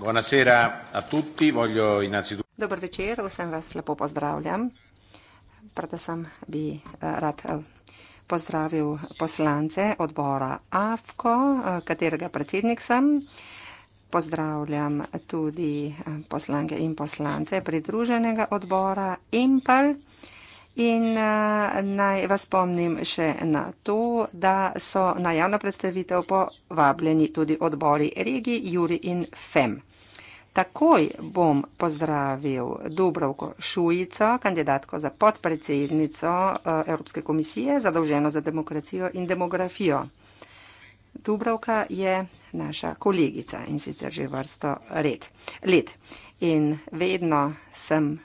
Buonasera a tutti, voglio innanzitutto. Dober večer, vsem vas lepo pozdravljam. Predvsem bi uh, rad uh, pozdravil poslance odbora AFKO, uh, eh, katerega predsednik sem. Pozdravljam tudi poslanke in poslance pridruženega odbora IMPR. In uh, naj vas spomnim še na to, da so na javno predstavitev povabljeni tudi odbori regij Juri in FEM. Takoj bom pozdravil Dubrovko Šujico, kandidatko za podpredsednico eh, Evropske komisije zadolženo za demokracijo in demografijo. Dubrovka je naša kolegica in sicer že vrsto red, let. In vedno sem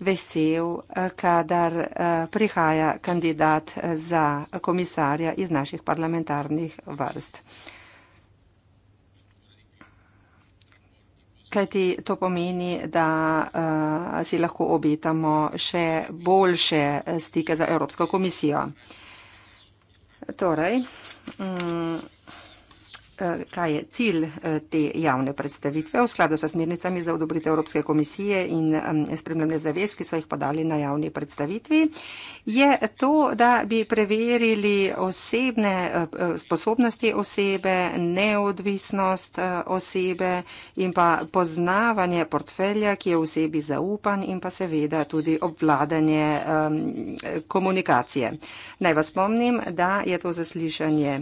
vesel, eh, kadar eh, prihaja kandidat za komisarja iz naših parlamentarnih vrst. kajti to pomeni, da uh, si lahko obetamo še boljše stike za Evropsko komisijo. Torej, um, Eh, kaj je cilj eh, te javne predstavitve v skladu sa smirnicami za odobritev Evropske komisije in spremljanje zavez, ki so jih podali na javni predstavitvi, je to, da bi preverili osebne eh, sposobnosti osebe, neodvisnost osebe in pa poznavanje portfelja, ki je v sebi zaupan in pa seveda tudi obvladanje komunikacije. Naj vas spomnim, da je to zaslišanje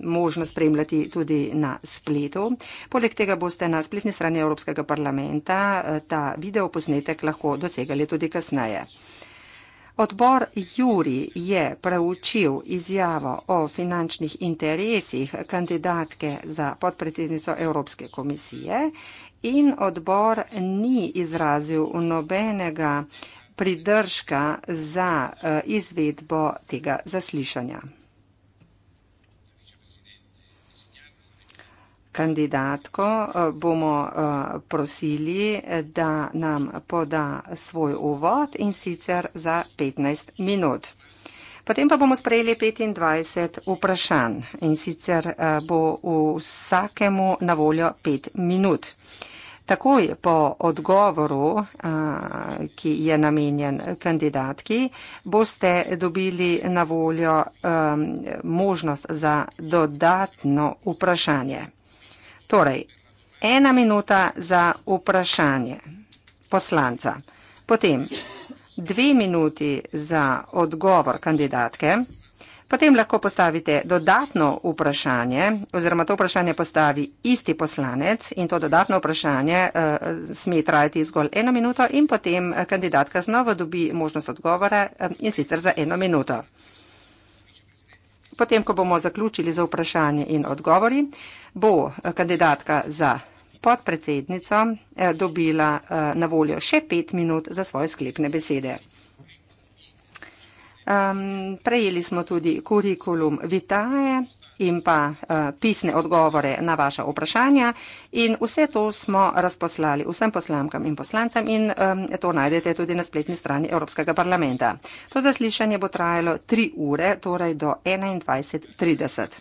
možno spremljati najti tudi na spletu. Poleg tega boste na spletni strani Evropskega parlamenta eh, ta video posnetek lahko dosegali tudi kasneje. Odbor Juri je preučil izjavo o finančnih interesih kandidatke za podpredsednico Evropske komisije in odbor ni izrazil nobenega pridržka za eh, izvedbo tega zaslišanja. kandidatko, eh, bomo eh, prosili, eh, da nam poda svoj uvod in sicer za 15 minut. Potem pa bomo sprejeli 25 vprašanj in sicer bo vsakemu na voljo 5 minut. Takoj po odgovoru, ki je namenjen kandidatki, boste dobili na voljo možnost za dodatno vprašanje. Torej, ena minuta za vprašanje poslanca, potem dve minuti za odgovor kandidatke, potem lahko postavite dodatno vprašanje oziroma to vprašanje postavi isti poslanec in to dodatno vprašanje uh, sme trajati zgolj eno minuto in potem kandidatka znova dobi možnost odgovora uh, in sicer za eno minuto. Potem, ko bomo zaključili za vprašanje in odgovori, bo eh, kandidatka za podpredsednico eh, dobila eh, na voljo še pet minut za svoje sklepne besede. Um, prejeli smo tudi kurikulum Vitae in pa uh, pisne odgovore na vaša vprašanja in vse to smo razposlali vsem poslankam in poslancem in um, to najdete tudi na spletni strani Evropskega parlamenta. To zaslišanje bo trajalo tri ure, torej do 21.30.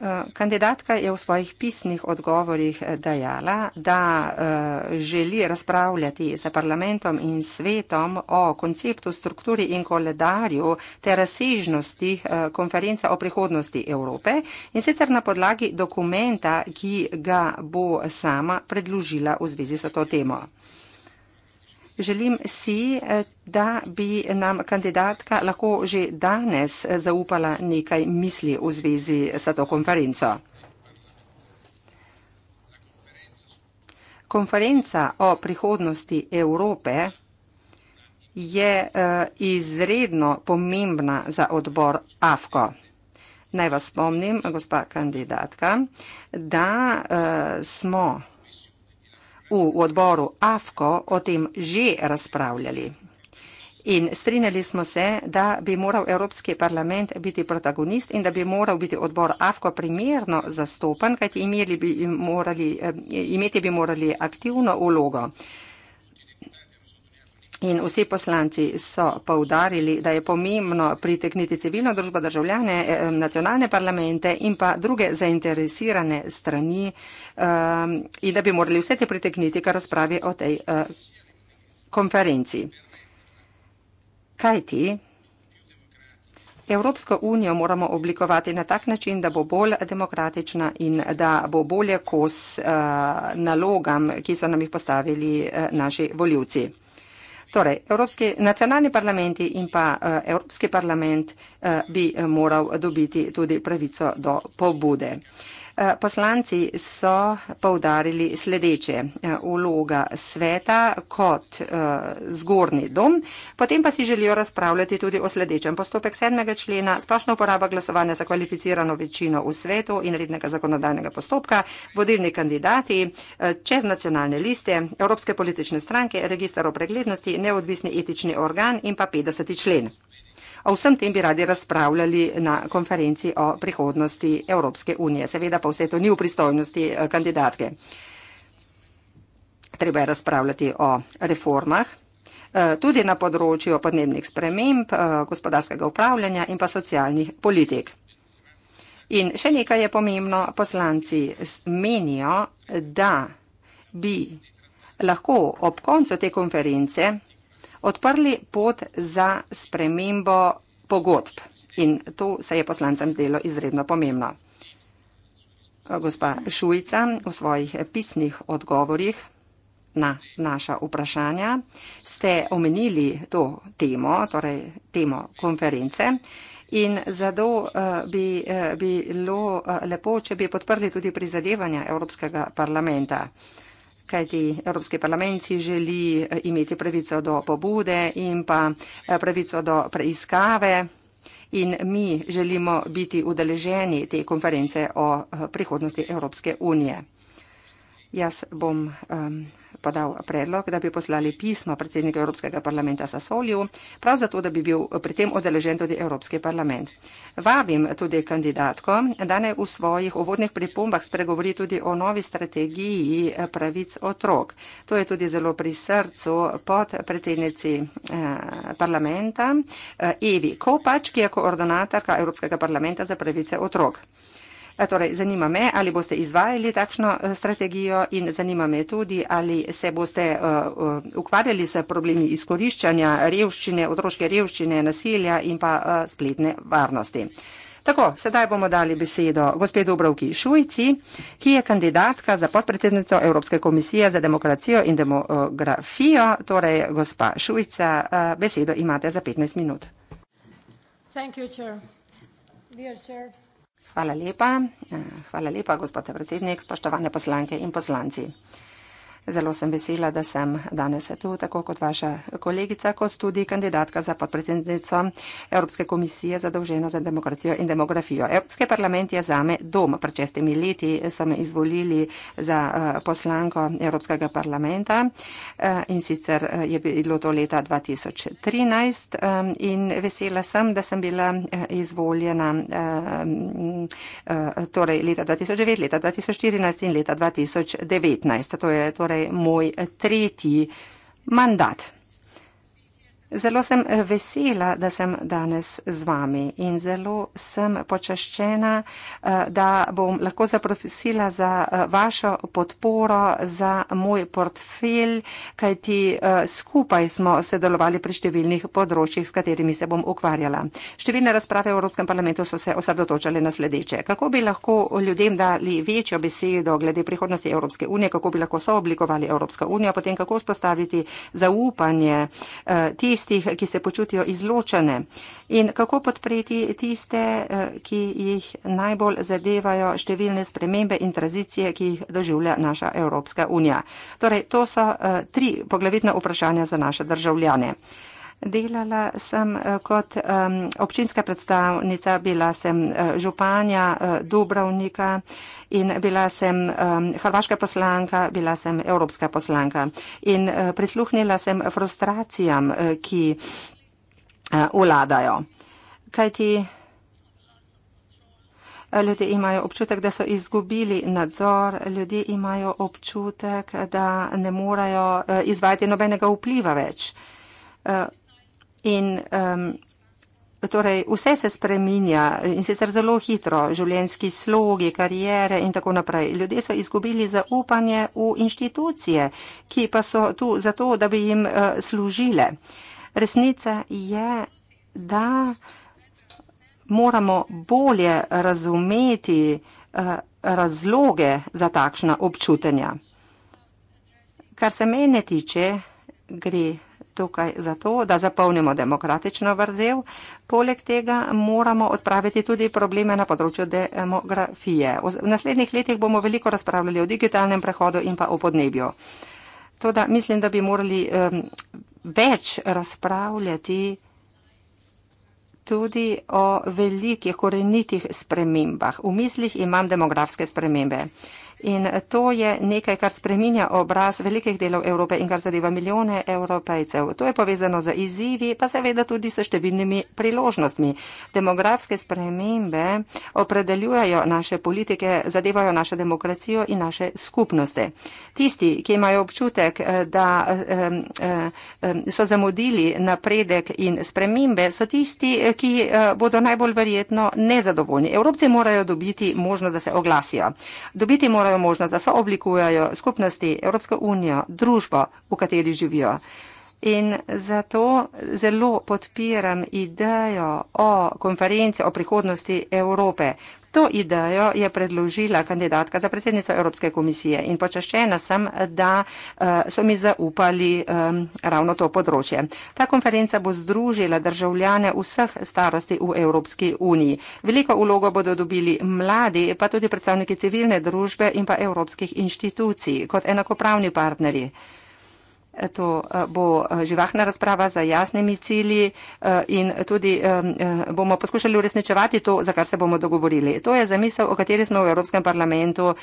Eh, kandidatka je v svojih pisnih odgovorih eh, dejala, da eh, želi razpravljati s parlamentom in svetom o konceptu, strukturi in koledarju ter razsežnosti konference o prihodnosti Evrope in sicer na podlagi dokumenta, ki ga bo sama predložila v zvezi s to temo. Želim si, eh, da bi nam kandidatka lahko že danes eh, zaupala nekaj misli v zvezi s to konferenco. Konferenca o prihodnosti Evrope je eh, izredno pomembna za odbor AFKO. Naj vas spomnim, gospa kandidatka, da smo vsega, v odboru AFKO o tem že razpravljali. In strinjali smo se, da bi moral Evropski parlament biti protagonist in da bi moral biti odbor AFKO primerno zastopan, kajti imeli bi morali, eh, imeti bi morali aktivno ulogo. In vsi poslanci so poudarili, da je pomembno pritekniti civilno družbo državljane, eh, nacionalne parlamente in pa druge zainteresirane strani ehm, in da bi morali vse te pritekniti, kar razpravi o tej eh, konferenci. Kaj ti? Evropsko unijo moramo oblikovati na tak način, da bo bolj demokratična in da bo bolje kos eh, nalogam, ki so nam jih postavili naši voljivci. Torej, evropski, nacionalni parlamenti in pa uh, Evropski parlament uh, bi eh, moral dobiti tudi pravico do pobude. Uh, Eh, poslanci so povdarili sledeče eh, vloga sveta kot eh, zgornji dom, potem pa si želijo razpravljati tudi o sledečem postopek sedmega člena, splošna uporaba glasovanja za kvalificirano večino v svetu in rednega zakonodajnega postopka, vodilni kandidati čez nacionalne liste, Evropske politične stranke, registar o preglednosti, neodvisni etični organ in pa 50. člen. O vsem tem bi radi razpravljali na konferenci o prihodnosti Evropske unije. Seveda pa vse to ni v pristojnosti eh, kandidatke. Treba je razpravljati o reformah. Eh, tudi na področju podnebnih sprememb, eh, gospodarskega upravljanja in pa socialnih politik. In še nekaj je pomembno, poslanci menijo, da bi lahko ob koncu te konference odprli pot za spremembo pogodb. In to se je poslancem zdelo izredno pomembno. Gospa Šujca v svojih pisnih odgovorjih na naša vprašanja ste omenili to temo, torej temo konference. In zato eh, bi eh, bilo eh, lepo, če bi podprli tudi prizadevanja Evropskega parlamenta kajti Evropski parlament si želi eh, imeti pravico do pobude in pa eh, pravico do preiskave in mi želimo biti udeleženi te konference o eh, prihodnosti Evropske unije. Jaz bom um, podal predlog, da bi poslali pismo predsednika Evropskega parlamenta Sasolju, prav zato, da bi bil pri tem odeležen tudi Evropski parlament. Vabim tudi kandidatko, da ne v svojih uvodnih pripombah spregovori tudi o novi strategiji pravic otrok. To je tudi zelo pri srcu pod predsednici eh, parlamenta eh, Evi Kopač, ki je koordinatorka Evropskega parlamenta za pravice otrok. Torej, zanima me, ali boste izvajali takšno eh, strategijo in zanima me tudi, ali se boste eh, eh, ukvarjali s problemi izkoriščanja revščine, otroške revščine, nasilja in pa spletne varnosti. Tako, sedaj bomo dali besedo gospe Dubrovki Šujci, ki je kandidatka za podpredsednico Evropske komisije za demokracijo in demografijo. Torej, gospa Šujca, besedo imate za 15 minut. Thank you, chair. Dear chair. Hvala lepa. Eh, hvala lepa, gospod predsednik, spoštovane poslanke in poslanci. Zelo sem vesela, da sem danes tu, tako kot vaša kolegica, kot tudi kandidatka za podpredsednico Evropske komisije zadolžena za demokracijo in demografijo. Evropski parlament je zame dom. Pred šestimi leti so me izvolili za eh, poslanko Evropskega parlamenta eh, in sicer eh, je bilo to leta 2013 in vesela sem, da sem bila izvoljena torej leta 2009, leta 2014 in leta 2019. To je torej torej moj tretji mandat. Zelo sem eh, vesela, da sem danes z vami in zelo sem počaščena, eh, da bom lahko zaprosila za eh, vašo podporo za moj portfelj, kajti skupaj smo sodelovali pri številnih področjih, s katerimi se bom ukvarjala. Številne razprave v Evropskem parlamentu so se osredotočale na sledeče. Kako bi lahko ljudem dali večjo besedo glede prihodnosti Evropske unije, kako bi lahko sooblikovali Evropsko unijo, potem kako vzpostaviti zaupanje tistih, tistih, ki se počutijo izločene in kako podpreti tiste, eh, ki jih najbolj zadevajo številne spremembe in tranzicije, ki jih doživlja naša Evropska unija. Torej, to so eh, tri poglavitna vprašanja za naše državljane. Delala sem eh, kot um, občinska predstavnica, bila sem eh, županja eh, Dubrovnika in bila sem um, hrvaška poslanka, bila sem evropska poslanka. In uh, prisluhnila sem frustracijam, uh, ki vladajo. Uh, Kaj ti ljudje imajo občutek, da so izgubili nadzor, ljudje imajo občutek, da ne morajo uh, izvajati nobenega vpliva več. Uh, In um, torej vse se spreminja in sicer zelo hitro, življenjski slogi, karijere in tako naprej. Ljudje so izgubili zaupanje v inštitucije, ki pa so tu zato, da bi jim uh, služile. Resnica je, da moramo bolje razumeti uh, razloge za takšna občutenja. Kar se mene tiče, gre tukaj zato, da zapolnimo demokratično vrzel. Poleg tega moramo odpraviti tudi probleme na področju demografije. V naslednjih letih bomo veliko razpravljali o digitalnem prehodu in pa o podnebju. Toda mislim, da bi morali um, več razpravljati tudi o velikih korenitih spremembah. V mislih imam demografske spremembe. In to je nekaj, kar spreminja obraz velikih delov Evrope in kar zadeva milijone evropejcev. To je povezano z izzivi, pa seveda tudi s številnimi priložnostmi. Demografske spremembe opredeljujejo naše politike, zadevajo našo demokracijo in naše skupnosti. Tisti, ki imajo občutek, da so zamudili napredek in spremembe, so tisti, ki eh, bodo najbolj verjetno nezadovoljni. Evropci morajo dobiti možnost, da se oglasijo. Dobiti morajo svojo možnost, da so oblikujajo skupnosti, Evropska unija, družbo, v kateri živijo. In zato zelo podpiram idejo o konferenci o prihodnosti Evrope, To idejo je predložila kandidatka za predsednico Evropske komisije in počaščena sem, da eh, so mi zaupali ravno to področje. Ta konferenca bo združila državljane vseh starosti v Evropski uniji. Veliko ulogo bodo dobili mladi, pa tudi predstavniki civilne družbe in pa evropskih inštitucij kot enakopravni partnerji to eh, bo eh, živahna razprava za jasnimi cilji eh, in tudi bomo poskušali uresničevati to, za kar se bomo dogovorili. To je zamisel, o kateri smo v Evropskem parlamentu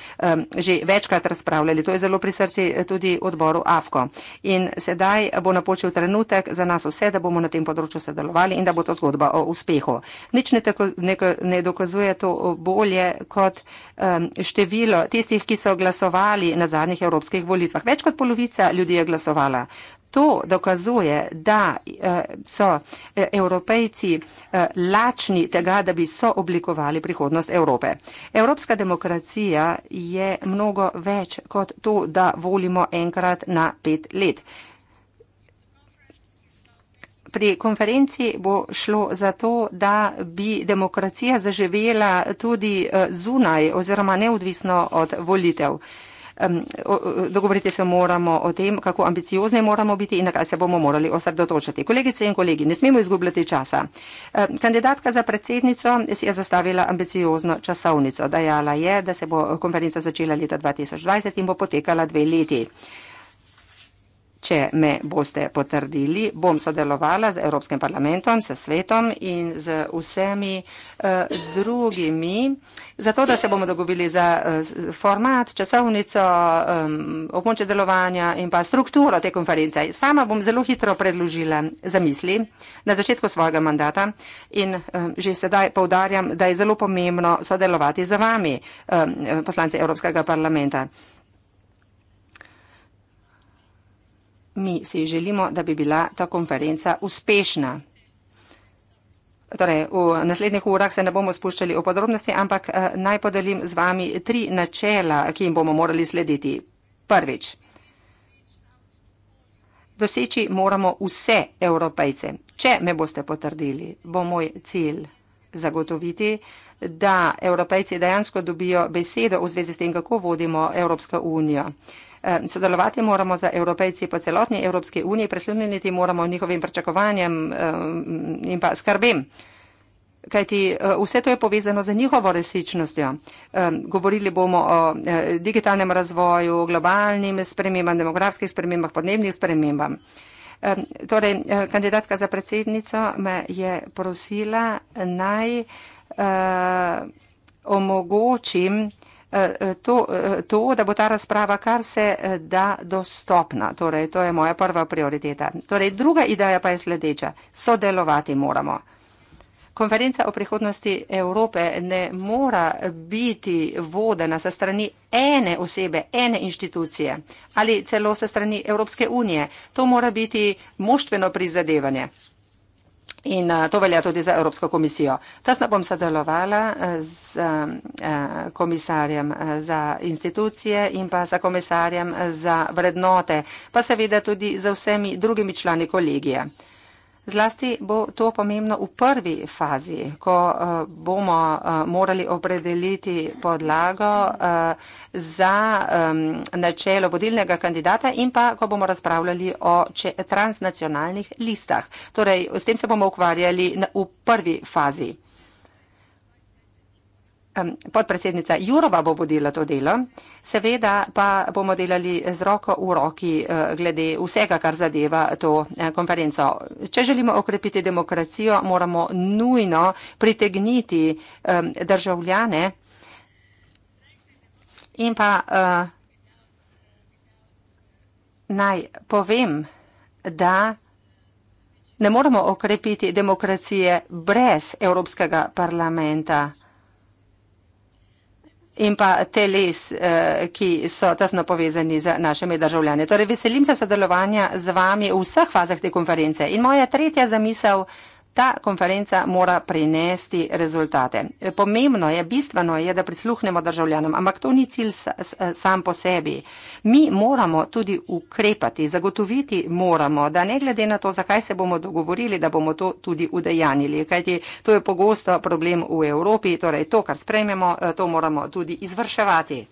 že večkrat razpravljali. To je zelo pri srci tudi odboru AFKO. In sedaj bo napočil trenutek za nas vse, da bomo na tem področju sodelovali in da bo to zgodba o uspehu. Nič ne, tako, ne, ne dokazuje to bolje kot število tistih, ki so glasovali na zadnjih evropskih volitvah. Več kot polovica ljudi je glasovala dejala. To dokazuje, da eh, so eh, evropejci eh, lačni tega, da bi so oblikovali prihodnost Evrope. Evropska demokracija je mnogo več kot to, da volimo enkrat na pet let. Pri konferenci bo šlo za to, da bi demokracija zaživela tudi zunaj oziroma neodvisno od volitev um, dogovoriti se moramo o tem, kako ambiciozni moramo biti in na kaj se bomo morali osredotočiti. Kolegice in kolegi, ne smemo izgubljati časa. Um, kandidatka za predsednico si je zastavila ambiciozno časovnico. Dajala je, da se bo konferenca začela leta 2020 in bo potekala dve leti. Če me boste potrdili, bom sodelovala z Evropskim parlamentom, s svetom in z vsemi uh, drugimi, zato da se bomo dogovili za uh, format, časovnico, um, območje delovanja in pa strukturo te konference. Sama bom zelo hitro predložila zamisli na začetku svojega mandata in um, že sedaj poudarjam, da je zelo pomembno sodelovati z vami, um, poslanci Evropskega parlamenta. mi si želimo, da bi bila ta konferenca uspešna. Torej, v naslednjih urah se ne bomo spuščali v podrobnosti, ampak eh, naj podelim z vami tri načela, ki jim bomo morali slediti. Prvič, doseči moramo vse evropejce. Če me boste potrdili, bo moj cilj zagotoviti, da evropejci dejansko dobijo besedo v zvezi s tem, kako vodimo Evropsko unijo sodelovati moramo z evropejci po celotni Evropski uniji, presluniti moramo njihovim pričakovanjem in pa skrbem. Kajti eh, vse to je povezano z njihovo resničnostjo. Govorili bomo o eh, digitalnem razvoju, globalnim spremembam, demografskih spremembah, podnebnih spremembam. Torej, eh, kandidatka za predsednico me je prosila naj uh, omogočim uh, Eh, eh, to, eh, to, da bo ta razprava kar se da dostopna. Torej, to je moja prva prioriteta. Torej, druga ideja pa je sledeča. Sodelovati moramo. Konferenca o prihodnosti Evrope ne mora biti vodena sa strani ene osebe, ene inštitucije ali celo sa strani Evropske unije. To mora biti moštveno prizadevanje. In eh, to velja tudi za Evropsko komisijo. Tesno bom sodelovala eh, z eh, komisarjem za institucije in pa za komisarjem za vrednote, pa seveda tudi z vsemi drugimi člani kolegije. Zlasti bo to pomembno v prvi fazi, ko eh, bomo eh, morali opredeliti podlago eh, za načelo vodilnega kandidata in pa, ko bomo razpravljali o transnacionalnih listah. Torej, s tem se bomo ukvarjali v prvi fazi podpredsednica Jurova bo vodila to delo, seveda pa bomo delali z roko v roki eh, glede vsega, kar zadeva to eh, konferenco. Če želimo okrepiti demokracijo, moramo nujno pritegniti državljane in pa eh, naj povem, da. Ne moremo okrepiti demokracije brez Evropskega parlamenta in pa teles, eh, ki so tesno povezani z našimi državljani. Torej, veselim se sodelovanja z vami v vseh fazah te konference. In moja tretja zamisel. Ta konferenca mora prinesti rezultate. Pomembno je, bistveno je, da prisluhnemo državljanom, ampak to ni cilj sam po sebi. Mi moramo tudi ukrepati, zagotoviti moramo, da ne glede na to, zakaj se bomo dogovorili, da bomo to tudi udejanili. Kajti to je pogosto problem v Evropi, torej to, kar sprejmemo, to moramo tudi izvrševati.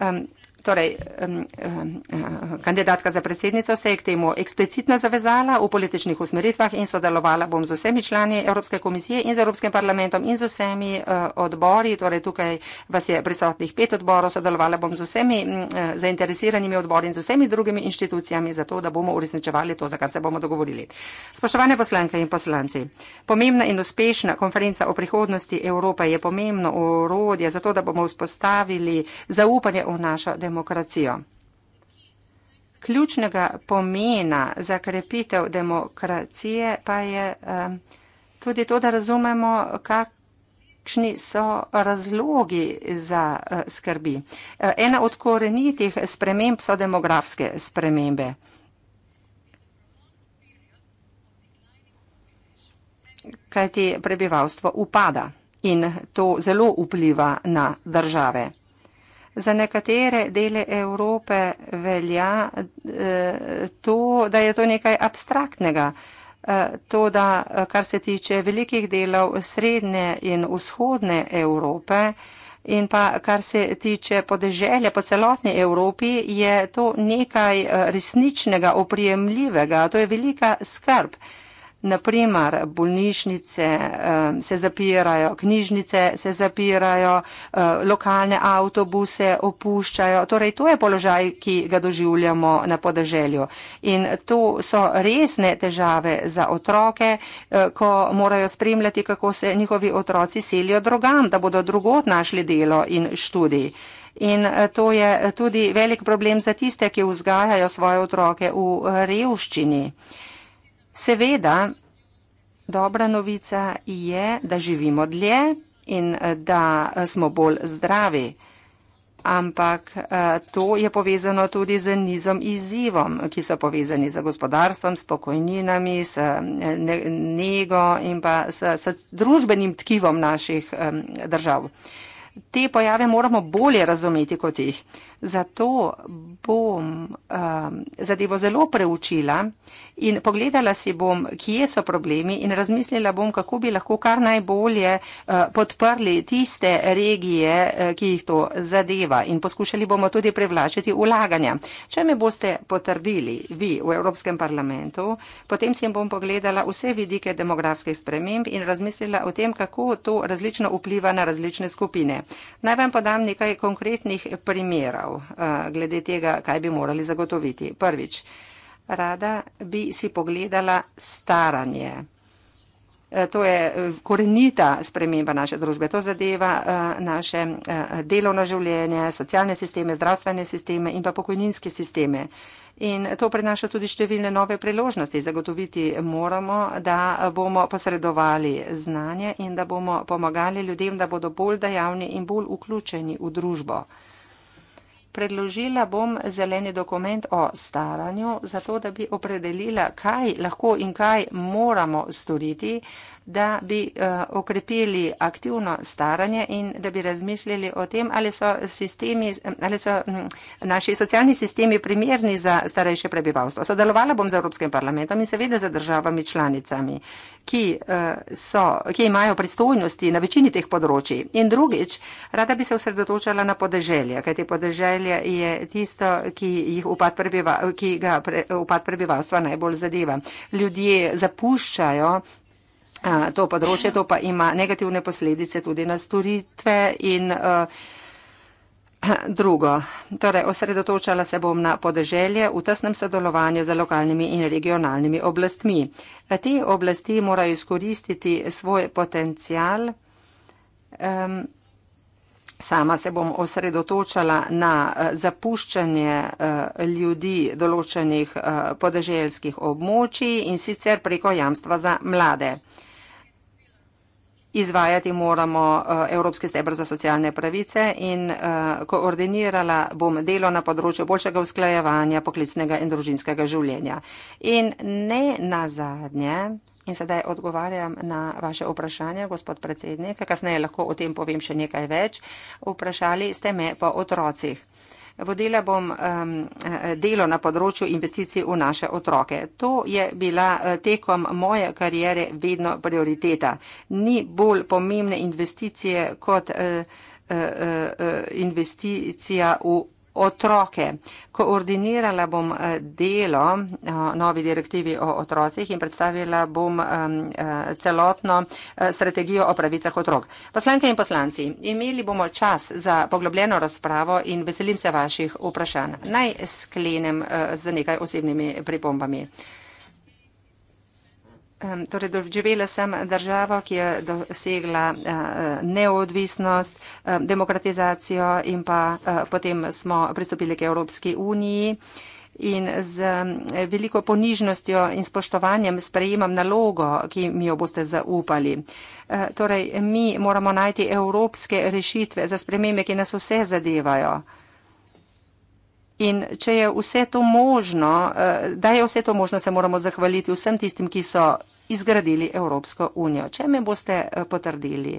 Um, torej um, um, kandidatka za predsednico se je k temu eksplicitno zavezala v političnih usmeritvah in sodelovala bom z vsemi člani Evropske komisije in z Evropskim parlamentom in z vsemi uh, odbori, torej tukaj vas je prisotnih pet odborov, sodelovala bom z vsemi um, zainteresiranimi odbori in z vsemi drugimi inštitucijami za to, da bomo uresničevali to, za kar se bomo dogovorili. Spoštovane poslanke in poslanci, pomembna in uspešna konferenca o prihodnosti Evrope je pomembno urodje za to, da bomo vzpostavili zaupanje v našo demokracijo demokracijo. Ključnega pomena za krepitev demokracije pa je eh, tudi to, da razumemo, kakšni so razlogi za eh, skrbi. Eh, ena od korenitih sprememb so demografske spremembe. Kajti prebivalstvo upada in to zelo vpliva na države za nekatere dele Evrope velja eh, to, da je to nekaj abstraktnega. Eh, to, da eh, kar se tiče velikih delov srednje in vzhodne Evrope in pa kar se tiče podeželja po celotni Evropi, je to nekaj resničnega, oprijemljivega. To je velika skrb. Naprimer, bolnišnice eh, se zapirajo, knjižnice se zapirajo, eh, lokalne avtobuse opuščajo. Torej, to je položaj, ki ga doživljamo na podeželju. In to so resne težave za otroke, eh, ko morajo spremljati, kako se njihovi otroci selijo drugam, da bodo drugot našli delo in študij. In to je tudi velik problem za tiste, ki vzgajajo svoje otroke v revščini. Seveda, dobra novica je, da živimo dlje in da smo bolj zdravi. Ampak to je povezano tudi z nizom izzivom, ki so povezani z gospodarstvom, s pokojninami, s nego in pa s, s družbenim tkivom naših držav. Te pojave moramo bolje razumeti kot jih. Zato bom um, zadevo zelo preučila in pogledala si bom, kje so problemi in razmislila bom, kako bi lahko kar najbolje uh, podprli tiste regije, uh, ki jih to zadeva in poskušali bomo tudi prevlačiti ulaganja. Če me boste potrdili vi v Evropskem parlamentu, potem si bom pogledala vse vidike demografskih sprememb in razmislila o tem, kako to različno vpliva na različne skupine. Naj vam podam nekaj konkretnih primerov težav eh, glede tega, kaj bi morali zagotoviti. Prvič, rada bi si pogledala staranje. Eh, to je eh, korenita sprememba naše družbe. To zadeva naše delovno življenje, socialne sisteme, zdravstvene sisteme in pa pokojninske sisteme. In to prinaša tudi številne nove priložnosti. Zagotoviti moramo, da bomo posredovali znanje in da bomo pomagali ljudem, da bodo bolj dejavni in bolj vključeni v družbo predložila bom zeleni dokument o staranju, zato da bi opredelila, kaj lahko in kaj moramo storiti, da bi uh, okrepili aktivno staranje in da bi razmislili o tem, ali so, sistemi, ali so m, hm, naši socialni sistemi primerni za starejše prebivalstvo. Sodelovala bom z Evropskim parlamentom in seveda z državami članicami, ki, uh, so, ki imajo pristojnosti na večini teh področji. In drugič, rada bi se osredotočala na podeželje, kajte podeželje okolje je tisto, ki, upad prebiva, ki ga pre, upad prebivalstva najbolj zadeva. Ljudje zapuščajo a, to področje, to pa ima negativne posledice tudi na storitve in a, Drugo, torej osredotočala se bom na podeželje v tesnem sodelovanju z lokalnimi in regionalnimi oblastmi. Te oblasti morajo izkoristiti svoj potencial. Um, Sama se bom osredotočala na eh, zapuščanje eh, ljudi določenih eh, podeželskih območij in sicer preko jamstva za mlade. Izvajati moramo Evropski stebr za socialne pravice in koordinirala bom delo na področju boljšega usklajevanja poklicnega in družinskega življenja. In ne nazadnje, In sedaj odgovarjam na vaše vprašanje, gospod predsednik. Kasneje lahko o tem povem še nekaj več. Vprašali ste me po otrocih. Vodila bom um, delo na področju investicij v naše otroke. To je bila eh, tekom moje karijere vedno prioriteta. Ni bolj pomembne investicije kot uh, uh, uh, investicija v otroke. Koordinirala bom eh, delo eh, novi direktivi o otrocih in predstavila bom eh, celotno strategijo o pravicah otrok. Poslanke in poslanci, imeli bomo čas za poglobljeno razpravo in veselim se vaših vprašanj. Naj sklenem z nekaj osebnimi pripombami. Torej, doživela sem državo, ki je dosegla eh, neodvisnost, eh, demokratizacijo in pa eh, potem smo pristopili k Evropski uniji. In z veliko ponižnostjo in spoštovanjem sprejemam nalogo, ki mi jo boste zaupali. Torej, mi moramo najti evropske rešitve za spremembe, ki nas vse zadevajo. In če je vse to možno, eh, da je vse to možno, se moramo zahvaliti vsem tistim, ki so izgradili Evropsko unijo. Če me boste eh, potrdili,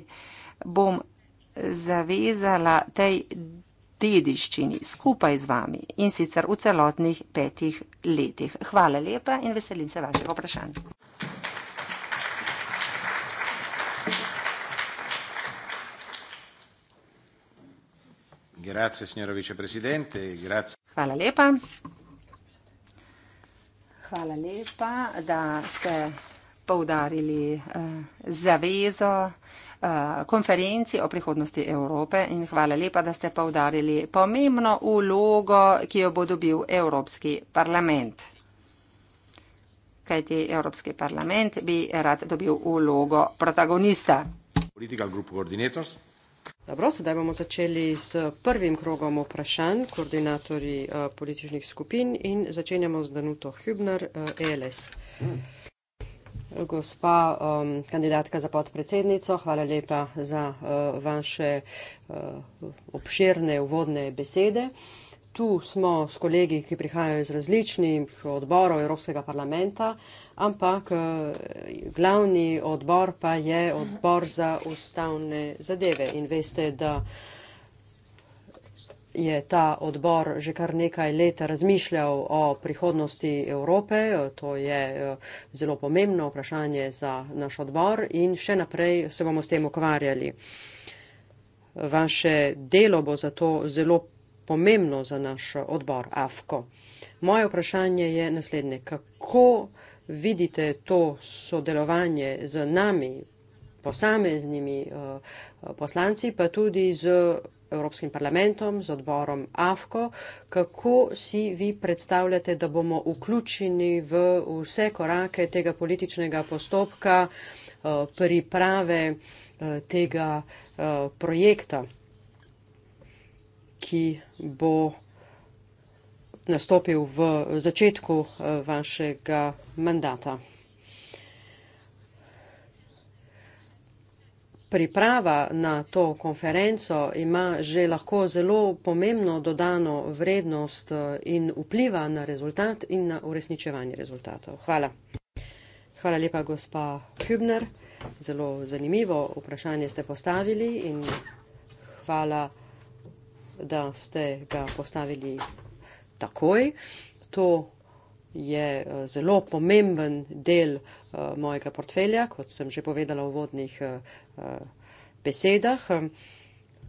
bom zavezala tej dediščini skupaj z vami in sicer v celotnih petih letih. Hvala lepa in veselim se vašega vprašanja. Hvala lepa. Hvala lepa, da ste poudarili eh, zavezo eh, konferenci o prihodnosti Evrope in hvala lepa, da ste povdarili pomembno ulogo, ki jo bo dobil Evropski parlament. Kajti Evropski parlament bi rad dobil ulogo protagonista. Politika, grupo koordinatorstva. Dobro, sedaj bomo začeli s prvim krogom vprašanj, koordinatorji uh, političnih skupin in začenjamo z Danuto Hübner, uh, eh, ELS. Gospa um, kandidatka za podpredsednico, hvala lepa za uh, vaše uh, obširne uvodne besede. Uh, Tu smo s kolegi, ki prihajajo iz različnih odborov Evropskega parlamenta, ampak eh, glavni odbor pa je odbor za ustavne zadeve. In veste, da je ta odbor že kar nekaj let razmišljal o prihodnosti Evrope. To je eh, zelo pomembno vprašanje za naš odbor in še naprej se bomo s tem ukvarjali. Vaše delo bo zato zelo pomembno pomembno za naš odbor AFKO. Moje vprašanje je naslednje. Kako vidite to sodelovanje z nami, posameznimi eh, poslanci, pa tudi z Evropskim parlamentom, z odborom AFKO? Kako si vi predstavljate, da bomo vključeni v vse korake tega političnega postopka, eh, priprave eh, tega projekta? ki bo nastopil v začetku eh, vašega mandata. Priprava na to konferenco ima že lahko zelo pomembno dodano vrednost eh, in vpliva na rezultat in na uresničevanje rezultatov. Hvala. Hvala lepa, gospa Hübner. Zelo zanimivo vprašanje ste postavili in hvala da ste ga postavili takoj. To je eh, zelo pomemben del eh, mojega portfelja, kot sem že povedala v vodnih eh, besedah.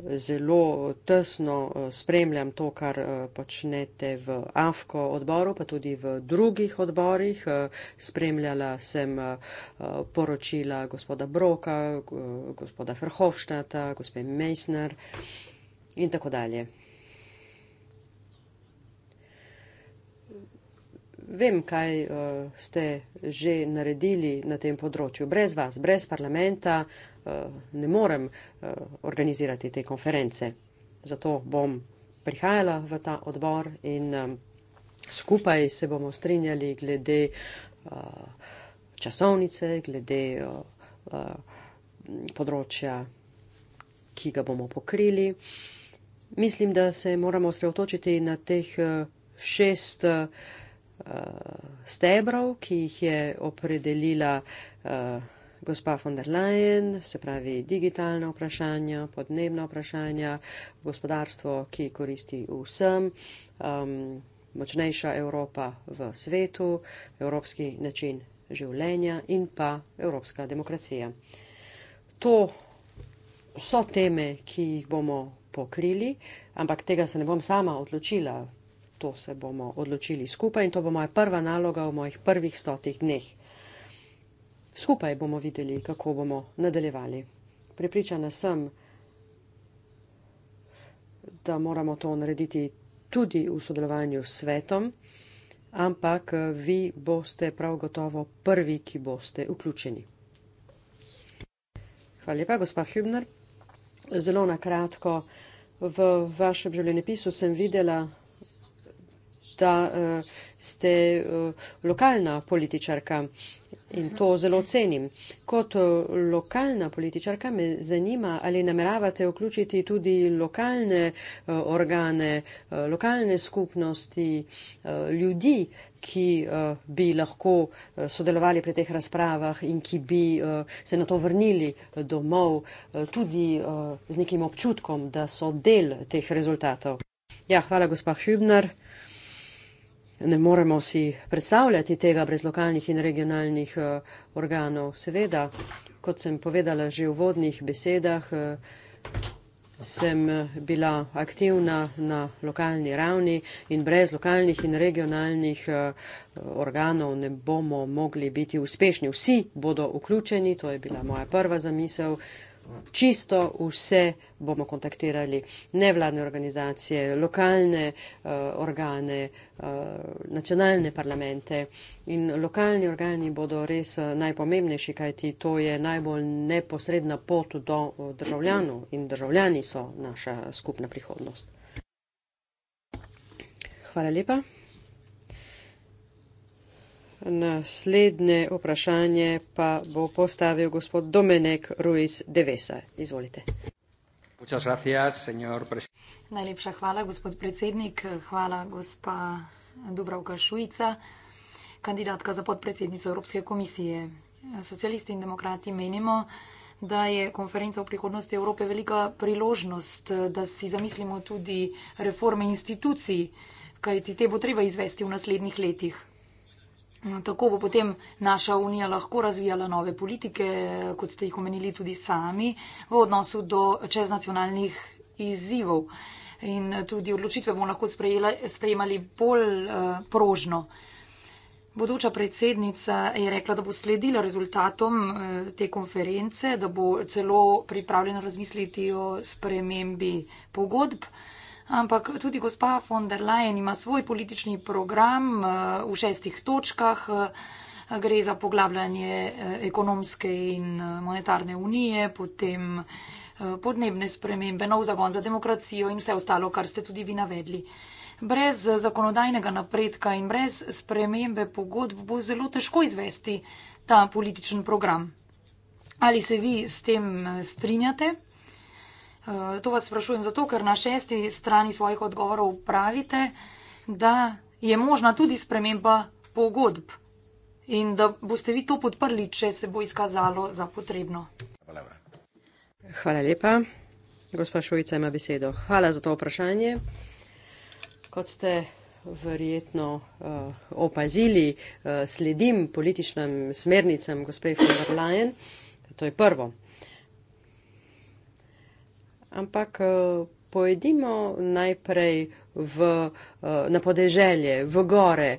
Zelo tesno spremljam to, kar počnete v AFKO odboru, pa tudi v drugih odborih. Spremljala sem poročila gospoda Broka, gospoda Ferhofštata, gospe Meissner in tako dalje. Vem, kaj uh, ste že naredili na tem področju. Brez vas, brez parlamenta uh, ne morem uh, organizirati te konference. Zato bom prihajala v ta odbor in um, skupaj se bomo strinjali glede uh, časovnice, glede uh, uh, področja, ki ga bomo pokrili. Uh, Mislim, da se moramo osredotočiti na teh eh, šest eh, stebrov, ki jih je opredelila eh, gospa von der Leyen, se pravi digitalna vprašanja, podnebna vprašanja, gospodarstvo, ki koristi vsem, močnejša Evropa v svetu, evropski način življenja in pa evropska demokracija. To so teme, ki jih bomo pokrili, ampak tega se ne bom sama odločila. To se bomo odločili skupaj in to bo moja prva naloga v mojih prvih stotih dneh. Skupaj bomo videli, kako bomo nadaljevali. Pripričana sem, da moramo to narediti tudi v sodelovanju s svetom, ampak vi boste prav gotovo prvi, ki boste vključeni. Hvala lepa, gospod Hübner. Zelo na kratko, v vašem življenjepisu sem videla da eh, ste eh, lokalna političarka in to zelo cenim. Kot eh, lokalna političarka me zanima, ali nameravate vključiti tudi lokalne organe, lokalne skupnosti, ljudi, ki bi lahko sodelovali pri teh razpravah in ki bi se na to vrnili domov tudi z nekim občutkom, da so del teh rezultatov. Ja, hvala, gospod Hübner ne moremo si predstavljati tega brez lokalnih in regionalnih eh, organov. Seveda, kot sem povedala že v vodnih besedah, eh, sem eh, bila aktivna na lokalni ravni in brez lokalnih in regionalnih organov ne bomo mogli biti uspešni. Vsi bodo vključeni, to je bila moja prva zamisel čisto vse bomo kontaktirali, nevladne organizacije, lokalne uh, organe, uh, nacionalne parlamente in lokalni organi bodo res eh, najpomembnejši, kajti to je najbolj neposredna pot do državljanov in državljani so naša skupna prihodnost. Hvala lepa. Naslednje vprašanje pa bo postavil gospod Domenek Ruiz Devesa. Izvolite. Gracias, Najlepša hvala, gospod predsednik. Hvala, gospa Dubravka Šujica, kandidatka za podpredsednico Evropske komisije. Socialisti in demokrati menimo, da je konferenca o prihodnosti Evrope velika priložnost, da si zamislimo tudi reforme institucij, kajti te bo treba izvesti v naslednjih letih. Tako bo potem naša unija lahko razvijala nove politike, kot ste jih omenili tudi sami, v odnosu do čeznacionalnih izzivov. In tudi odločitve bomo lahko sprejemali bolj eh, prožno. Bodoča predsednica je rekla, da bo sledila rezultatom eh, te konference, da bo celo pripravljena razmisliti o spremembi pogodb. Ampak tudi gospa von der Leyen ima svoj politični program eh, v šestih točkah. Eh, gre za poglabljanje eh, ekonomske in monetarne unije, potem podnebne spremembe, nov zagon za demokracijo in vse ostalo, kar ste tudi vi navedli. Brez zakonodajnega napredka in brez spremembe pogodb bo zelo težko izvesti ta političen program. Ali se vi s tem strinjate? Eh, to vas sprašujem zato, ker na šesti strani svojih odgovorov pravite, da je možna tudi sprememba pogodb in da boste vi to podprli, če se bo izkazalo za potrebno. Hvala lepa. Gospa Šujica ima besedo. Hvala za to vprašanje. Kot ste verjetno uh, opazili, uh, sledim političnim smernicam gospe von der Leyen. To je prvo ampak eh, pojedimo najprej v, eh, na podeželje, v gore, eh,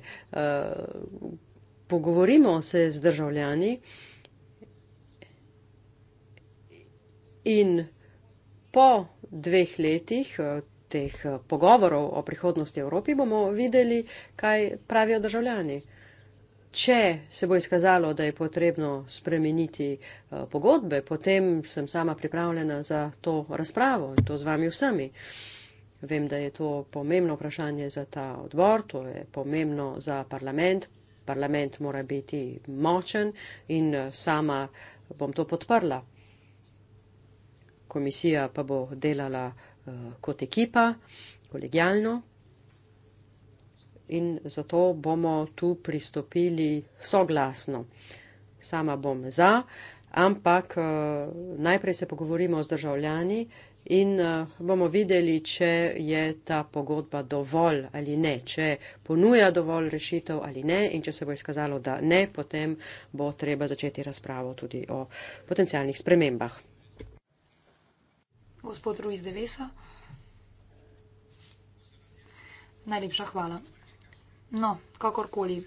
pogovorimo se z državljani in po dveh letih teh pogovorov o prihodnosti Evropi bomo videli, kaj pravijo državljani če se bo izkazalo, da je potrebno spremeniti eh, pogodbe, potem sem sama pripravljena za to razpravo in to z vami vsemi. Vem, da je to pomembno vprašanje za ta odbor, to je pomembno za parlament. Parlament mora biti močen in eh, sama bom to podprla. Komisija pa bo delala eh, kot ekipa, kolegijalno in zato bomo tu pristopili soglasno. Sama bom za, ampak eh, najprej se pogovorimo z državljani in eh, bomo videli, če je ta pogodba dovolj ali ne, če ponuja dovolj rešitev ali ne in če se bo izkazalo, da ne, potem bo treba začeti razpravo tudi o potencijalnih spremembah. Gospod Ruiz Devesa. Najlepša hvala. No, kakorkoli.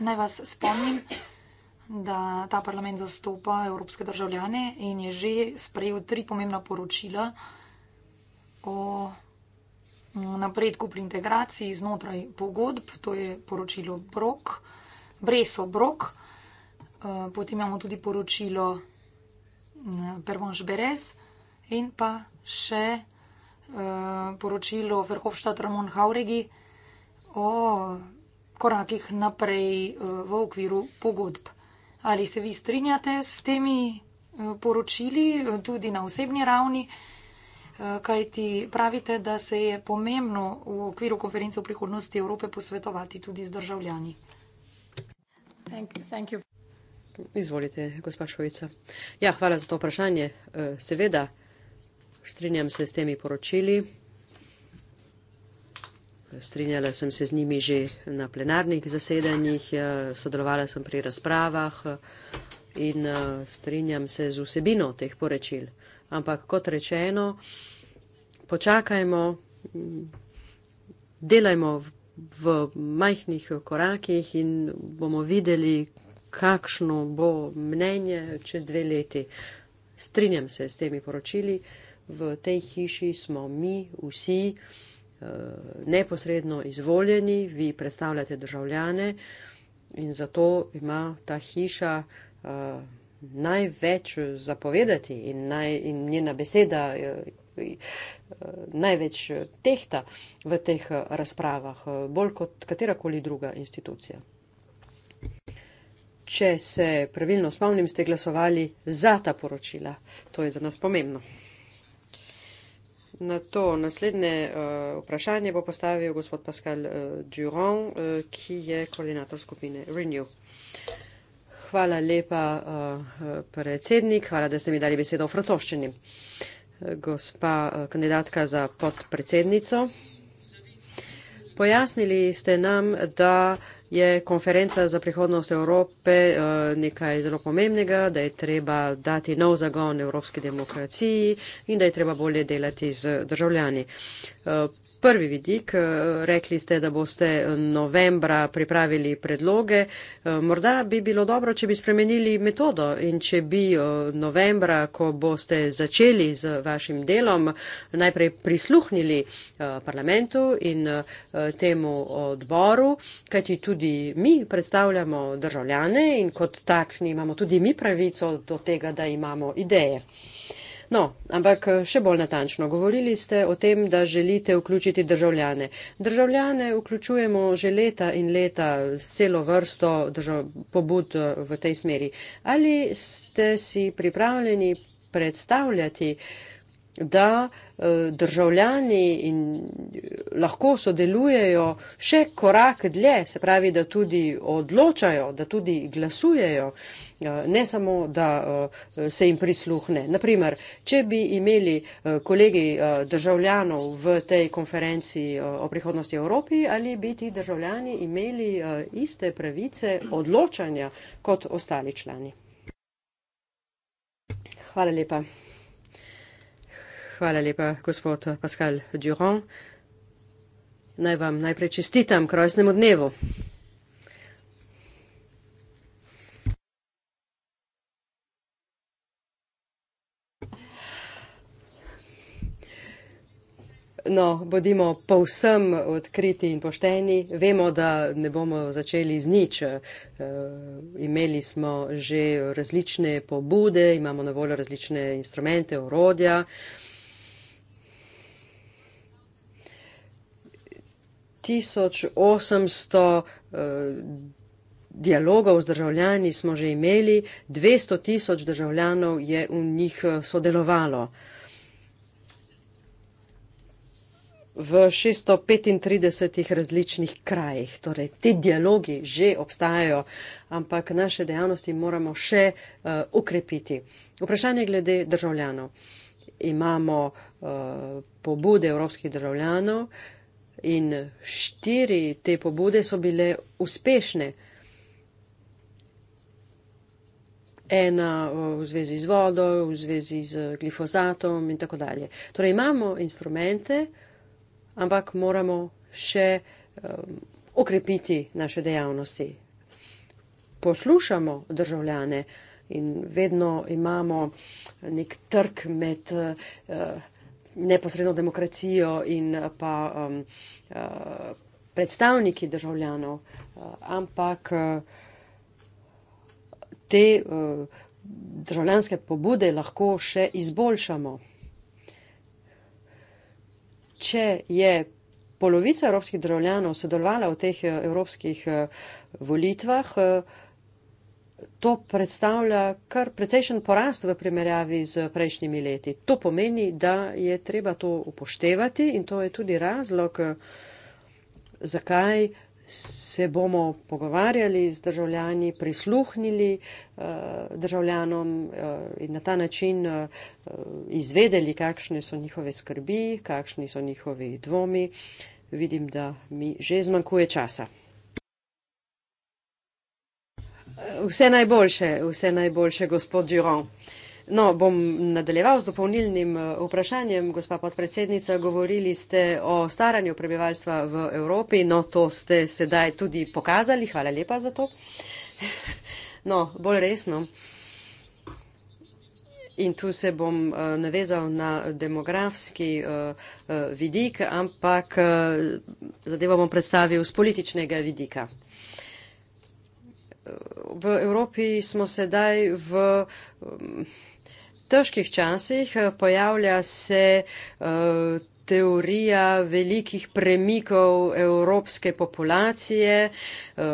Naj vas spomnim, da ta parlament zastopa evropske državljane in je že sprejel tri pomembna poročila o napredku pri integraciji znotraj pogodb. To je poročilo Brok, Breso Brok, eh, potem imamo tudi poročilo eh, Pervonš Berez in pa še eh, poročilo Verhofštat Ramon Hauregi o korakih naprej eh, v okviru pogodb. Ali se vi strinjate s temi eh, poročili eh, tudi na osebni ravni? Kaj ti pravite, da se je pomembno v okviru konference o prihodnosti Evrope posvetovati tudi z državljani? Thank you. Izvolite, gospa Švojica. Ja, hvala za to vprašanje. Seveda, strinjam se s temi poročili. Strinjala sem se z njimi že na plenarnih zasedanjih, eh, sodelovala sem pri razpravah eh, in eh, strinjam se z vsebino teh poročil. Ampak kot rečeno, počakajmo, mm, delajmo v majhnih korakih in bomo videli, kakšno bo mnenje čez dve leti. Strinjam se s temi poročili, v tej hiši smo mi vsi neposredno izvoljeni, vi predstavljate državljane in zato ima ta hiša uh, največ zapovedati in, naj, in njena beseda uh, uh, največ tehta v teh razpravah, uh, bolj kot katerakoli druga institucija. Če se pravilno spomnim, ste glasovali za ta poročila. To je za nas pomembno. Na to naslednje uh, vprašanje bo postavil gospod Pascal uh, Durand, uh, ki je koordinator skupine Renew. Hvala lepa, uh, predsednik. Hvala, da ste mi dali besedo v francoščini. Gospa uh, kandidatka za podpredsednico. Pojasnili ste nam, da je konferenca za prihodnost Evrope eh, nekaj zelo pomembnega, da je treba dati nov zagon evropski demokraciji in da je treba bolje delati z državljani. Eh, prvi vidik. Eh, rekli ste, da boste novembra pripravili predloge. Eh, morda bi bilo dobro, če bi spremenili metodo in če bi eh, novembra, ko boste začeli z vašim delom, najprej prisluhnili parlamentu in temu odboru, kajti tudi mi predstavljamo državljane in kot takšni imamo tudi mi pravico do tega, da imamo ideje. No, ampak eh, še bolj natančno, govorili ste o tem, da želite vključiti državljane. Državljane vključujemo že leta in leta, celo vrsto držav, pobud eh, v tej smeri. Ali ste si pripravljeni predstavljati, da eh, državljani in, eh, lahko sodelujejo še korak dlje, se pravi, da tudi odločajo, da tudi glasujejo, eh, ne samo, da eh, se jim prisluhne. Naprimer, če bi imeli eh, kolegi eh, državljanov v tej konferenci eh, o prihodnosti Evropi, ali bi ti državljani imeli eh, iste pravice odločanja kot ostali člani. Hvala lepa. Hvala lepa, gospod Pascal Durand. Naj vam najprej čestitam k rojstnemu dnevu. No, bodimo povsem odkriti in pošteni. Vemo, da ne bomo začeli z nič. E, imeli smo že različne pobude, imamo na voljo različne instrumente, orodja. E, 1800 uh, eh, Dialogov z državljani smo že imeli, 200 tisoč državljanov je v njih eh, sodelovalo. V 635 različnih krajih. Torej, ti dialogi že obstajajo, ampak naše dejavnosti moramo še uh, eh, ukrepiti. Vprašanje glede državljanov. Imamo uh, pobude evropskih državljanov, uh, in štiri te pobude so bile uspešne. Ena eh, v zvezi z vodo, v zvezi z glifozatom in tako dalje. Torej imamo instrumente, ampak moramo še um, okrepiti naše dejavnosti. Poslušamo državljane in vedno imamo nek trg med uh, neposredno demokracijo in eh, pa um, uh, predstavniki državljanov, uh, ampak uh, te uh, državljanske pobude lahko še izboljšamo. Če je polovica evropskih državljanov sodelovala v teh evropskih uh, volitvah, uh, to predstavlja kar precejšen porast v primerjavi z prejšnjimi leti. To pomeni, da je treba to upoštevati in to je tudi razlog, zakaj se bomo pogovarjali z državljani, prisluhnili eh, državljanom eh, in na ta način eh, izvedeli, kakšne so njihove skrbi, kakšni so njihovi dvomi. Vidim, da mi že zmanjkuje časa. Vse najboljše, vse najboljše, gospod Durand. No, bom nadaljeval z dopolnilnim eh, vprašanjem, gospa podpredsednica. Govorili ste o staranju prebivalstva v Evropi, no to ste sedaj tudi pokazali. Hvala lepa za to. No, bolj resno. In tu se bom eh, navezal na demografski eh, vidik, ampak zadevo bom predstavil z političnega vidika v Evropi smo sedaj v težkih časih, pojavlja se eh, teorija velikih premikov evropske populacije. Eh,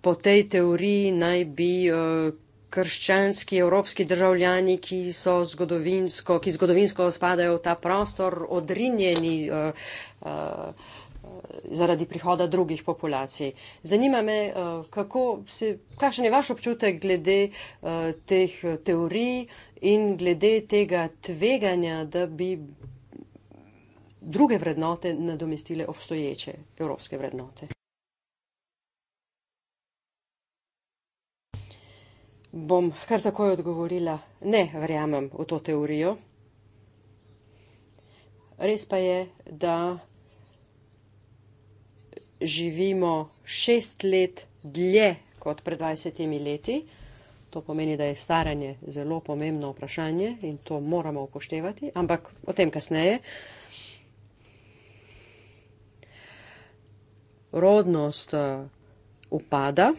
po tej teoriji naj bi eh, krščanski evropski državljani, ki so zgodovinsko, ki zgodovinsko spadajo v ta prostor, odrinjeni uh, uh, zaradi prihoda drugih populacij. Zanima me, eh, se, kakšen je vaš občutek glede eh, teh eh, teorij in glede tega tveganja, da bi druge vrednote nadomestile obstoječe evropske vrednote. Bom kar takoj odgovorila, ne verjamem v to teorijo. Res pa je, da živimo šest let dlje kot pred 20 leti. To pomeni, da je staranje zelo pomembno vprašanje in to moramo upoštevati, ampak o tem kasneje. Rodnost eh, upada,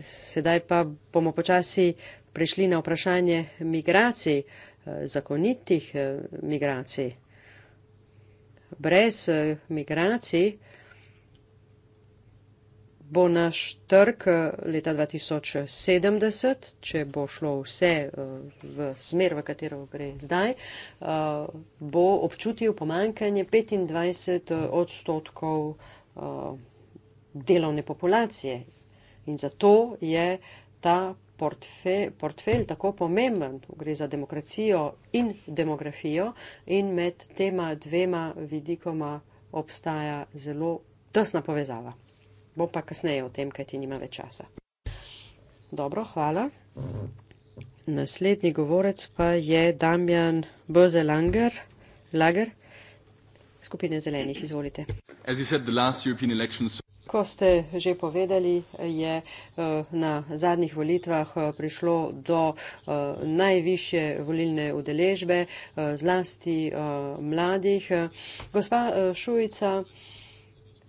sedaj pa bomo počasi prišli na vprašanje migracij, eh, zakonitih eh, migracij brez eh, migracij, bo naš trg eh, leta 2070, če bo šlo vse eh, v smer, v katero gre zdaj, bo občutil pomankanje 25 odstotkov delovne populacije. In zato je ta portfelj, portfelj tako pomemben, gre za demokracijo in demografijo in med tema dvema vidikoma obstaja zelo tesna povezava. Bom pa kasneje o tem, kaj ti nima več časa. Dobro, hvala. Naslednji govorec pa je Damjan Böze Langer, Lager, skupine zelenih. Izvolite. As you said, the last European elections Ko ste že povedali, je eh, na zadnjih volitvah eh, prišlo do eh, najviše volilne udeležbe, zlasti mladih. Gospa Šujica,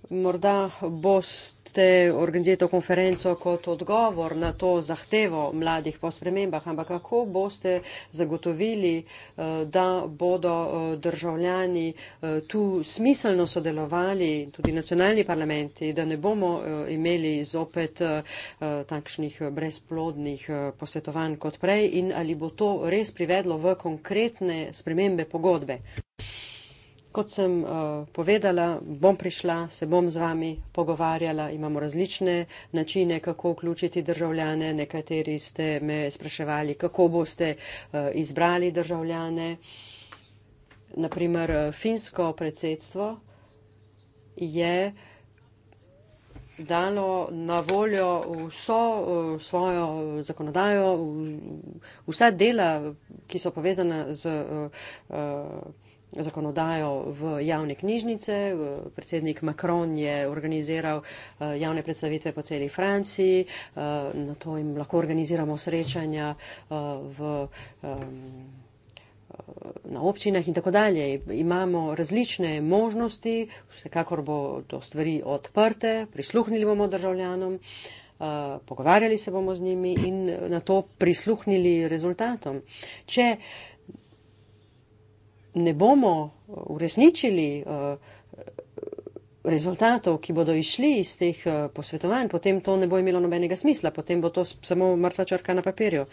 morda boste ste organizirali to konferenco kot odgovor na to zahtevo mladih po spremembah, ampak kako boste zagotovili, eh, da bodo eh, državljani eh, tu smiselno sodelovali, tudi nacionalni parlamenti, da ne bomo imeli zopet takšnih brezplodnih posvetovanj kot prej in ali bo to res privedlo v konkretne spremembe pogodbe? Kot sem uh, povedala, bom prišla, se bom z vami pogovarjala. Imamo različne načine, kako vključiti državljane. Nekateri ste me spraševali, kako boste uh, izbrali državljane. Naprimer, eh, finsko predsedstvo je dalo na voljo vso svojo zakonodajo, vsa dela, ki so povezana z. Uh, uh, zakonodajo v javne knjižnice. Eh, predsednik Macron je organiziral eh, javne predstavitve po celi Franciji, eh, na to jim lahko organiziramo srečanja v, na občinah in tako dalje. Imamo različne možnosti, vsekakor bo to stvari odprte, prisluhnili bomo državljanom. Uh, pogovarjali se bomo z njimi in na to prisluhnili rezultatom. Če uh, ne bomo eh, uresničili eh, rezultatov, ki bodo išli iz teh eh, posvetovanj, potem to ne bo imelo nobenega smisla, potem bo to samo mrtva črka na papirju.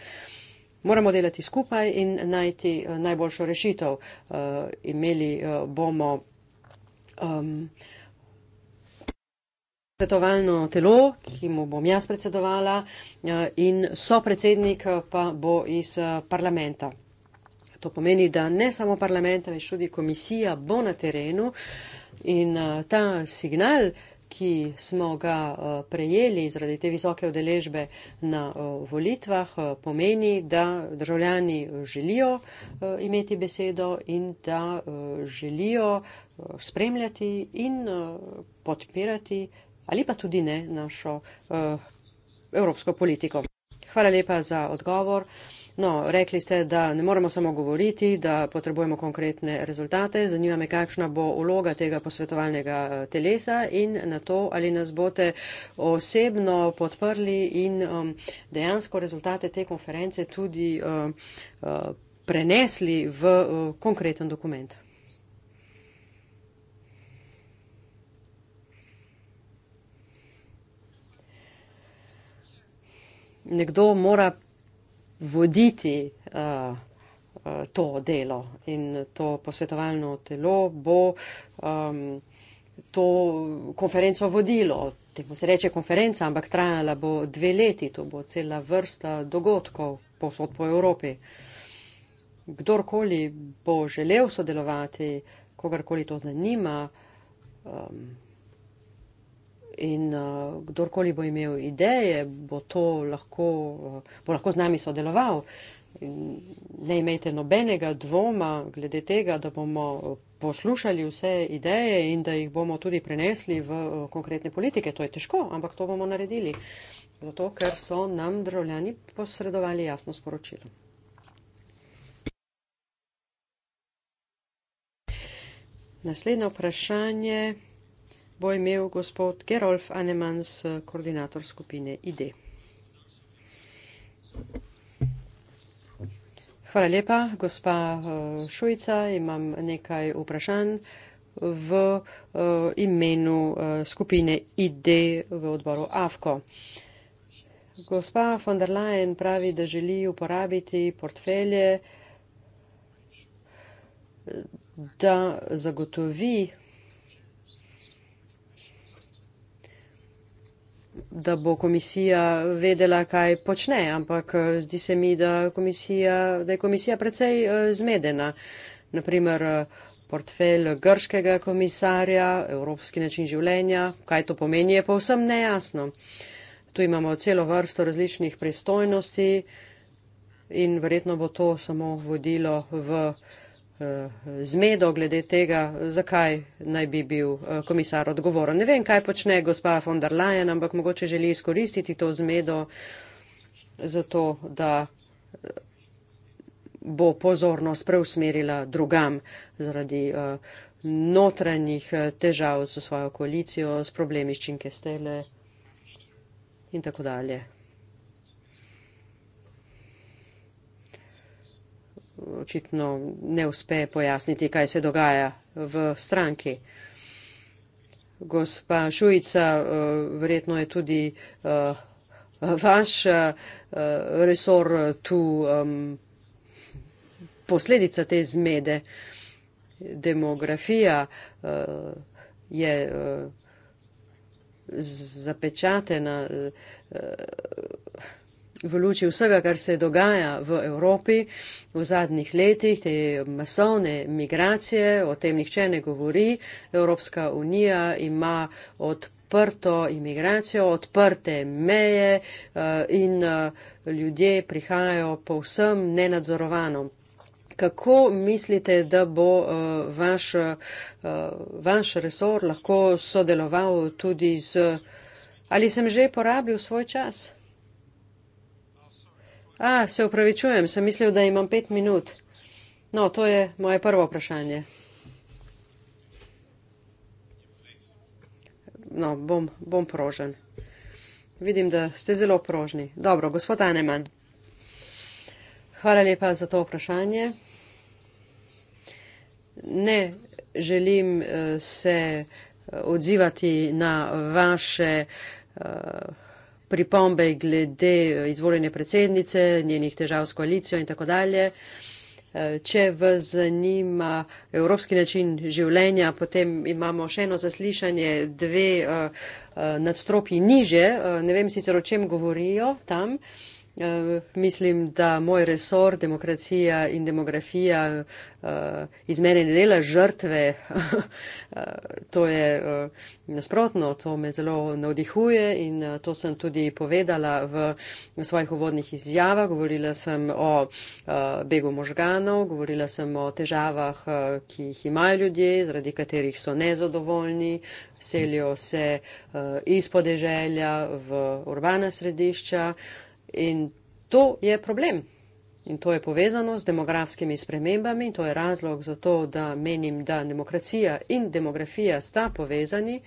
Moramo delati skupaj in najti najboljšo rešitev. Imeli bomo svetovalno telo, ki mu bom jaz predsedovala, in sopredsednik pa bo iz parlamenta. To pomeni, da ne samo parlament, ampak tudi komisija bo na terenu in uh, ta signal, ki smo ga uh, prejeli zaradi te visoke odeležbe na uh, volitvah, uh, pomeni, da državljani želijo uh, imeti besedo in da uh, želijo uh, spremljati in uh, podpirati ali pa tudi ne našo uh, evropsko politiko. Hvala lepa za odgovor. No, rekli ste, da ne moremo samo govoriti, da potrebujemo konkretne rezultate. Zanima me, kakšna bo uloga tega posvetovalnega eh, telesa in na to, ali nas boste osebno podprli in um, dejansko rezultate te konference tudi um, uh, prenesli v uh, konkreten dokument. Nekdo mora voditi eh, eh, to delo in to posvetovalno telo bo to konferenco vodilo. Temu se reče konferenca, ampak trajala bo dve leti, to bo cela vrsta dogodkov posod po Evropi. Kdorkoli bo želel sodelovati, kogarkoli to zanima, um, in uh, kdorkoli bo imel ideje, bo to lahko, uh, bo lahko z nami sodeloval. In ne imejte nobenega dvoma glede tega, da bomo uh, poslušali vse ideje in da jih bomo tudi prenesli v uh, konkretne politike. To je težko, ampak to bomo naredili. Zato, ker so nam državljani posredovali jasno sporočilo. Naslednje vprašanje bo imel gospod Gerolf Anemans, eh, koordinator skupine ID. Hvala lepa, gospa eh, Šujica, imam nekaj vprašanj v eh, imenu skupine ID v odboru AFKO. Gospa von der Leyen pravi, da želi uporabiti portfelje, da zagotovi da bo komisija vedela, kaj počne, ampak eh, zdi se mi, da, da je komisija precej eh, zmedena. Naprimer, eh, portfelj grškega komisarja, evropski način življenja, kaj to pomeni, je povsem nejasno. Tu imamo celo vrsto različnih pristojnosti in verjetno bo to samo vodilo v. Eh, zmedo glede tega, zakaj naj bi bil eh, komisar odgovoren. Ne vem, kaj počne gospa von der Leyen, ampak mogoče želi izkoristiti to zmedo za to, da eh, bo pozornost preusmerila drugam zaradi notranjih težav s svojo koalicijo, s problemi s Činke Stele in tako dalje. očitno ne uspe pojasniti, kaj se dogaja v stranki. Gospa Šujica, eh, verjetno je tudi eh, vaš eh, resor tu posledica te zmede. Demografija je zapečatena v luči vsega, kar se dogaja v Evropi v zadnjih letih, te masovne migracije, o tem nihče ne govori. Evropska unija ima od odprto imigracijo, odprte meje eh, in eh, ljudje prihajajo povsem nenadzorovano. Kako mislite, da bo eh, vaš, vaš resor lahko sodeloval tudi z. Ali sem že porabil svoj čas? A, se upravičujem, sem mislil, da imam pet minut. No, to je moje prvo vprašanje. No, bom, bom prožen. Vidim, da ste zelo prožni. Dobro, gospod Aneman. Hvala lepa za to vprašanje. Ne želim eh, se eh, odzivati na vaše. Uh, pripombe glede eh, izvoljene predsednice, njenih težav s koalicijo in tako dalje. Eh, če vas zanima evropski način življenja, potem imamo še eno zaslišanje, dve eh, nadstropji niže, ne vem sicer o čem govorijo tam. Eh, mislim, da moj resor, demokracija in demografija, eh, iz mene ne dela žrtve. Eh, to je nasprotno, to me zelo navdihuje in to sem tudi povedala v svojih uvodnih izjavah. Govorila sem o begu možganov, govorila sem o težavah, ki jih imajo ljudje, zaradi katerih so nezadovoljni. Selijo se uh, iz podeželja v urbana središča, uh, In to je problem. In to je povezano z demografskimi spremembami, to je razlog za to, da menim, da demokracija in demografija sta povezani.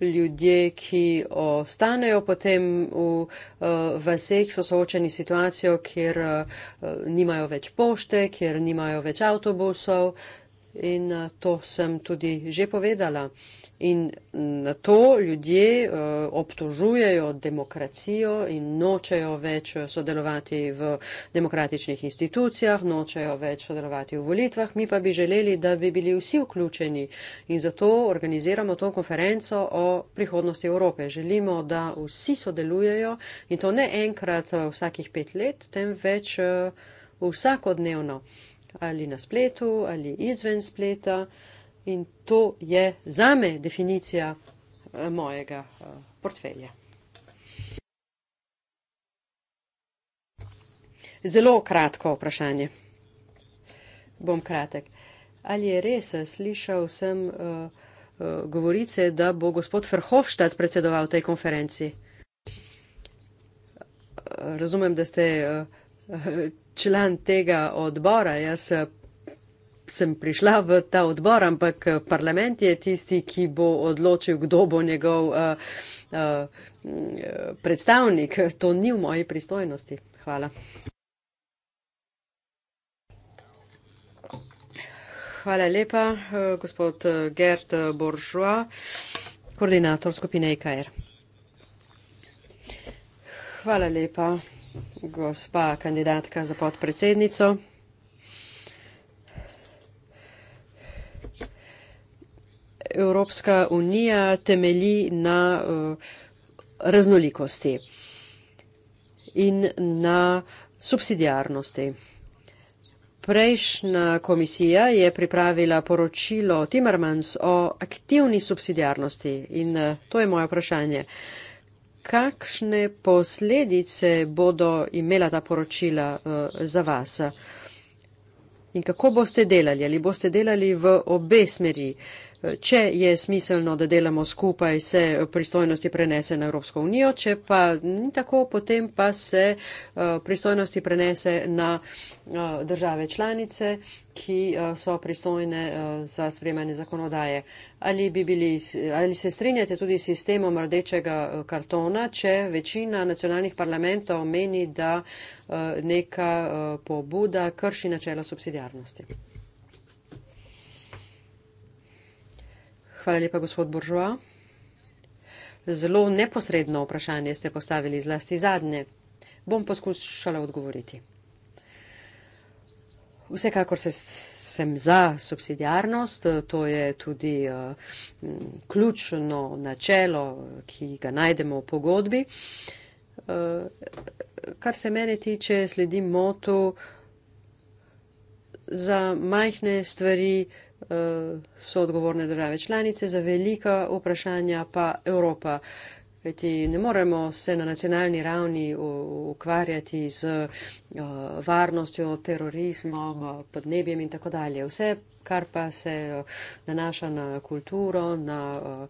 Ljudje, ki ostanejo potem v uh, eh, vseh, so soočeni s situacijo, kjer uh, nimajo več pošte, kjer nimajo več avtobusov in uh, to sem tudi že povedala. Uh, In na to ljudje uh, obtožujejo demokracijo in nočejo več sodelovati v demokratičnih institucijah, nočejo več sodelovati v volitvah. Mi pa bi želeli, da bi bili vsi vključeni in zato organiziramo to konferenco o prihodnosti Evrope. Želimo, da vsi sodelujejo in to ne enkrat eh, vsakih pet let, temveč uh, vsakodnevno ali na spletu ali izven spleta in to je zame definicija eh, mojega eh, portfelja. Zelo kratko vprašanje. Bom kratek. Ali je res, eh, slišal sem uh, uh, govorice, da bo gospod Verhofstadt predsedoval tej konferenci? Razumem, da ste uh, član tega odbora. Jaz sem prišla v ta odbor, ampak eh, parlament je tisti, ki bo odločil, kdo bo njegov uh, uh, predstavnik. To ni v moji pristojnosti. Hvala. Hvala lepa, gospod Gert Boržua, koordinator skupine IKR. E Hvala lepa, gospa kandidatka za podpredsednico. Evropska unija temelji na eh, raznolikosti in na subsidijarnosti. Prejšnja komisija je pripravila poročilo Timmermans o aktivni subsidijarnosti in eh, to je moje vprašanje. Kakšne posledice bodo imela ta poročila eh, za vas? In kako boste delali? Ali boste delali v obe smeri? Če je smiselno, da delamo skupaj, se pristojnosti prenese na Evropsko unijo, če pa ni tako, potem pa se eh, pristojnosti prenese na eh, države članice, ki eh, so pristojne za sprejemanje zakonodaje. Ali, bi bili, ali se strinjate tudi s sistemom rdečega kartona, če večina nacionalnih parlamentov meni, da neka pobuda krši načelo subsidijarnosti? Hvala lepa, gospod Buržoa. Zelo neposredno vprašanje ste postavili zlasti zadnje. Bom poskušala odgovoriti. Vsekakor se, sem za subsidijarnost, to je tudi uh, ključno načelo, ki ga najdemo v pogodbi. Uh, kar se mene tiče, sledim motu za majhne stvari, uh, Eh, so odgovorne države članice, za velika vprašanja pa Evropa. Kajti ne moremo se na nacionalni ravni ukvarjati z eh, varnostjo, terorizmom, podnebjem in tako dalje. Vse, kar pa se eh, nanaša na kulturo, na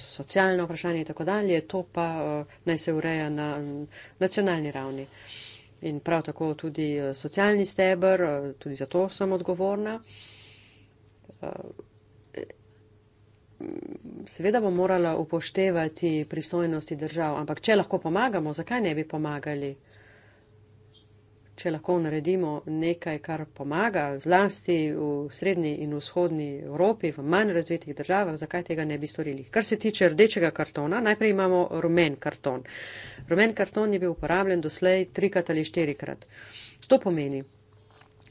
socialno vprašanje in tako dalje, to pa naj se ureja na nacionalni ravni. In prav tako tudi socialni stebr, tudi za to sem odgovorna seveda bo morala upoštevati pristojnosti držav, ampak če lahko pomagamo, zakaj ne bi pomagali? Če lahko naredimo nekaj, kar pomaga zlasti v srednji in vzhodni Evropi, v manj razvitih državah, zakaj tega ne bi storili? Kar se tiče rdečega kartona, najprej imamo rumen karton. Rumen karton je bil uporabljen doslej trikrat ali štirikrat. To pomeni,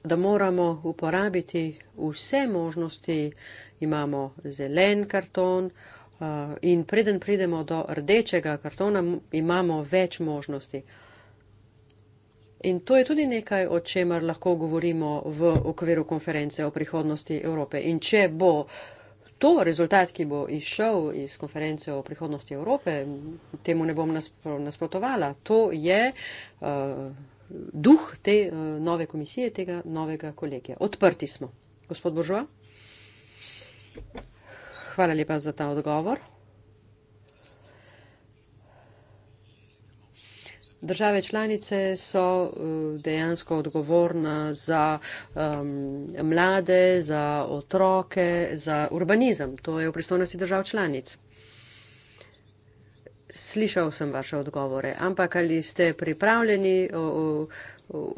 da moramo uporabiti vse možnosti, imamo zelen karton eh, in preden pridemo do rdečega kartona, imamo več možnosti. In to je tudi nekaj, o čemer lahko govorimo v okviru konference o prihodnosti Evrope. In če bo to rezultat, ki bo izšel iz konference o prihodnosti Evrope, temu ne bom nasprotovala. To je. Uh, duh te uh, nove komisije, tega novega kolegija. Odprti smo. Gospod Božova, hvala lepa za ta odgovor. Države članice so uh, dejansko odgovorna za um, mlade, za otroke, za urbanizem. To je v pristojnosti držav članic. Slišal sem vaše odgovore, ampak ali ste pripravljeni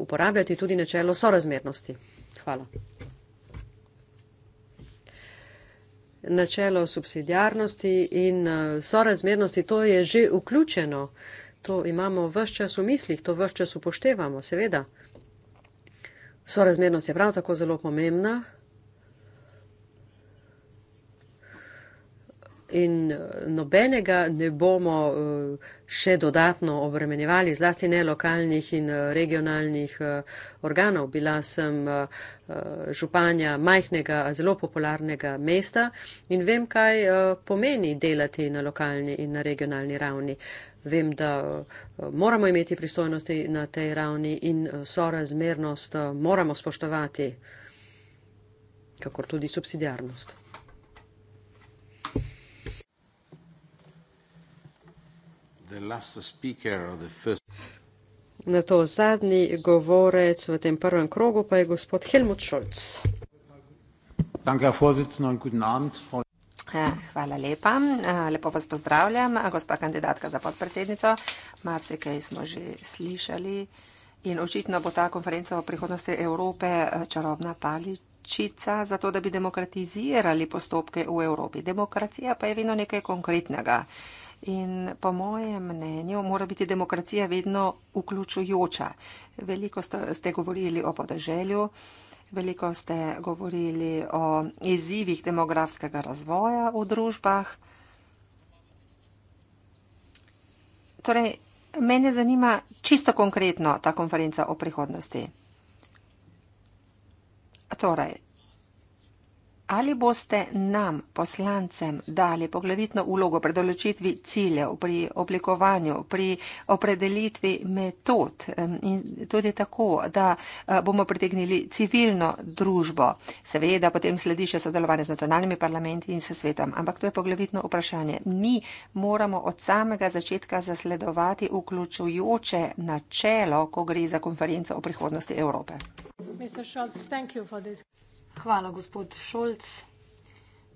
uporabljati tudi načelo sorazmernosti? Hvala. Načelo subsidijarnosti in eh, sorazmernosti, to je že vključeno, to imamo vse čas v mislih, to vse čas upoštevamo, seveda. Sorazmernost je prav tako zelo pomembna, in eh, nobenega ne bomo eh, še dodatno obremenjevali, zlasti ne lokalnih in eh, regionalnih organov. Bila sem županja majhnega, zelo popularnega mesta in vem, kaj pomeni delati na lokalni in na regionalni ravni. Vem, da moramo imeti pristojnosti na tej ravni in sorazmernost moramo spoštovati, kakor tudi subsidijarnost. Na to zadnji govorec v tem prvem krogu pa je gospod Helmut Šulc. Eh, hvala lepa. Eh, lepo vas pozdravljam, gospa kandidatka za podpredsednico. Marsikaj smo že slišali in očitno bo ta konferenca o prihodnosti Evrope eh, čarobna paličica za to, da bi demokratizirali postopke v Evropi. Demokracija pa je vedno nekaj konkretnega. In po mojem mnenju mora biti demokracija vedno vključujoča. Veliko ste govorili o podeželju, veliko ste govorili o izzivih demografskega razvoja v družbah. Torej, mene zanima čisto konkretno ta konferenca o prihodnosti. Torej, ali boste nam, poslancem, dali poglavitno ulogo pri določitvi ciljev, pri oblikovanju, pri opredelitvi metod in tudi tako, da eh, bomo pritegnili civilno družbo. Seveda potem sledi še sodelovanje z nacionalnimi parlamenti in s svetom, ampak to je poglavitno vprašanje. Mi moramo od samega začetka zasledovati vključujoče načelo, ko gre za konferenco o prihodnosti Evrope. Mr. Schultz, thank you for this. Hvala, gospod Šolc.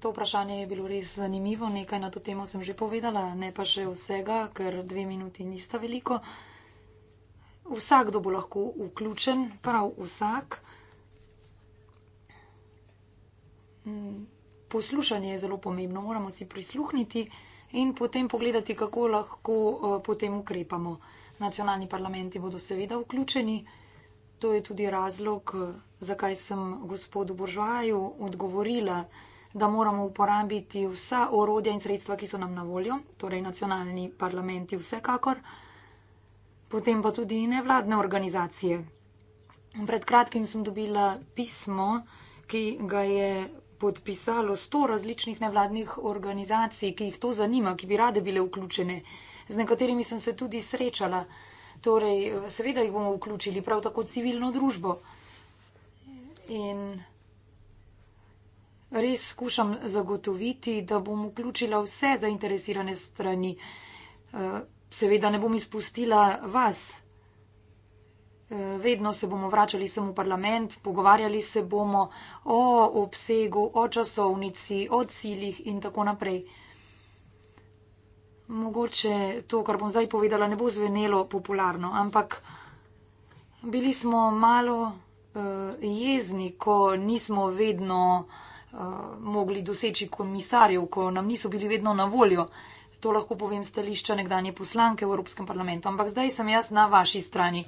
To vprašanje je bilo res zanimivo. Nekaj na to temo sem že povedala, ne pa še vsega, ker dve minuti nista veliko. Vsakdo bo lahko vključen, prav vsak. Mm, poslušanje je zelo pomembno, moramo si prisluhniti in potem pogledati, kako lahko eh, potem ukrepamo. Nacionalni parlamenti bodo seveda vključeni to je tudi razlog, zakaj sem gospodu Božvaju odgovorila, da moramo uporabiti vsa orodja in sredstva, ki so nam na voljo, torej nacionalni parlamenti vsekakor, potem pa tudi nevladne organizacije. Pred kratkim sem dobila pismo, ki ga je podpisalo sto različnih nevladnih organizacij, ki jih to zanima, ki bi rade bile vključene. Z nekaterimi sem se tudi srečala. Torej, seveda jih bomo vključili, prav tako civilno družbo. In res skušam zagotoviti, da bom vključila vse zainteresirane strani. Eh, seveda ne bom izpustila vas. Eh, vedno se bomo vračali sem v parlament, pogovarjali se bomo o obsegu, o časovnici, o ciljih in tako naprej mogoče to, kar bom zdaj povedala, ne bo zvenelo popularno, ampak bili smo malo uh, jezni, ko nismo vedno uh, mogli doseči komisarjev, ko nam niso bili vedno na voljo. To lahko povem stališča nekdanje poslanke v Evropskem parlamentu, ampak zdaj sem jaz na vaši strani.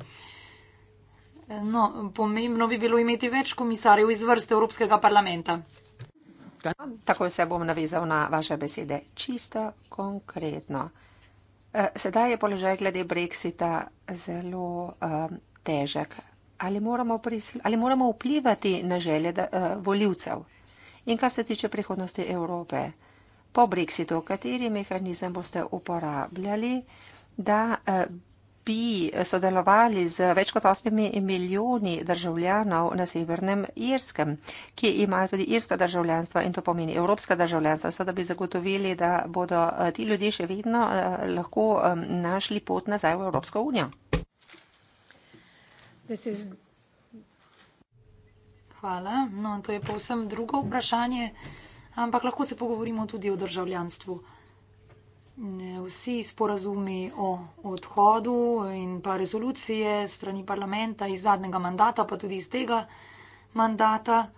No, pomembno bi bilo imeti več komisarjev iz vrste Evropskega parlamenta. Takoj se bom navezal na vaše besede. Čisto konkretno. Eh, sedaj je položaj glede Brexita zelo um, težek. Ali moramo, prisl- ali moramo vplivati na želje da, uh, eh, voljivcev? In kar se tiče prihodnosti Evrope, po Brexitu, kateri mehanizem boste uporabljali, da uh, bi sodelovali z več kot 8 milijoni državljanov na Severnem Irskem, ki imajo tudi irska državljanstva in to pomeni evropska državljanstva, so da bi zagotovili, da bodo eh, ti ljudje še vedno eh, lahko našli pot nazaj v Evropsko unijo. Hvala. No, to je povsem drugo vprašanje, ampak lahko se pogovorimo tudi o državljanstvu vsi sporazumi o odhodu in pa rezolucije strani parlamenta iz zadnjega mandata, pa tudi iz tega mandata,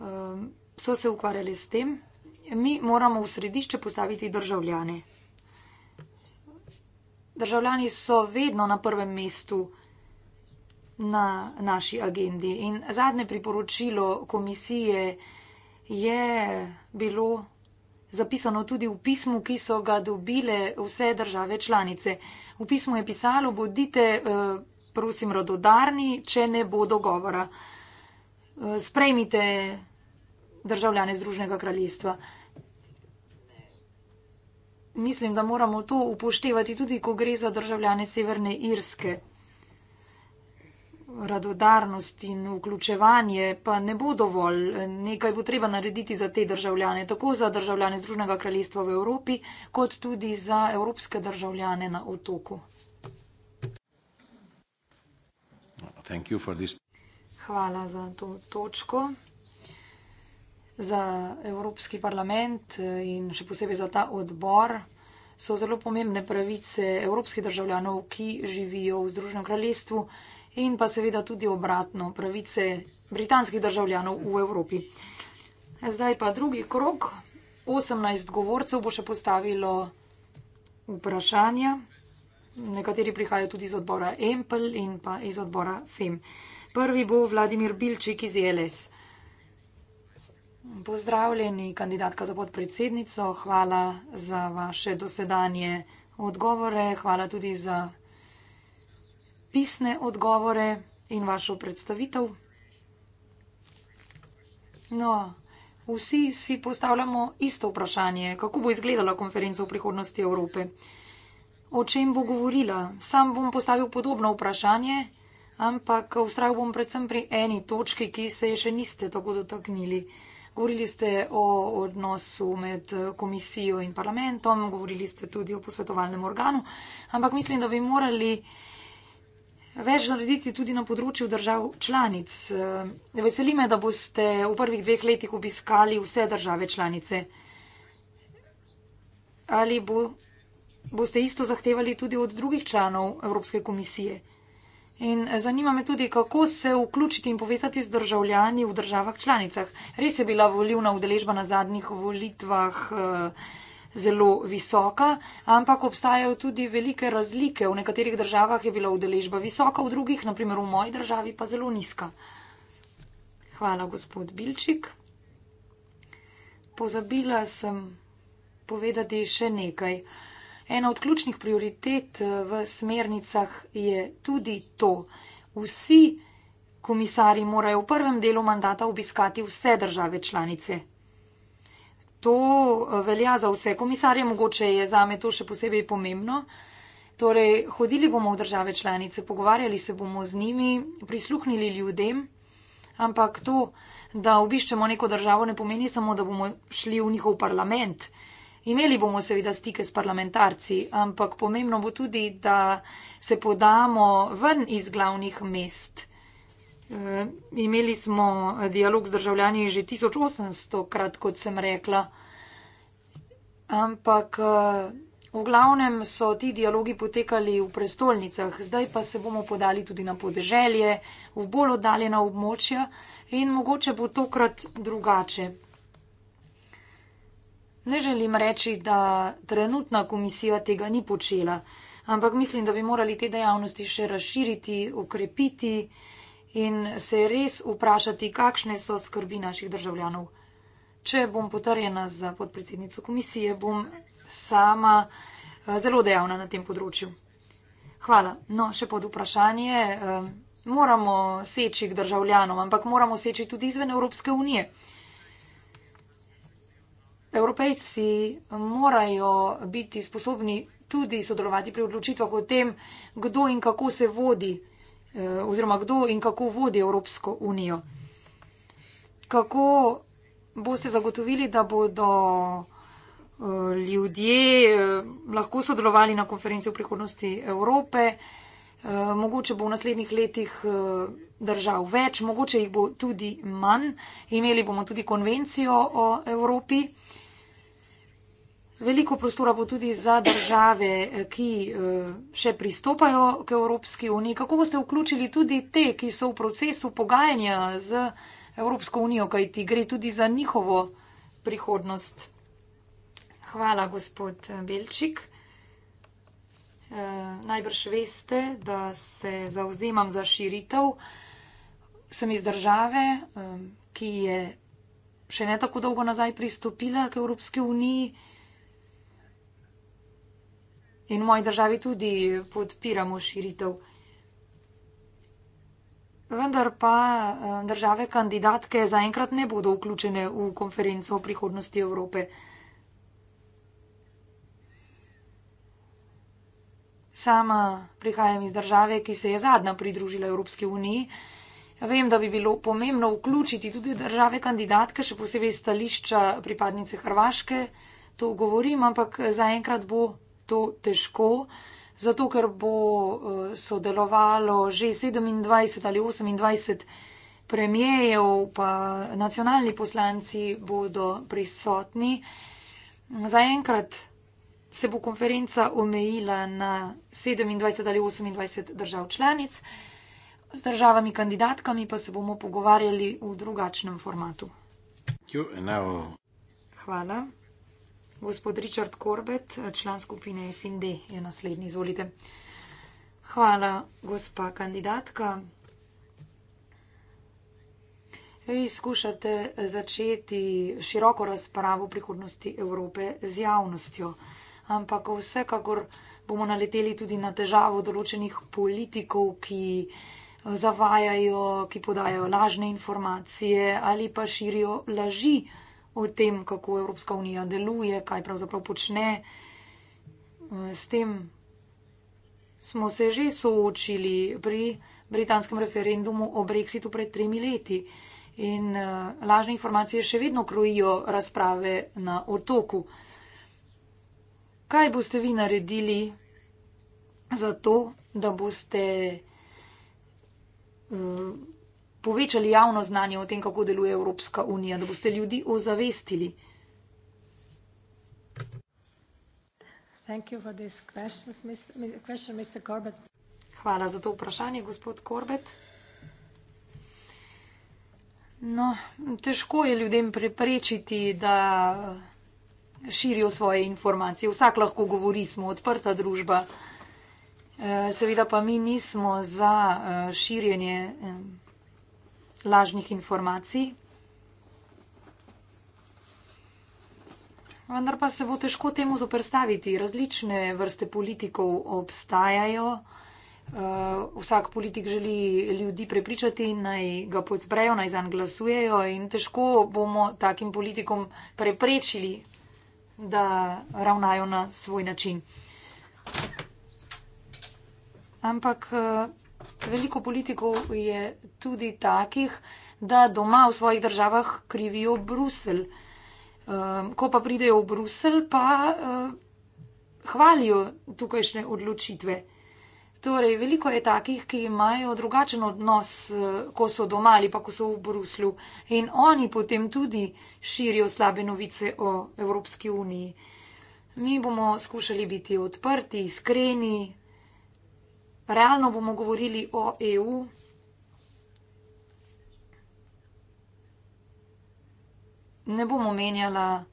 um, so se ukvarjali s tem. Mi moramo v središče postaviti državljane. Državljani so vedno na prvem mestu na naši agendi in zadnje priporočilo komisije je bilo zapisano tudi v pismu, ki so ga dobile vse države članice. V pismu je pisalo, bodite, eh, prosim, rododarni, če ne bo dogovora. Eh, sprejmite državljane Združnega kraljestva. Mislim, da moramo to upoštevati tudi, ko gre za državljane Severne Irske radodarnost in vključevanje pa ne bo dovolj. Nekaj bo treba narediti za te državljane, tako za državljane Združnega kraljestva v Evropi, kot tudi za evropske državljane na otoku. Hvala za to točko. Za Evropski parlament in še posebej za ta odbor so zelo pomembne pravice evropskih državljanov, ki živijo v Združenem kraljestvu in pa seveda tudi obratno pravice britanskih državljanov v Evropi. Zdaj pa drugi krok. 18 govorcev bo še postavilo vprašanja. Nekateri prihajajo tudi iz odbora EMPL in pa iz odbora FEM. Prvi bo Vladimir Bilčik iz ELS. Pozdravljeni, kandidatka za podpredsednico. Hvala za vaše dosedanje odgovore. Hvala tudi za pisne odgovore in vašo predstavitev. No, vsi si postavljamo isto vprašanje, kako bo izgledala konferenca o prihodnosti Evrope. O čem bo govorila? Sam bom postavil podobno vprašanje, ampak ustral bom predvsem pri eni točki, ki se je še niste tako dotaknili. Govorili ste o odnosu med komisijo in parlamentom, govorili ste tudi o posvetovalnem organu, ampak mislim, da bi morali več narediti tudi na področju držav članic. Eh, veseli me, da boste v prvih dveh letih obiskali vse države članice. Ali bo, boste isto zahtevali tudi od drugih članov Evropske komisije? In eh, zanima me tudi, kako se vključiti in povezati z državljani v državah članicah. Res je bila volivna udeležba na zadnjih volitvah. Eh, zelo visoka, ampak obstajajo tudi velike razlike. V nekaterih državah je bila udeležba visoka, v drugih, naprimer v moji državi, pa zelo nizka. Hvala, gospod Bilčik. Pozabila sem povedati še nekaj. Ena od ključnih prioritet eh, v smernicah je tudi to. Vsi komisari morajo v prvem delu mandata obiskati vse države članice to eh, velja za vse komisarje, mogoče je zame to še posebej pomembno. Torej, hodili bomo v države članice, pogovarjali se bomo z njimi, prisluhnili ljudem, ampak to, da obiščemo neko državo, ne pomeni samo, da bomo šli v njihov parlament. Imeli bomo seveda stike s parlamentarci, ampak pomembno bo tudi, da se podamo ven iz glavnih mest. Eh, imeli smo dialog z državljani že 1800 krat, kot sem rekla. Ampak eh, v glavnem so ti dialogi potekali v prestolnicah, zdaj pa se bomo podali tudi na podeželje, v bolj oddaljena območja in mogoče bo tokrat drugače. Ne želim reči, da trenutna komisija tega ni počela, ampak mislim, da bi morali te dejavnosti še razširiti, okrepiti in se res vprašati, kakšne so skrbi naših državljanov. Če bom potrjena za podpredsednico komisije, bom sama eh, zelo dejavna na tem področju. Hvala. No, še pod vprašanje. Eh, moramo seči k državljanom, ampak moramo seči tudi izven Evropske unije. Evropejci morajo biti sposobni tudi sodelovati pri odločitvah o tem, kdo in kako se vodi. Eh, oziroma kdo in kako vodi Evropsko unijo. Kako boste zagotovili, da bodo eh, ljudje eh, lahko sodelovali na konferenci o prihodnosti Evrope? Mogoče bo v naslednjih letih držav več, mogoče jih bo tudi manj. Imeli bomo tudi konvencijo o Evropi. Veliko prostora bo tudi za države, eh, ki eh, še pristopajo k Evropski uniji. Kako boste vključili tudi te, ki so v procesu pogajanja z Evropsko unijo, kaj ti gre tudi za njihovo prihodnost? Hvala, gospod eh, Belčik. Najbrž veste, da se zauzemam za širitev. Sem iz države, ki je še ne tako dolgo nazaj pristopila k Evropski uniji. In v moji državi tudi podpiramo širitev. Vendar pa eh, države kandidatke zaenkrat ne bodo vključene v konferenco o prihodnosti Evrope. Sama prihajam iz države, ki se je zadnja pridružila Evropski uniji. Vem, da bi bilo pomembno vključiti tudi države kandidatke, še posebej stališča pripadnice Hrvaške. To govorim, ampak zaenkrat bo to težko, zato ker bo eh, sodelovalo že 27 ali 28 premijejev, pa nacionalni poslanci bodo prisotni. Zaenkrat se bo konferenca omejila na 27 ali 28 držav članic, s državami kandidatkami pa se bomo pogovarjali v drugačnem formatu. Hvala. Gospod Richard Corbett, član skupine SND, je naslednji. Izvolite. Hvala, gospa kandidatka. Vi skušate začeti široko razpravo o prihodnosti Evrope z javnostjo, ampak vsekakor bomo naleteli tudi na težavo določenih politikov, ki eh, zavajajo, ki podajajo lažne informacije ali pa širijo laži o tem, kako Evropska unija deluje, kaj pravzaprav počne. S tem smo se že soočili pri britanskem referendumu o Brexitu pred tremi leti. In uh, lažne informacije še vedno krojijo razprave na otoku. Kaj boste vi naredili za to, da boste uh, povečali javno znanje o tem, kako deluje Evropska unija, da boste ljudi ozavestili? Hvala za to vprašanje, gospod Korbet. No, težko je ljudem preprečiti, da širijo svoje informacije. Vsak lahko govori, smo odprta družba. Eh, seveda pa mi nismo za eh, širjenje eh, lažnih informacij. Vendar pa se bo težko temu zoprstaviti. Različne vrste politikov obstajajo. Eh, vsak politik želi ljudi prepričati, naj ga podprejo, naj zan glasujejo in težko bomo takim politikom preprečili, da ravnajo na svoj način. Ampak eh, Veliko politikov je tudi takih, da doma v svojih državah krivijo Bruselj. Ehm, ko pa pridejo v Bruselj, pa eh, hvalijo tukajšnje odločitve. Torej, veliko je takih, ki imajo drugačen odnos, eh, ko so doma ali pa ko so v Bruslju in oni potem tudi širijo slabe novice o Evropski uniji. Mi bomo skušali biti odprti, iskreni, Realno bomo govorili o EU. Ne bom omenjala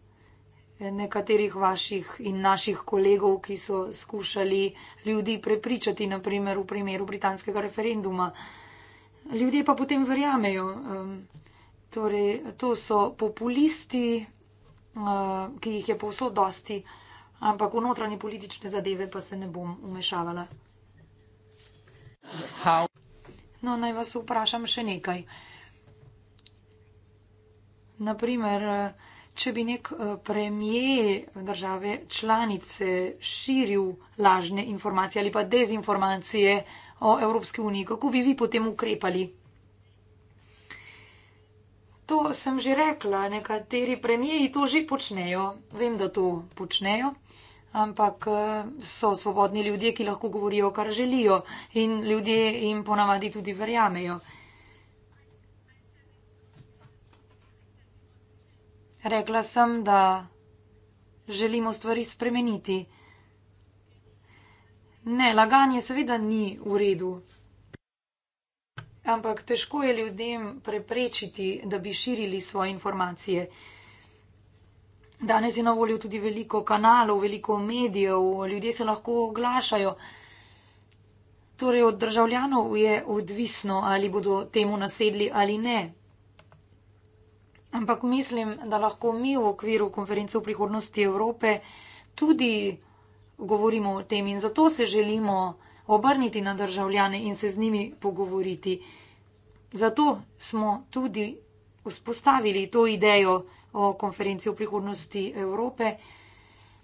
nekaterih vaših in naših kolegov, ki so skušali ljudi prepričati, naprimer v primeru britanskega referenduma. Ljudje pa potem verjamejo. Torej, to so populisti, ki jih je povsod dosti, ampak v notranje politične zadeve pa se ne bom umešavala. No, naj vas vprašam še nekaj. Naprimer, če bi nek eh, premije države članice širil lažne informacije ali pa dezinformacije o Evropski uniji, kako bi vi potem ukrepali? To sem že rekla, nekateri premijeji to že počnejo. Vem, da to počnejo ampak eh, so svobodni ljudje, ki lahko govorijo, kar želijo in ljudje jim ponavadi tudi verjamejo. Rekla sem, da želimo stvari spremeniti. Ne, laganje seveda ni v redu. Ampak težko je ljudem preprečiti, da bi širili svoje informacije. Danes je na voljo tudi veliko kanalov, veliko medijev, ljudje se lahko oglašajo. Torej od državljanov je odvisno, ali bodo temu nasedli ali ne. Ampak mislim, da lahko mi v okviru konference o prihodnosti Evrope tudi govorimo o tem in zato se želimo obrniti na državljane in se z njimi pogovoriti. Zato smo tudi vzpostavili to idejo, o konferenci o prihodnosti Evrope.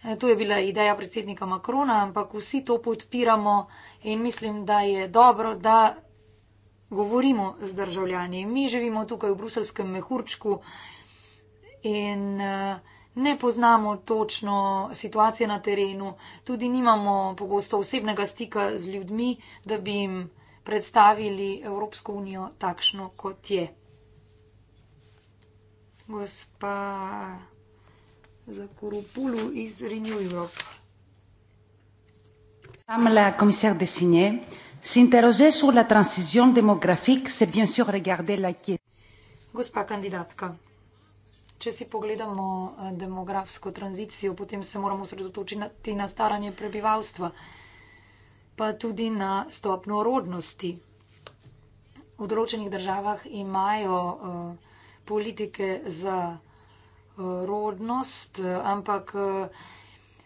E, to je bila ideja predsednika Makrona, ampak vsi to podpiramo in mislim, da je dobro, da govorimo z državljani. Mi živimo tukaj v bruselskem mehurčku in e, ne poznamo točno situacije na terenu, tudi nimamo pogosto osebnega stika z ljudmi, da bi jim predstavili Evropsko unijo takšno, kot je gospa za Kurupulu iz Renew Europe. Madame la commissaire Dessigné, s'interroger sur la transition démographique, c'est bien sûr regarder la question. Gospa kandidatka, če si pogledamo eh, demografsko tranzicijo, potem se moramo sredotočiti na staranje prebivalstva, pa tudi na stopno rodnosti. V določenih državah imajo uh, politike za eh, rodnost, eh, ampak eh,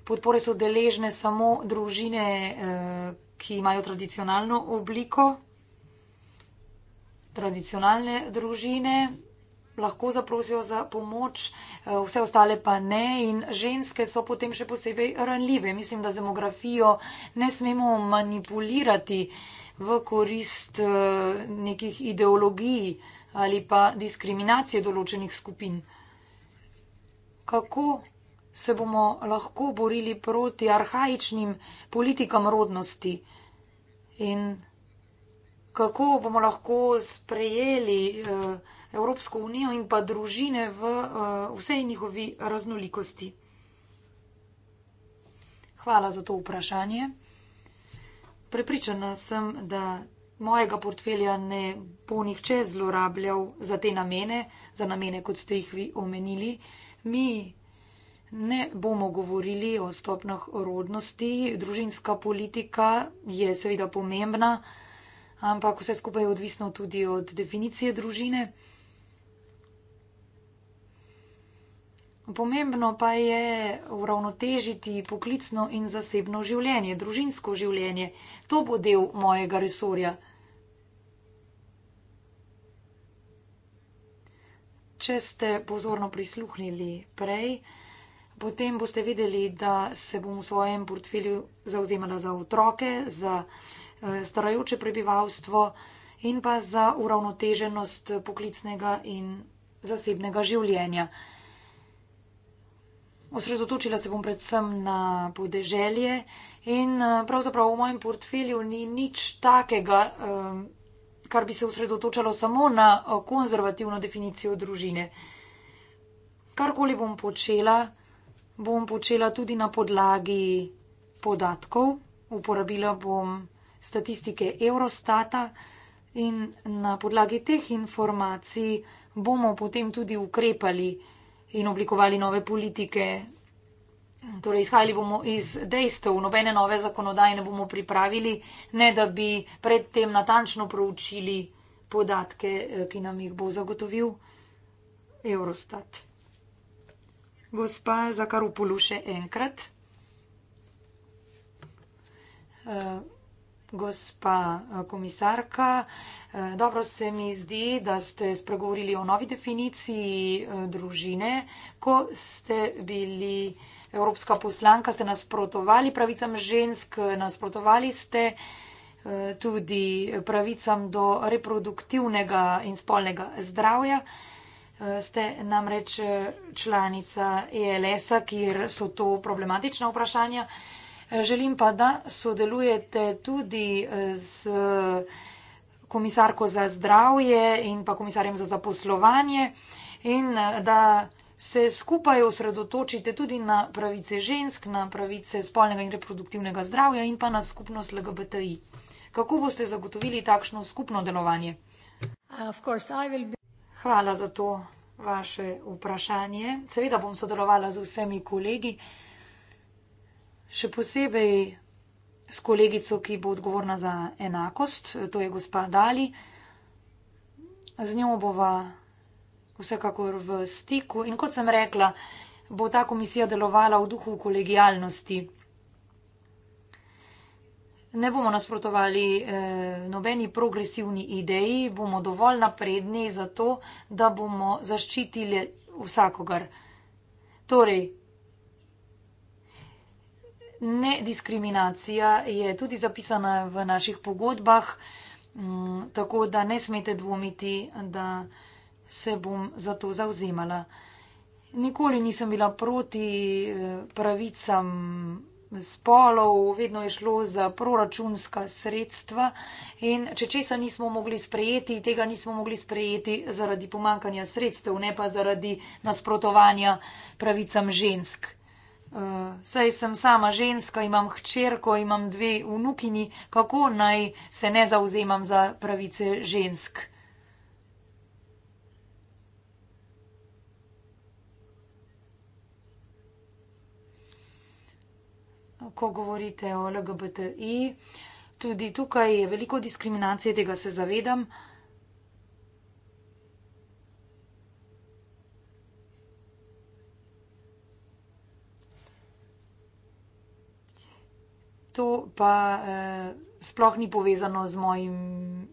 podpore so deležne samo družine, ki imajo tradicionalno obliko, tradicionalne družine lahko zaprosijo za pomoč, vse ostale pa ne in ženske so potem še posebej ranljive. Mislim, da z demografijo ne smemo manipulirati v korist nekih ideologij ali pa diskriminacije določenih skupin. Kako se bomo lahko borili proti arhajičnim politikam rodnosti in kako bomo lahko sprejeli eh, Evropsko unijo in pa družine v eh, vsej njihovi raznolikosti. Hvala za to vprašanje. Prepričana sem, da mojega portfelja ne bo nihče zlorabljal za te namene, za namene, kot ste jih vi omenili. Mi ne bomo govorili o stopnah rodnosti, družinska politika je seveda pomembna, ampak vse skupaj je odvisno tudi od definicije družine. Pomembno pa je uravnotežiti poklicno in zasebno življenje, družinsko življenje. To bo del mojega resorja. če ste pozorno prisluhnili prej, potem boste videli, da se bom v svojem portfelju zauzemala za otroke, za eh, starajoče prebivalstvo in pa za uravnoteženost poklicnega in zasebnega življenja. Osredotočila se bom predvsem na podeželje in eh, pravzaprav v mojem portfelju ni nič takega. Um, kar bi se osredotočalo samo na eh, konzervativno definicijo družine. Karkoli bom počela, bom počela tudi na podlagi podatkov, uporabila bom statistike Eurostata in na podlagi teh informacij bomo potem tudi ukrepali in oblikovali nove politike Torej, izhajali bomo iz dejstev, nobene nove zakonodaje ne bomo pripravili, ne da bi predtem natančno proučili podatke, eh, ki nam jih bo zagotovil Eurostat. Gospa Zakarupulu še enkrat. Eh, gospa eh, komisarka, dobro se mi zdi, da ste spregovorili o novi definiciji družine, ko ste bili evropska poslanka, ste nasprotovali pravicam žensk, nasprotovali ste eh, tudi pravicam do reproduktivnega in spolnega zdravja. Eh, ste namreč eh, članica ELS-a, kjer so to problematična vprašanja. Želim pa, da sodelujete tudi z komisarko za zdravje in pa komisarjem za zaposlovanje in da se skupaj osredotočite tudi na pravice žensk, na pravice spolnega in reproduktivnega zdravja in pa na skupnost LGBTI. Kako boste zagotovili takšno skupno delovanje? Uh, Hvala za to vaše vprašanje. Seveda bom sodelovala z vsemi kolegi, še posebej s kolegico, ki bo odgovorna za enakost, to je gospa Dali. Z njo bova vsekakor v stiku in kot sem rekla, bo ta komisija delovala v duhu kolegijalnosti. Ne bomo nasprotovali eh, nobeni progresivni ideji, bomo dovolj napredni za to, da bomo zaščitili vsakogar. Torej, nediskriminacija je tudi zapisana v naših pogodbah, m, mm, tako da ne smete dvomiti, da se bom za to zauzemala. Nikoli nisem bila proti eh, pravicam spolov, vedno je šlo za proračunska sredstva in če česa nismo mogli sprejeti, tega nismo mogli sprejeti zaradi pomankanja sredstev, ne pa zaradi nasprotovanja pravicam žensk. Eh, saj sem sama ženska, imam hčerko, imam dve vnukini, kako naj se ne zauzemam za pravice žensk? ko govorite o LGBTI. Tudi tukaj je veliko diskriminacije, tega se zavedam. To pa eh, sploh ni povezano z mojim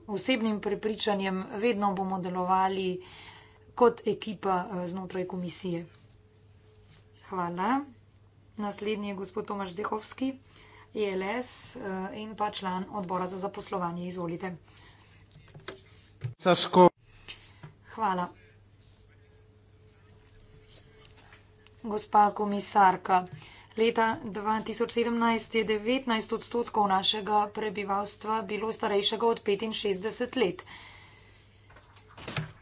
osebnim prepričanjem. Vedno bomo delovali kot ekipa eh, znotraj komisije. Hvala. Naslednji je gospod Tomaš Zdehovski, ELS eh, in pa član odbora za zaposlovanje. Izvolite. Saško. Hvala. Gospa komisarka, leta 2017 je 19 odstotkov našega prebivalstva bilo starejšega od 65 let.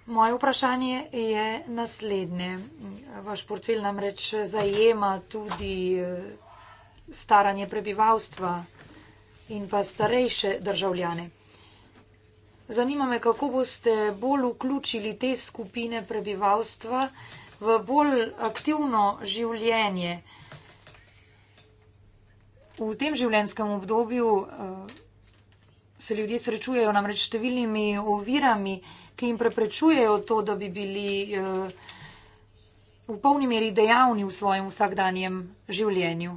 Moje vprašanje je naslednje. Vaš portfelj namreč zajema tudi eh, staranje prebivalstva in pa starejše državljane. Zanima me, kako boste bolj vključili te skupine prebivalstva v bolj aktivno življenje. V tem življenjskem obdobju eh, se ljudje srečujejo namreč številnimi ovirami ki jim preprečujejo to, da bi bili eh, v polni meri dejavni v svojem vsakdanjem življenju.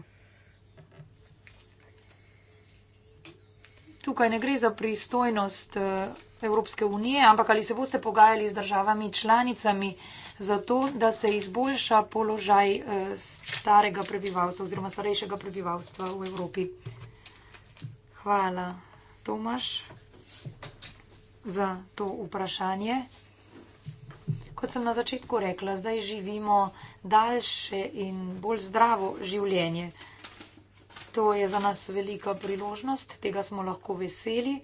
Tukaj ne gre za pristojnost eh, Evropske unije, ampak ali se boste pogajali z državami članicami za to, da se izboljša položaj eh, starega prebivalstva oziroma starejšega prebivalstva v Evropi. Hvala, Tomaš za to vprašanje. Kot sem na začetku rekla, zdaj živimo daljše in bolj zdravo življenje. To je za nas velika priložnost, tega smo lahko veseli.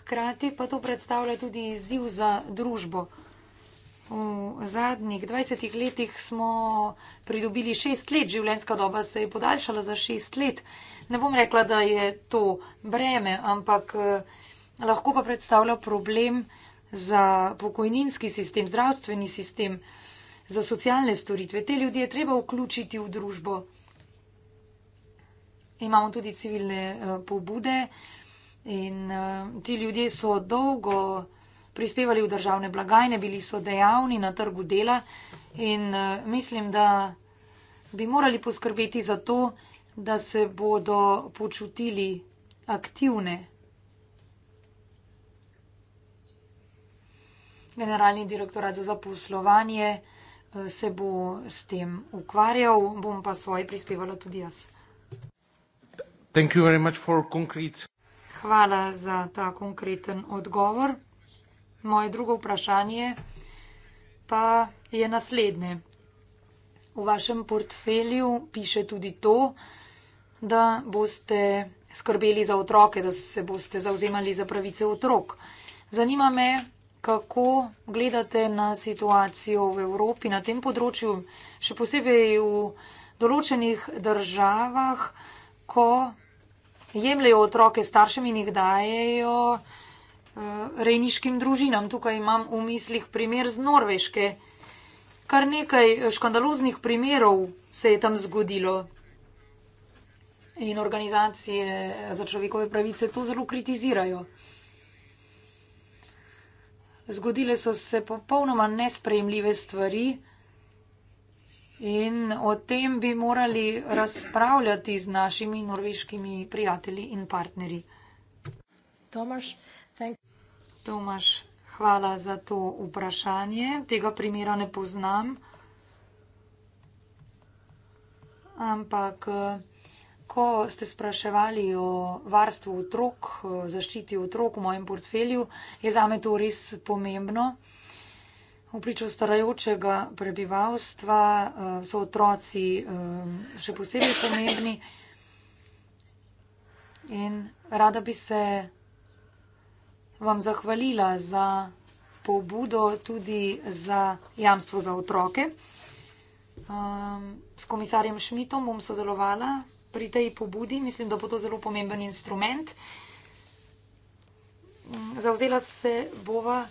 Hkrati pa to predstavlja tudi izziv za družbo. V zadnjih 20 letih smo pridobili 6 let, življenjska doba se je podaljšala za 6 let. Ne bom rekla, da je to breme, ampak lahko pa predstavlja problem za pokojninski sistem, zdravstveni sistem, za socialne storitve. Te ljudi je treba vključiti v družbo. Imamo tudi civilne eh, pobude in eh, ti ljudje so dolgo prispevali v državne blagajne, bili so dejavni na trgu dela in eh, mislim, da bi morali poskrbeti za to, da se bodo počutili aktivne. Generalni direktorat za zaposlovanje eh, se bo s tem ukvarjal, bom pa svoje prispevala tudi jaz. Hvala za ta konkreten odgovor. Moje drugo vprašanje pa je naslednje. V vašem portfelju piše tudi to, da boste skrbeli za otroke, da se boste zauzemali za pravice otrok. Zanima me, kako gledate na situacijo v Evropi na tem področju, še posebej v določenih državah, ko jemljajo otroke staršem in jih dajejo eh, rejniškim družinam. Tukaj imam v mislih primer z Norveške. Kar nekaj škandaloznih primerov se je tam zgodilo. In organizacije za človekove pravice to zelo kritizirajo zgodile so se popolnoma nespremljive stvari in o tem bi morali razpravljati z našimi norveškimi prijatelji in partnerji. Tomaš, thank... Tomaš hvala za to vprašanje. Tega primera ne poznam. Ampak. Uh, ko ste spraševali o varstvu otrok, zaščiti otrok v mojem portfelju, je zame to res pomembno. V priču starajočega prebivalstva eh, so otroci eh, še posebej pomembni. In rada bi se vam zahvalila za pobudo tudi za jamstvo za otroke. Eh, s komisarjem Šmitom bom sodelovala pri tej pobudi, mislim, da bo to zelo pomemben instrument. Zauzela se bova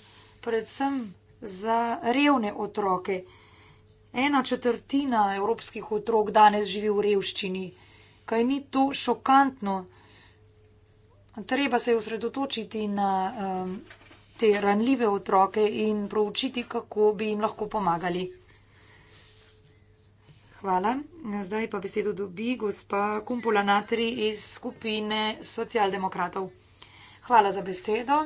predvsem za revne otroke. Ena četrtina evropskih otrok danes živi v revščini. Kaj ni to šokantno? Treba se osredotočiti na um, te ranljive otroke in proučiti, kako bi jim lahko pomagali. Hvala. Zdaj pa besedo dobi gospa Kumpula Natri iz skupine socialdemokratov. Hvala za besedo.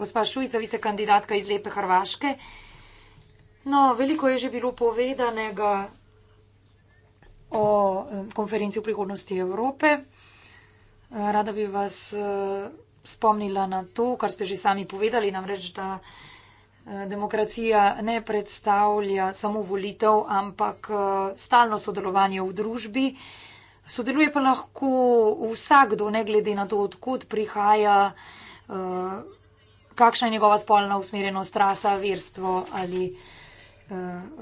Gospa Šujica, vi ste kandidatka iz Lepe Hrvaške. No, veliko je že bilo povedanega o eh, konferenci o prihodnosti Evrope. Rada bi vas eh, spomnila na to, kar ste že sami povedali, namreč da. Eh, demokracija ne predstavlja samo volitev, ampak eh, stalno sodelovanje v družbi. Sodeluje pa lahko vsakdo, ne glede na to, odkud prihaja, eh, kakšna je njegova spolna usmerjenost, rasa, verstvo ali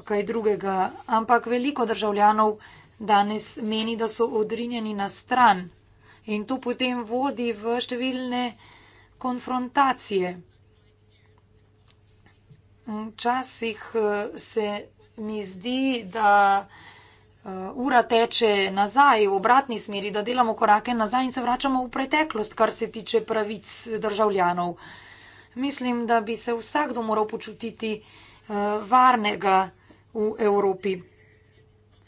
kaj drugega. Ampak veliko državljanov danes meni, da so odrinjeni na stran in to potem vodi v številne konfrontacije včasih eh, se mi zdi, da eh, ura teče nazaj v obratni smeri, da delamo korake nazaj in se vračamo v preteklost, kar se tiče pravic državljanov. Mislim, da bi se vsakdo moral počutiti eh, varnega v Evropi.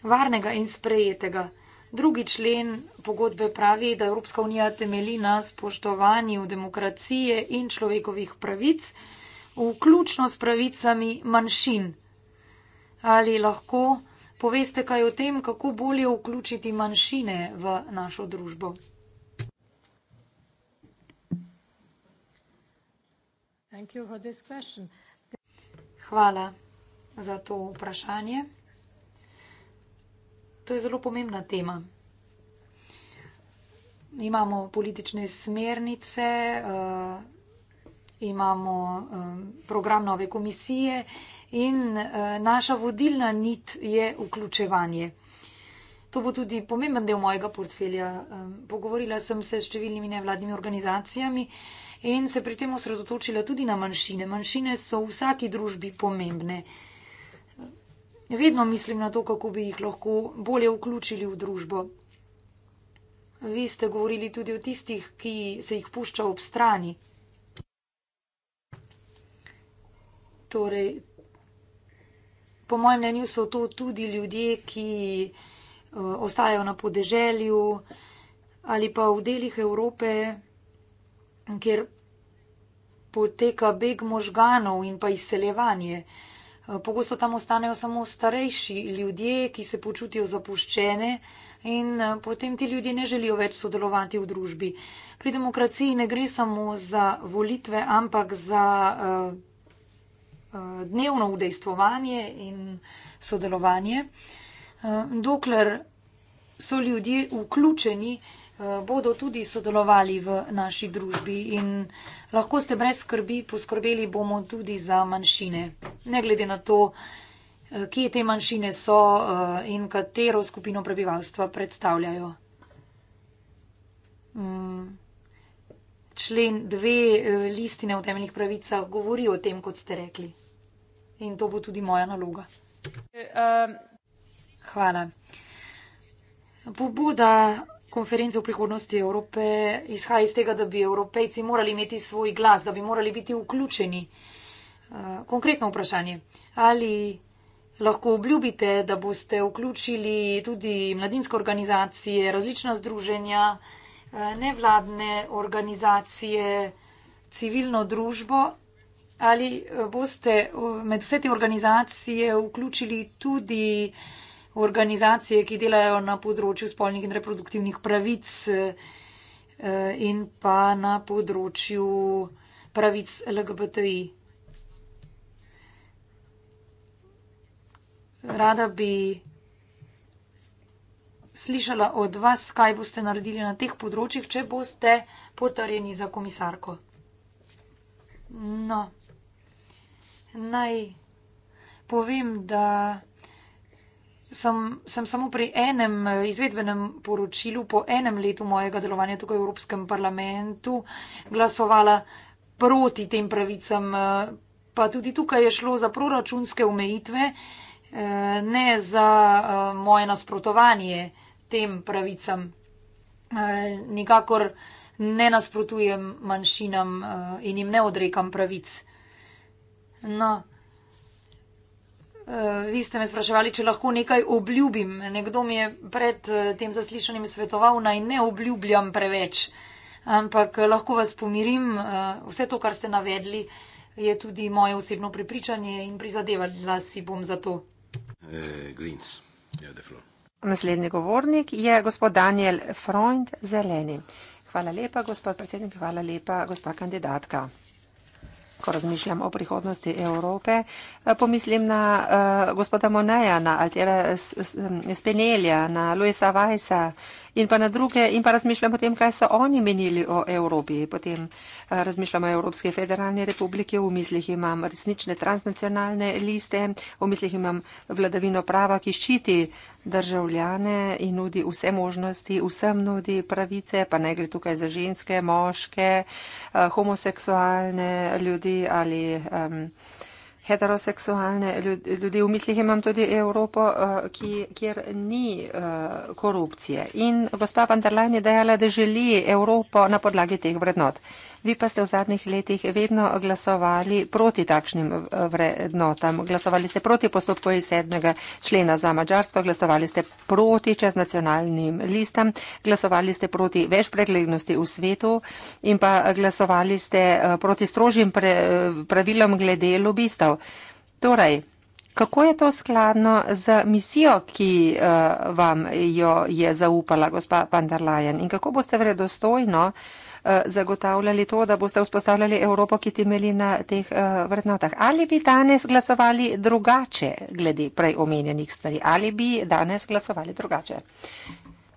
Varnega in sprejetega. Drugi člen pogodbe pravi, da Evropska unija temeli na spoštovanju demokracije in človekovih pravic vključno s pravicami manjšin. Ali lahko poveste kaj o tem, kako bolje vključiti manjšine v našo družbo? Hvala za to vprašanje. To je zelo pomembna tema. Imamo politične smernice. Uh, imamo eh, program nove komisije in eh, naša vodilna nit je vključevanje. To bo tudi pomemben del mojega portfelja. Eh, pogovorila sem se s številnimi nevladnimi organizacijami in se pri tem osredotočila tudi na manjšine. Manjšine so v vsaki družbi pomembne. Vedno mislim na to, kako bi jih lahko bolje vključili v družbo. Vi ste govorili tudi o tistih, ki se jih pušča ob strani. Torej, po mojem mnenju so to tudi ljudje, ki eh, ostajajo na podeželju ali pa v delih Evrope, kjer poteka beg možganov in pa izseljevanje. Eh, pogosto tam ostanejo samo starejši ljudje, ki se počutijo zapuščene in eh, potem ti ljudje ne želijo več sodelovati v družbi. Pri demokraciji ne gre samo za volitve, ampak za. Uh, dnevno udejstvovanje in sodelovanje. Eh, dokler so ljudje vključeni, eh, bodo tudi sodelovali v naši družbi in lahko ste brez skrbi poskrbeli bomo tudi za manjšine. Ne glede na to, eh, kje te manjšine so in katero skupino prebivalstva predstavljajo. Mm člen dve eh, listine o temeljnih pravicah govori o tem, kot ste rekli. In to bo tudi moja naloga. Eh, eh, Hvala. Pobuda konference o prihodnosti Evrope izhaja iz tega, da bi evropejci morali imeti svoj glas, da bi morali biti vključeni. Konkretno vprašanje. Ali lahko obljubite, da boste vključili tudi mladinske organizacije, različna združenja? Eh, nevladne organizacije, civilno družbo. Ali eh, boste eh, med vse te organizacije vključili tudi organizacije, ki delajo na področju spolnih in reproduktivnih pravic in pa na področju pravic LGBTI? Rada bi slišala od vas, kaj boste naredili na teh področjih, če boste potrjeni za komisarko. No, naj povem, da sem, sem samo pri enem eh, izvedbenem poročilu, po enem letu mojega delovanja tukaj v Evropskem parlamentu, glasovala proti tem pravicam. Eh, pa tudi tukaj je šlo za proračunske omejitve, eh, ne za moje nasprotovanje tem pravicam. Eh, nikakor ne nasprotujem manjšinam eh, in jim ne odrekam pravic. No, eh, vi ste me spraševali, če lahko nekaj obljubim. Nekdo mi je pred tem zaslišanjem svetoval, naj ne obljubljam preveč. Ampak lahko vas pomirim, vse to, kar ste navedli, je tudi moje osebno prepričanje in prizadevala si bom za to. Uh, greens, yeah, the floor. Naslednji govornik je gospod Daniel Freund, zeleni. Hvala lepa, gospod predsednik, hvala lepa, gospa kandidatka. Ko razmišljam o prihodnosti Evrope, eh, pomislim na uh, gospoda Moneja, na Altera Spenelja, na Luisa Weissa, uh, in pa na druge in pa razmišljam potem, kaj so oni menili o Evropi. Potem eh, razmišljam o Evropske federalne republike, v mislih imam resnične transnacionalne liste, v mislih imam vladavino prava, ki ščiti državljane in nudi vse možnosti, vsem nudi pravice, pa ne gre tukaj za ženske, moške, eh, homoseksualne ljudi ali. Um, heteroseksualne ljudi. V mislih imam tudi Evropo, eh, ki, kjer ni eh, korupcije. In gospa van der Leyen je dejala, da želi Evropo na podlagi teh vrednot. Vi pa ste v zadnjih letih vedno glasovali proti takšnim eh, vrednotam. Glasovali ste proti postopku iz sedmega člena za Mačarsko, glasovali ste proti čeznacionalnim listam, glasovali ste proti več preglednosti v svetu in pa glasovali ste eh, proti strožjim eh, pravilom glede lobistov. Torej, kako je to skladno z misijo, ki vam jo je zaupala gospa Van der Leyen in kako boste vredostojno Eh, zagotavljali to, da boste vzpostavljali Evropo, ki temeli na teh eh, vrednotah. Ali bi danes glasovali drugače glede prej omenjenih stvari? Ali bi danes glasovali drugače?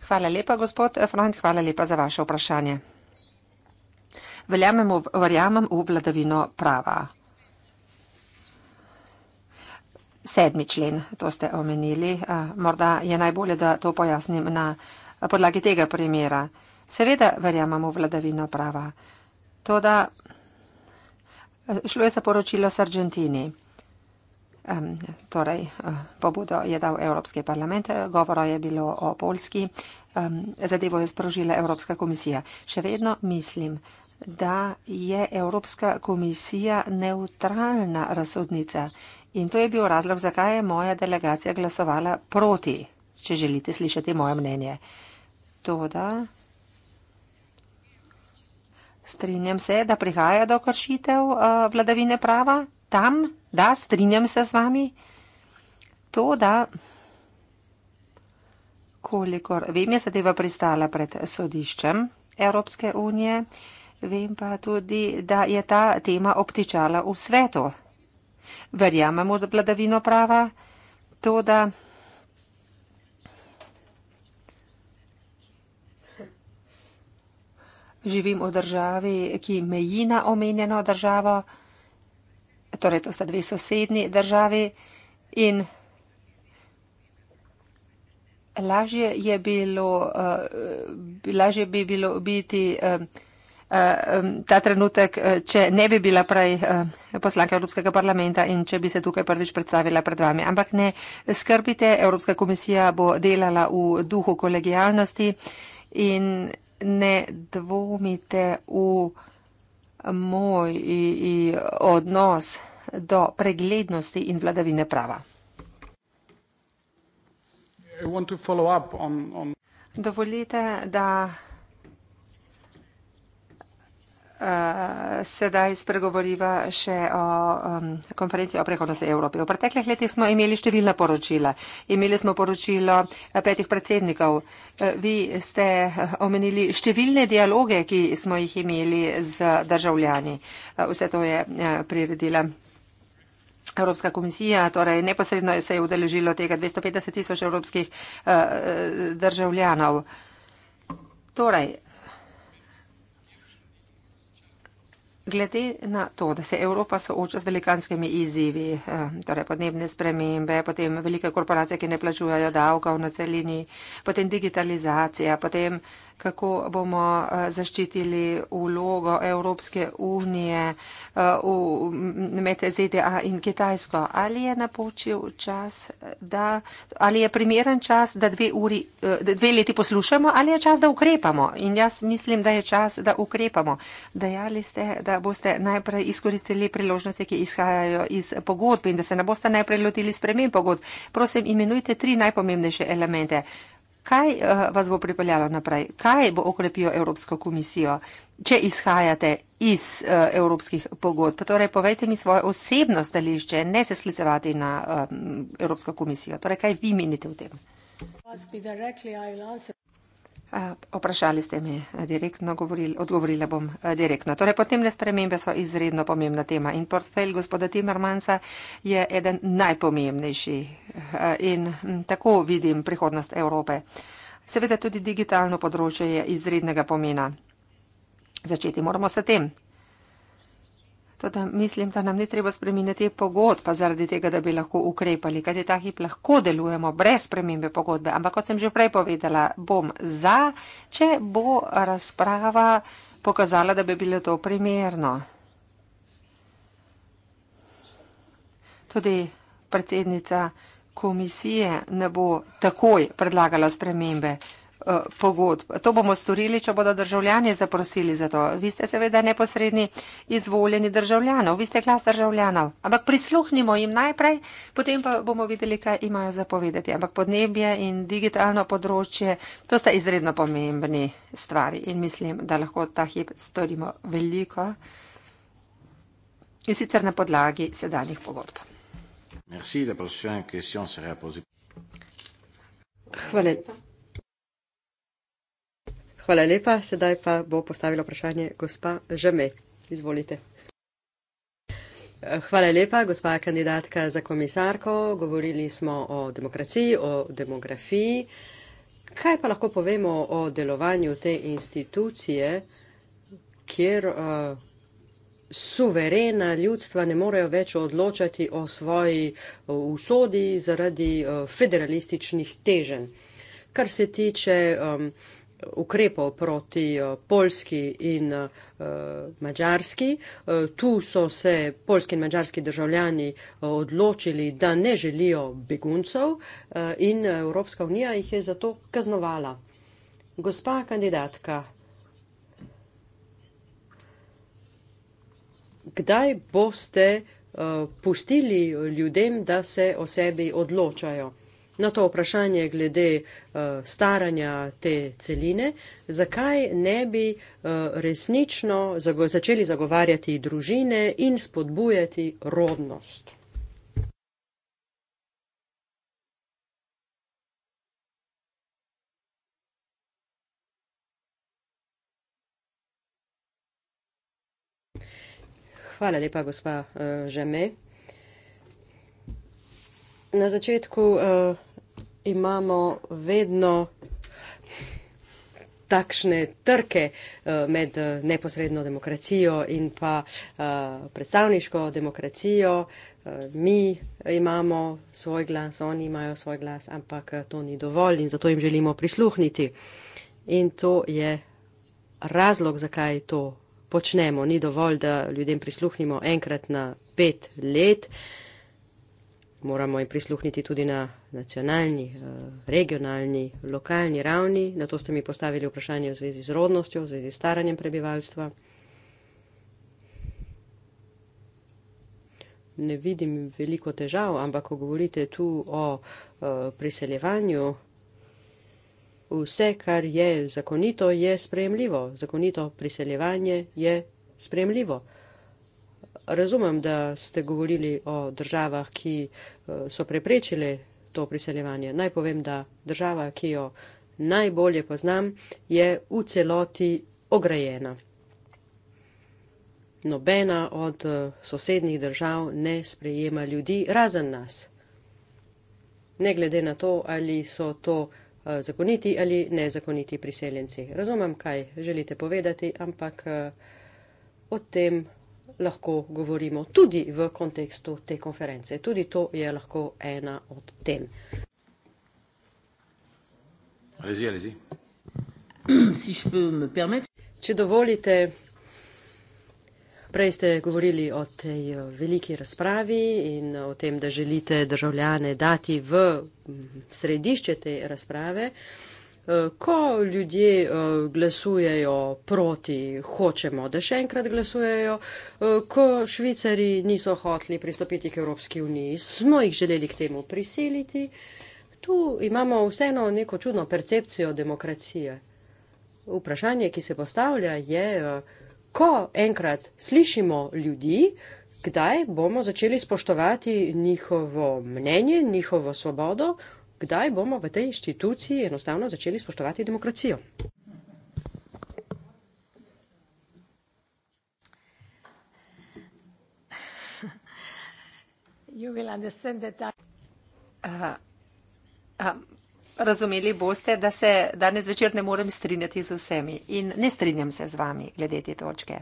Hvala lepa, gospod Front, hvala lepa za vaše vprašanje. Verjamem v, verjamem v vladavino prava. Sedmi člen, to ste omenili. Eh, morda je najbolje, da to pojasnim na podlagi tega primera. Seveda verjamemo v vladavino prava. Toda eh, šlo je za poročilo s Argentini. Um, torej, eh, pobudo je dal Evropski parlament, eh, govoro je bilo o Polski, um, zadevo je sprožila Evropska komisija. Še vedno mislim, da je Evropska komisija neutralna razsodnica in to je bil razlog, zakaj je moja delegacija glasovala proti, če želite slišati moje mnenje. Toda, Strinjam se, da prihaja do kršitev eh, vladavine prava. Tam, da, strinjam se z vami. To, da, kolikor vem, je zadeva pristala pred sodiščem Evropske unije, vem pa tudi, da je ta tema obtičala v svetu. Verjamemo v vladavino prava. To, da. živim v državi, ki meji na omenjeno državo, torej to sta dve sosednji državi in lažje je bilo, eh, lažje bi bilo biti eh, eh, ta trenutek, če ne bi bila prej poslanka Evropskega parlamenta in če bi se tukaj prvič predstavila pred vami. Ampak ne skrbite, Evropska komisija bo delala v duhu kolegijalnosti in ne dvomite v moj odnos do preglednosti in vladavine prava. Dovolite, da. Eh, sedaj spregovoriva še o um, konferenci o prihodnosti Evrope. V preteklih letih smo imeli številna poročila. Imeli smo poročilo eh, petih predsednikov. Eh, vi ste omenili številne dialoge, ki smo jih imeli z državljani. Vse to je priredila. Evropska komisija, torej neposredno se je udeležilo tega 250 tisoč evropskih uh, državljanov. Torej, Glede na to, da se Evropa sooča z velikanskimi izzivi, eh, torej podnebne spremembe, potem velike korporacije, ki ne plačujejo davkov na celini, potem digitalizacija, potem kako bomo eh, zaščitili vlogo Evropske unije eh, med ZDA in Kitajsko. Ali je napočil čas, da, ali je primeren čas, da dve, uri, eh, dve leti poslušamo, ali je čas, da ukrepamo? In jaz mislim, da je čas, da ukrepamo. Dejali ste, da boste najprej izkoristili priložnosti, ki izhajajo iz pogodb in da se ne boste najprej lotili spremem pogodb. Prosim, imenujte tri najpomembnejše elemente. Kaj eh, vas bo pripeljalo naprej? Kaj bo okrepilo Evropsko komisijo, če izhajate iz eh, evropskih pogodb? Torej, povejte mi svoje osebno stališče, ne se sklicevati na eh, Evropsko komisijo. Torej, kaj vi menite v tem? Vprašali ste mi direktno, govorili, odgovorila bom direktno. Torej, potemne spremembe so izredno pomembna tema in portfelj gospoda Timmermansa je eden najpomembnejši in tako vidim prihodnost Evrope. Seveda tudi digitalno področje je izrednega pomena. Začeti moramo s tem. Toda mislim, da nam ni treba spreminjati pogodb, pa zaradi tega, da bi lahko ukrepali, kajti ta hip lahko delujemo brez spremembe pogodbe. Ampak, kot sem že prej povedala, bom za, če bo razprava pokazala, da bi bilo to primerno. Tudi predsednica komisije ne bo takoj predlagala spremembe. Eh, pogodb. To bomo storili, če bodo državljani zaprosili za to. Vi ste seveda neposredni izvoljeni državljanov, vi ste glas državljanov, ampak prisluhnimo jim najprej, potem pa bomo videli, kaj imajo zapovedati. Ampak podnebje in digitalno področje, to sta izredno pomembni stvari in mislim, da lahko ta hip storimo veliko in sicer na podlagi sedanjih pogodb. Merci, Hvala lepa. Hvala lepa, sedaj pa bo postavila vprašanje gospa Žeme. Izvolite. Eh, hvala lepa, gospa kandidatka za komisarko. Govorili smo o demokraciji, o demografiji. Kaj pa lahko povemo o delovanju te institucije, kjer uh, suverena ljudstva ne morejo več odločati o svoji eh, usodi zaradi uh, federalističnih teženj? Kar se tiče um, ukrepov proti eh, Polski in eh, Mačarski. Eh, tu so se polski in mačarski državljani odločili, da ne želijo beguncev in Evropska unija jih je zato kaznovala. Gospa kandidatka, kdaj boste pustili ljudem, da se o sebi odločajo? na to vprašanje glede eh, staranja te celine, zakaj ne bi eh, resnično začeli zagovarjati družine in spodbujati rodnost. Hvala lepa, gospa uh, Žeme. Na začetku uh, imamo vedno takšne trke eh, med eh, neposredno demokracijo in pa eh, predstavniško demokracijo. Mi imamo svoj glas, oni imajo svoj glas, ampak to ni dovolj in zato jim želimo prisluhniti. In to je razlog, zakaj to počnemo. Ni dovolj, da ljudem prisluhnimo enkrat na pet let. Moramo jim prisluhniti tudi na nacionalni, eh, regionalni, lokalni ravni. Na to ste mi postavili vprašanje v zvezi z rodnostjo, v zvezi s staranjem prebivalstva. Ne vidim veliko težav, ampak ko govorite tu o eh, priseljevanju, vse, kar je zakonito, je sprejemljivo. Zakonito priseljevanje je sprejemljivo. Razumem, da ste govorili o državah, ki eh, so preprečile to priseljevanje. Naj povem, da država, ki jo najbolje poznam, je v celoti ograjena. Nobena od eh, sosednjih držav ne sprejema ljudi razen nas. Ne glede na to, ali so to eh, zakoniti ali nezakoniti priseljenci. Razumem, kaj želite povedati, ampak eh, o tem lahko govorimo tudi v kontekstu te konference. Tudi to je lahko ena od tem. Alezi, alezi. Če dovolite, prej ste govorili o tej eh, veliki razpravi in eh, o tem, da želite državljane dati v središče te razprave. Eh, ko ljudje eh, glasujejo proti, hočemo, da še enkrat glasujejo, eh, ko švicari niso hoteli pristopiti k Evropski uniji, smo jih želeli k temu prisiliti, tu imamo vseeno neko čudno percepcijo demokracije. Vprašanje, ki se postavlja, je, ko enkrat slišimo ljudi, kdaj bomo začeli spoštovati njihovo mnenje, njihovo svobodo, kdaj bomo v tej inštituciji enostavno začeli spoštovati demokracijo. Razumeli boste, da se danes večer ne morem strinjati z vsemi in ne strinjam se z vami glede te točke.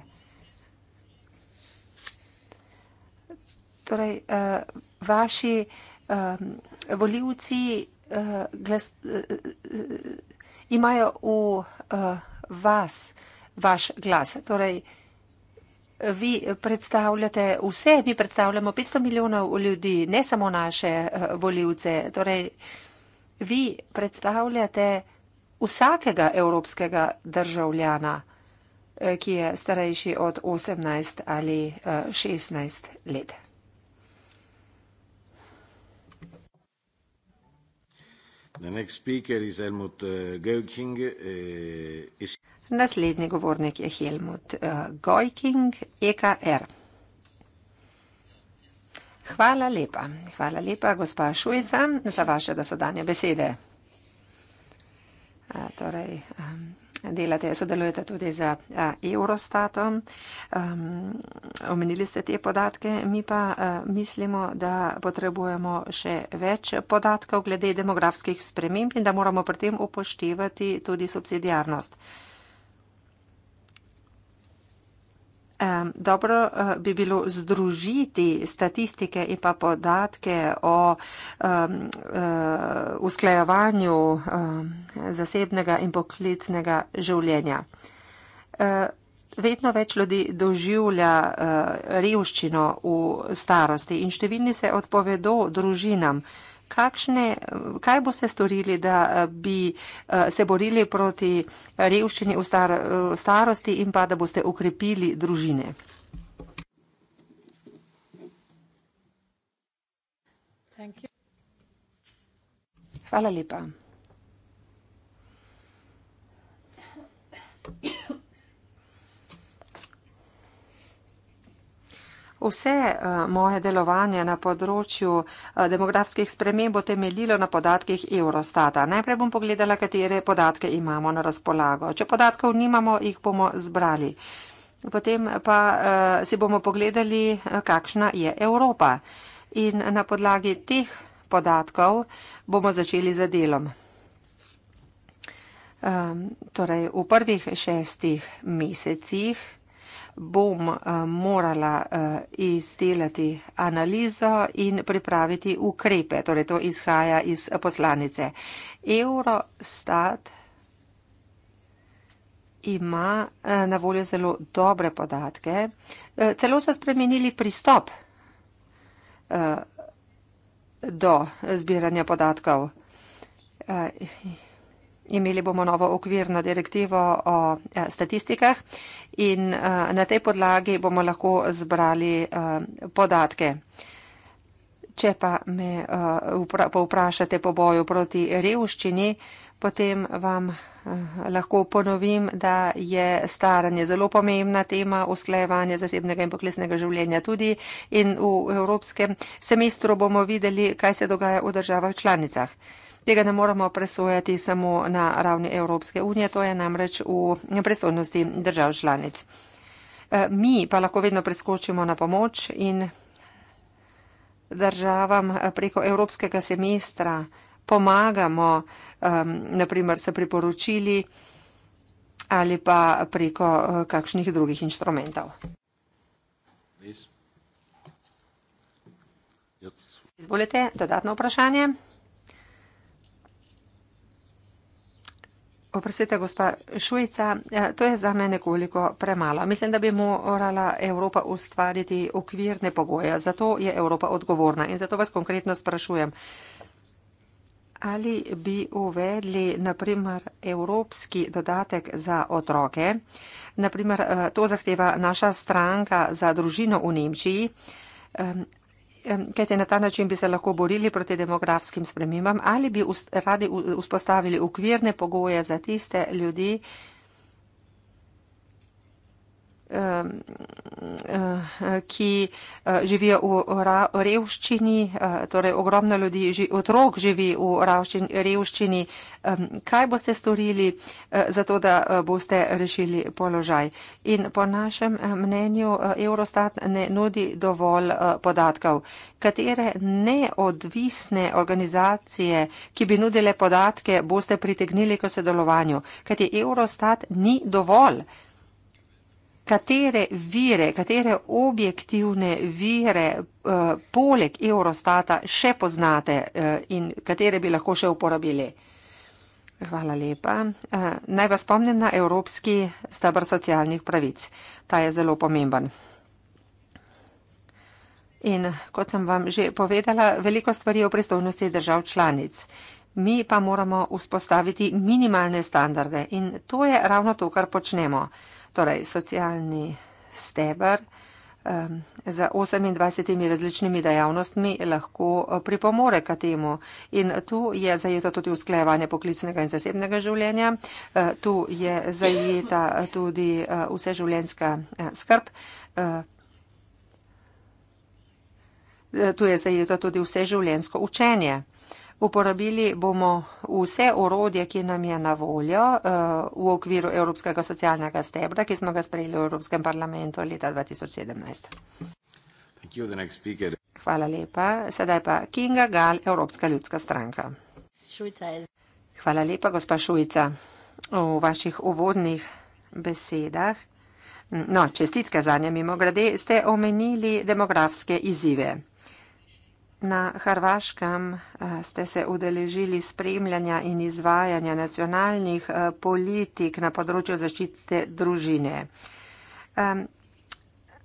Torej, eh, vaši um, voljivci uh, eh, glas, uh, imajo v uh, vas vaš glas. Torej, vi predstavljate vse, mi predstavljamo 500 milijonov ljudi, ne samo naše uh, voljivce. Torej, vi predstavljate vsakega evropskega državljana ki je starejši od 18 ali 16 let. Eh, eh, Naslednji govornik je Helmut eh, Gojking, EKR. Hvala lepa. Hvala lepa, gospa Šujca, za vaše dosodanje besede. Torej, ehm, delate, sodelujete tudi z Eurostatom. Um, omenili ste te podatke, mi pa uh, mislimo, da potrebujemo še več podatkov glede demografskih sprememb in da moramo pri tem upoštevati tudi subsidijarnost. Uh, Dobro eh, bi bilo združiti statistike in pa podatke o um, uh, usklajevanju um, zasebnega in poklicnega življenja. Uh, vedno več ljudi doživlja uh, revščino v starosti in številni se odpovedo družinam. Uh, kakšne, kaj boste storili, da eh, bi eh, se borili proti revščini v star, eh, starosti in pa da boste ukrepili družine? Hvala lepa. Vse eh, moje delovanje na področju eh, demografskih sprememb bo temeljilo na podatkih Eurostata. Najprej bom pogledala, katere podatke imamo na razpolago. Če podatkov nimamo, jih bomo zbrali. Potem pa eh, si bomo pogledali, kakšna je Evropa. In na podlagi teh podatkov bomo začeli za delom. Um, torej, v prvih šestih mesecih bom eh, morala eh, izdelati analizo in pripraviti ukrepe. Torej, to izhaja iz poslanice. Eurostat ima eh, na voljo zelo dobre podatke. Celo so spremenili pristop do zbiranja podatkov. Imeli bomo novo okvirno direktivo o eh, statistikah in eh, na tej podlagi bomo lahko zbrali eh, podatke. Če pa me povprašate po boju proti revščini, potem vam lahko ponovim, da je staranje zelo pomembna tema, usklajevanje zasebnega in poklesnega življenja tudi in v evropskem semestru bomo videli, kaj se dogaja v državah članicah. Tega ne moremo presojati samo na ravni Evropske unije, to je namreč v pristojnosti držav članic. Eh, mi pa lahko vedno preskočimo na pomoč in državam eh, preko evropskega semestra pomagamo, ehm, naprimer se priporočili ali pa preko eh, kakšnih drugih inštrumentov. Izvolite, dodatno vprašanje. Oprostite, gospa Švica, eh, to je za me nekoliko premalo. Mislim, da bi morala Evropa ustvariti okvirne pogoje. Zato je Evropa odgovorna in zato vas konkretno sprašujem. Ali bi uvedli, naprimer, evropski dodatek za otroke? Naprimer, eh, to zahteva naša stranka za družino v Nemčiji kajte na ta način bi se lahko borili proti demografskim spremembam ali bi radi vzpostavili ukvirne pogoje za tiste ljudi, ki eh, živijo v revščini, eh, torej ogromno ljudi, otrok živi v revščini. Kaj boste storili eh, za to, da boste rešili položaj? In po našem mnenju Eurostat ne nudi dovolj podatkov. Katere neodvisne organizacije, ki bi nudile podatke, boste pritegnili k sodelovanju? Kajti Eurostat ni dovolj katere vire, katere objektivne vire eh, poleg Eurostata še poznate eh, in katere bi lahko še uporabili. Hvala lepa. Eh, naj vas spomnim na Evropski stebr socialnih pravic. Ta je zelo pomemben. In kot sem vam že povedala, veliko stvari je v pristojnosti držav članic. Mi pa moramo vzpostaviti minimalne standarde in to je ravno to, kar počnemo torej socialni stebr um, z 28 različnimi dejavnostmi lahko eh, pripomore k temu. In tu je zajeta tudi usklajevanje poklicnega in zasebnega življenja, eh, tu je zajeta eh, tudi vseživljenska skrb. Tu je zajeto tudi vse življensko učenje. Uporabili bomo vse orodje, ki nam je na voljo eh, v okviru Evropskega socialnega stebra, ki smo ga sprejeli v Evropskem parlamentu leta 2017. Hvala lepa. Sedaj pa Kinga Gal, Evropska ljudska stranka. Hvala lepa, gospa Šujica, v vaših uvodnih besedah. No, čestitke za njem, mimo grede, ste omenili demografske izzive. Na Hrvaškem eh, ste se udeležili spremljanja in izvajanja nacionalnih eh, politik na področju zaščite družine.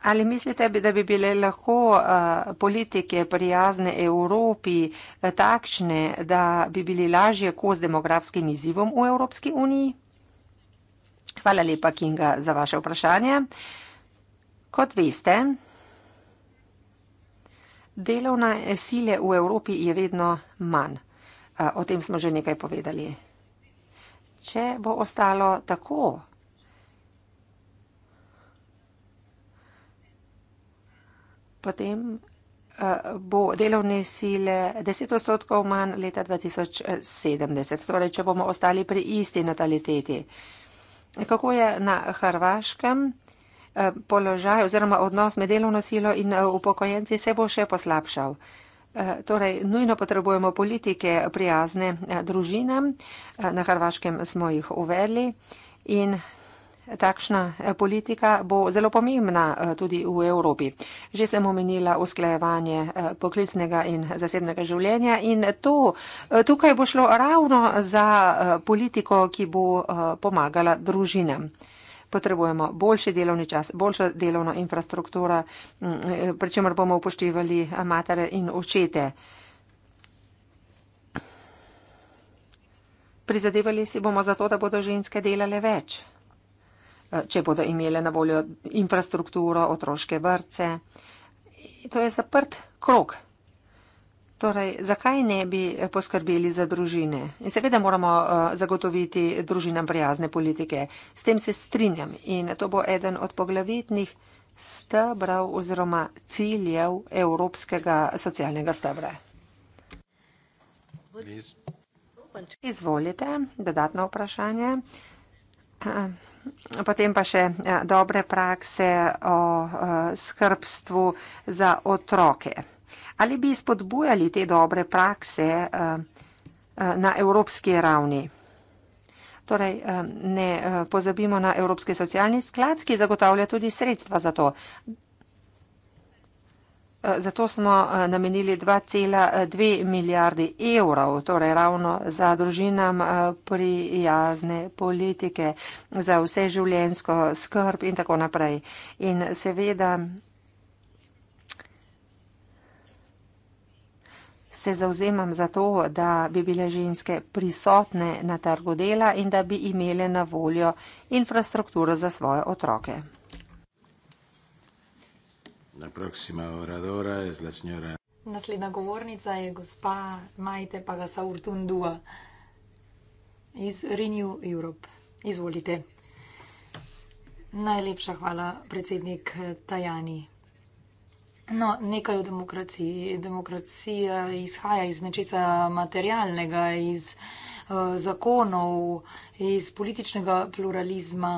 Ali mislite, da bi bile lahko eh, politike prijazne Evropi takšne, da bi bili lažje kos demografskim izzivom v Evropski uniji? Hvala lepa, Kinga, za vaše vprašanje. Kot veste, Delovne sile v Evropi je vedno manj. O tem smo že nekaj povedali. Če bo ostalo tako, potem bo delovne sile 10 odstotkov manj leta 2070. Torej, če bomo ostali pri isti nataliteti. Kako je na Hrvaškem? Eh, položaj oziroma odnos med delovno silo in eh, upokojenci se bo še poslabšal. Eh, torej, nujno potrebujemo politike prijazne družinam, na Hrvaškem smo jih uvedli in takšna politika bo zelo pomembna tudi v Evropi. Že sem omenila usklajevanje poklicnega in zasebnega življenja in to, tukaj bo šlo ravno za politiko, ki bo pomagala družinam potrebujemo boljši delovni čas, boljšo delovno infrastrukturo, mm, eh, pri čemer bomo upoštevali eh, matere in očete. Prizadevali si bomo za to, da bodo ženske delale več, eh, če bodo imele na voljo infrastrukturo, otroške vrce. To je zaprt krok. Torej, zakaj ne bi poskrbeli za družine? In seveda moramo eh, zagotoviti družinam prijazne politike. S tem se strinjam in to bo eden od poglavitnih stebrov oziroma ciljev Evropskega socialnega stebra. Izvolite, dodatno vprašanje. Potem pa še eh, dobre prakse o eh, skrbstvu za otroke ali bi spodbujali te dobre prakse eh, eh, na evropski ravni. Torej, eh, ne pozabimo na Evropski socialni sklad, ki zagotavlja tudi sredstva za to. Zato smo namenili 2,2 milijardi evrov, torej ravno za družinam prijazne politike, za vse življensko skrb in tako naprej. In seveda se zauzemam za to, da bi bile ženske prisotne na trgu dela in da bi imele na voljo infrastrukturo za svoje otroke. Naslednja govornica je gospa Majte Pagasaur Tundua iz Renew Europe. Izvolite. Najlepša hvala, predsednik Tajani. No, nekaj o demokraciji. Demokracija izhaja iz nečesa materialnega, iz uh, zakonov, iz političnega pluralizma,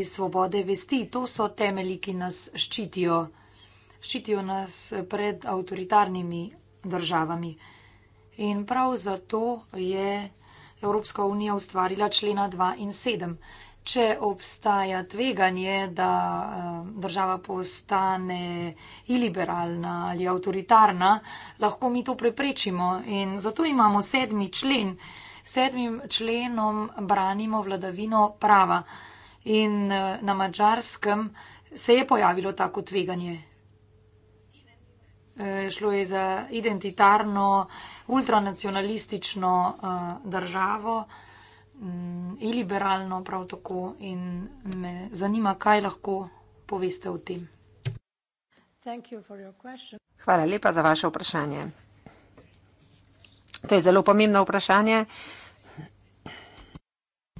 iz svobode vesti. To so temeli, ki nas ščitijo. Ščitijo nas pred avtoritarnimi državami. In prav zato je Evropska unija ustvarila člena 2 in 7. Če obstaja tveganje, da eh, država postane iliberalna ali avtoritarna, lahko mi to preprečimo. In zato imamo sedmi člen. Sedmim členom branimo vladavino prava. In eh, na mačarskem se je pojavilo tako tveganje. Eh, šlo je za identitarno, ultranacionalistično državo mm, iliberalno prav tako in me zanima, kaj lahko poveste o tem. Hvala lepa za vaše vprašanje. To je zelo pomembno vprašanje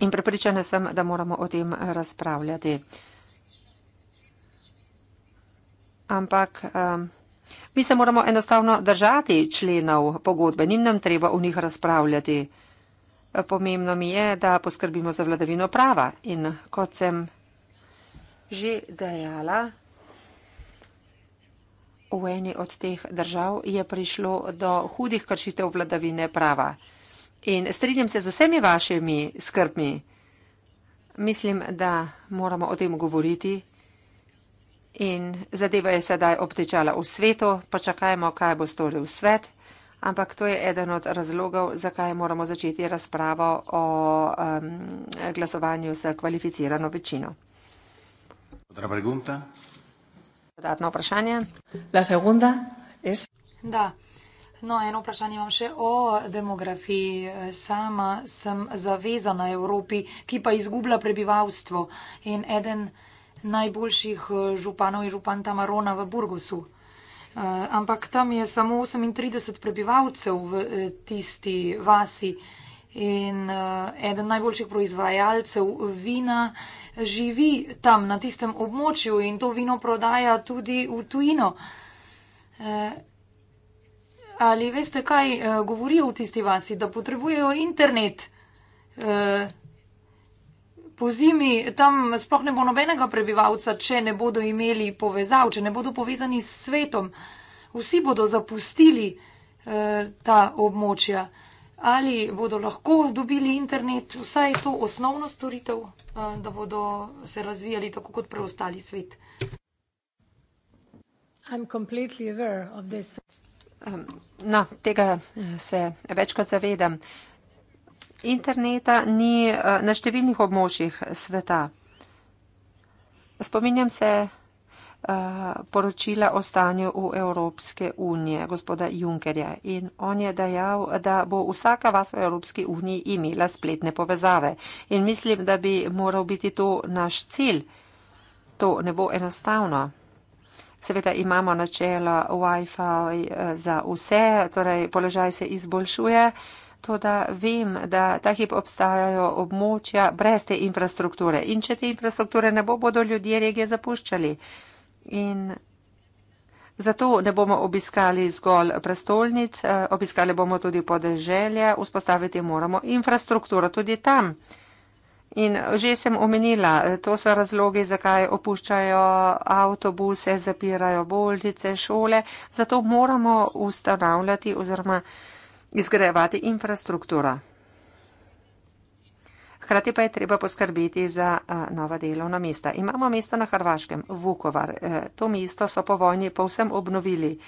in prepričana sem, da moramo o tem razpravljati. Ampak um, mi se moramo enostavno držati členov pogodbe, njim nam treba v njih razpravljati. Pomembno mi je, da poskrbimo za vladavino prava in kot sem že dejala, v eni od teh držav je prišlo do hudih kršitev vladavine prava. In stridim se z vsemi vašimi skrbmi. Mislim, da moramo o tem govoriti in zadeva je sedaj obtečala v svetu, pa čakajmo, kaj bo storil svet ampak to je eden od razlogov, zakaj moramo začeti razpravo o um, glasovanju s kvalificirano večino. Otra pregunta. Dodatno vprašanje. La segunda es. Da. No, eno vprašanje imam še o demografiji. Sama sem zavezana Evropi, ki pa izgublja prebivalstvo in eden najboljših eh, županov je župan Tamarona v Burgosu. Eh, ampak tam je samo 38 prebivalcev v eh, tisti vasi in eh, eden najboljših proizvajalcev vina živi tam na tistem območju in to vino prodaja tudi v tujino. Ali veste, kaj govorijo v tisti vasi, da potrebujejo internet? po zimi tam sploh ne bo nobenega prebivalca, če ne bodo imeli povezav, če ne bodo povezani s svetom. Vsi bodo zapustili eh, ta območja. Ali bodo lahko dobili internet, vsaj to osnovno storitev, eh, da bodo se razvijali tako kot preostali svet. Na ehm, no, tega eh, se več kot zavedam interneta, ni eh, na številnih območjih sveta. Spominjam se eh, poročila o stanju v Evropske unije gospoda Junkerja in on je dejal, da bo vsaka vas v Evropski uniji imela spletne povezave in mislim, da bi moral biti to naš cilj. To ne bo enostavno. Seveda imamo načelo Wi-Fi eh, za vse, torej položaj se izboljšuje. Uh, Toda vem, da ta hip obstajajo območja brez te infrastrukture. In če te infrastrukture ne bo, bodo ljudje regije zapuščali. In zato ne bomo obiskali zgolj prestolnic, eh, obiskali bomo tudi podeželje, vzpostaviti moramo infrastrukturo tudi tam. In že sem omenila, eh, to so razlogi, zakaj opuščajo avtobuse, zapirajo bolnice, šole. Zato moramo ustanavljati oziroma izgrajevati infrastrukturo. Hkrati pa je treba poskrbeti za nova delovna mesta. Imamo mesto na Hrvaškem, Vukovar. E, to mesto so po vojni povsem obnovili.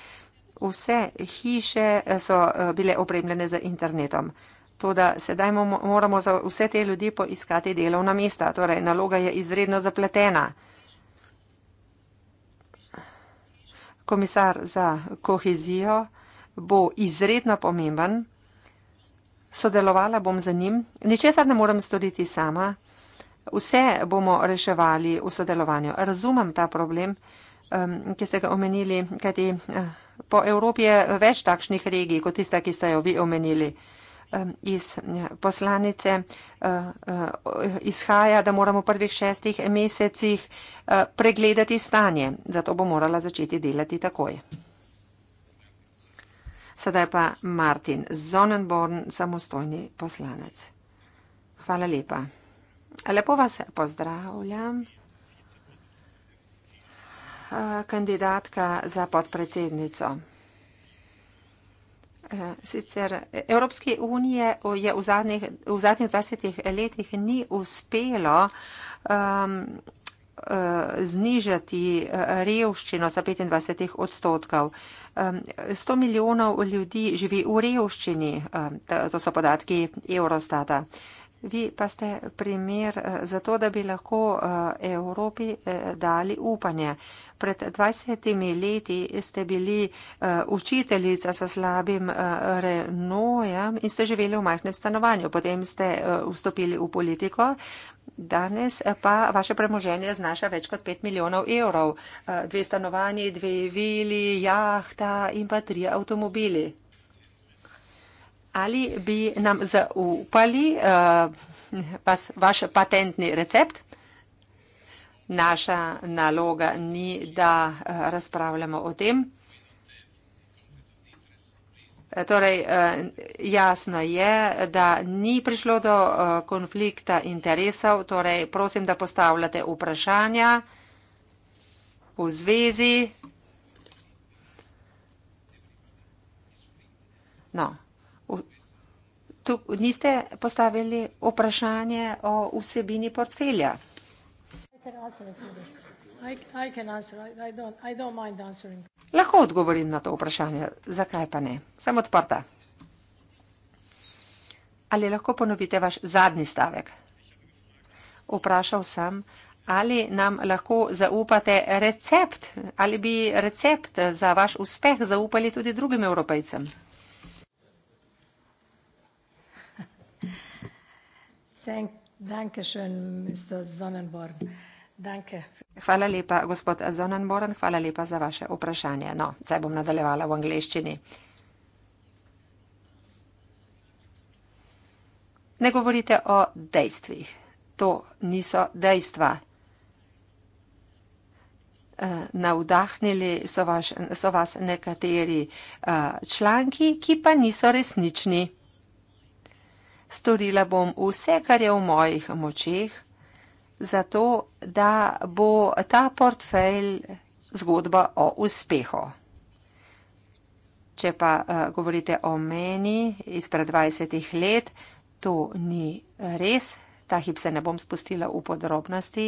Vse hiše e, so e, bile opremljene z internetom. Toda sedaj moramo za vse te ljudi poiskati delovna mesta. Torej, naloga je izredno zapletena. Komisar za kohezijo bo izredno pomemben. Sodelovala bom z njim, ničesar ne morem storiti sama. Vse bomo reševali v sodelovanju. Razumem ta problem, ki ste ga omenili, kajti eh, po Evropi je več takšnih regij, kot tista, ki ste jo vi omenili. Iz eh, poslanice eh, izhaja, da moramo v prvih šestih mesecih pregledati stanje. Zato bo morala začeti delati takoj. Sedaj pa Martin Zonenborn, samostojni poslanec. Hvala lepa. Lepo vas pozdravljam. Kandidatka za podpredsednico. Sicer Evropske unije je v zadnjih, v zadnjih 20 letih ni uspelo um, Eh, znižati eh, revščino za 25 odstotkov. 100 milijonov ljudi živi v revščini, to so podatki Eurostata vi pa ste primer eh, za to, da bi lahko eh, Evropi eh, dali upanje. Pred 20 leti ste bili učiteljica sa slabim renojem in ste živeli v majhnem stanovanju. Potem ste vstopili v politiko. Danes pa vaše premoženje znaša več kot 5 milijonov evrov. Dve stanovanji, dve vili, jahta in pa tri avtomobili ali bi nam zaupali uh, vas, vaš patentni recept? Naša naloga ni, da uh, razpravljamo o tem. Eh, torej, jasno je, da ni prišlo do konflikta interesov, torej prosim, da postavljate vprašanja v zvezi. No, tu niste postavili vprašanje o vsebini portfelja. Lahko odgovorim na to vprašanje, zakaj pa ne. Sem odprta. Ali lahko ponovite vaš zadnji stavek? Vprašal sem, ali nam lahko zaupate recept, ali bi recept za vaš uspeh zaupali tudi drugim evropejcem. Thank, danke schön, Mr. Sonnenborn. Danke. Hvala lepa, gospod Zonanboran, hvala lepa za vaše vprašanje. No, zdaj bom nadaljevala v angliščini. Ne govorite o dejstvih. To niso dejstva. Eh, navdahnili so vas, so vas nekateri eh, članki, ki pa niso resnični. Storila bom vse, kar je v mojih močeh, zato da bo ta portfelj zgodba o uspehu. Če pa uh, govorite o meni izpred 20 let, to ni res. Ta hip se ne bom spustila v podrobnosti,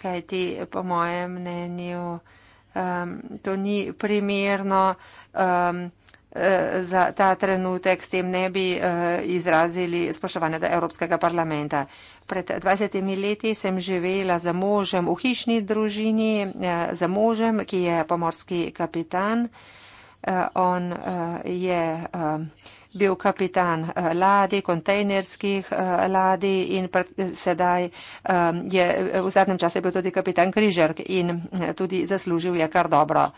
kajti po mojem mnenju um, to ni primerno. Um, Eh, za ta trenutek s tem ne bi eh, izrazili spoštovanja do Evropskega parlamenta. Pred 20 leti sem živela za možem v hišni družini, eh, za možem, ki je pomorski kapitan. On je bil kapitan ladi, kontejnerskih ladi in sedaj je v zadnjem času bil tudi kapitan križark in tudi zaslužil je kar dobro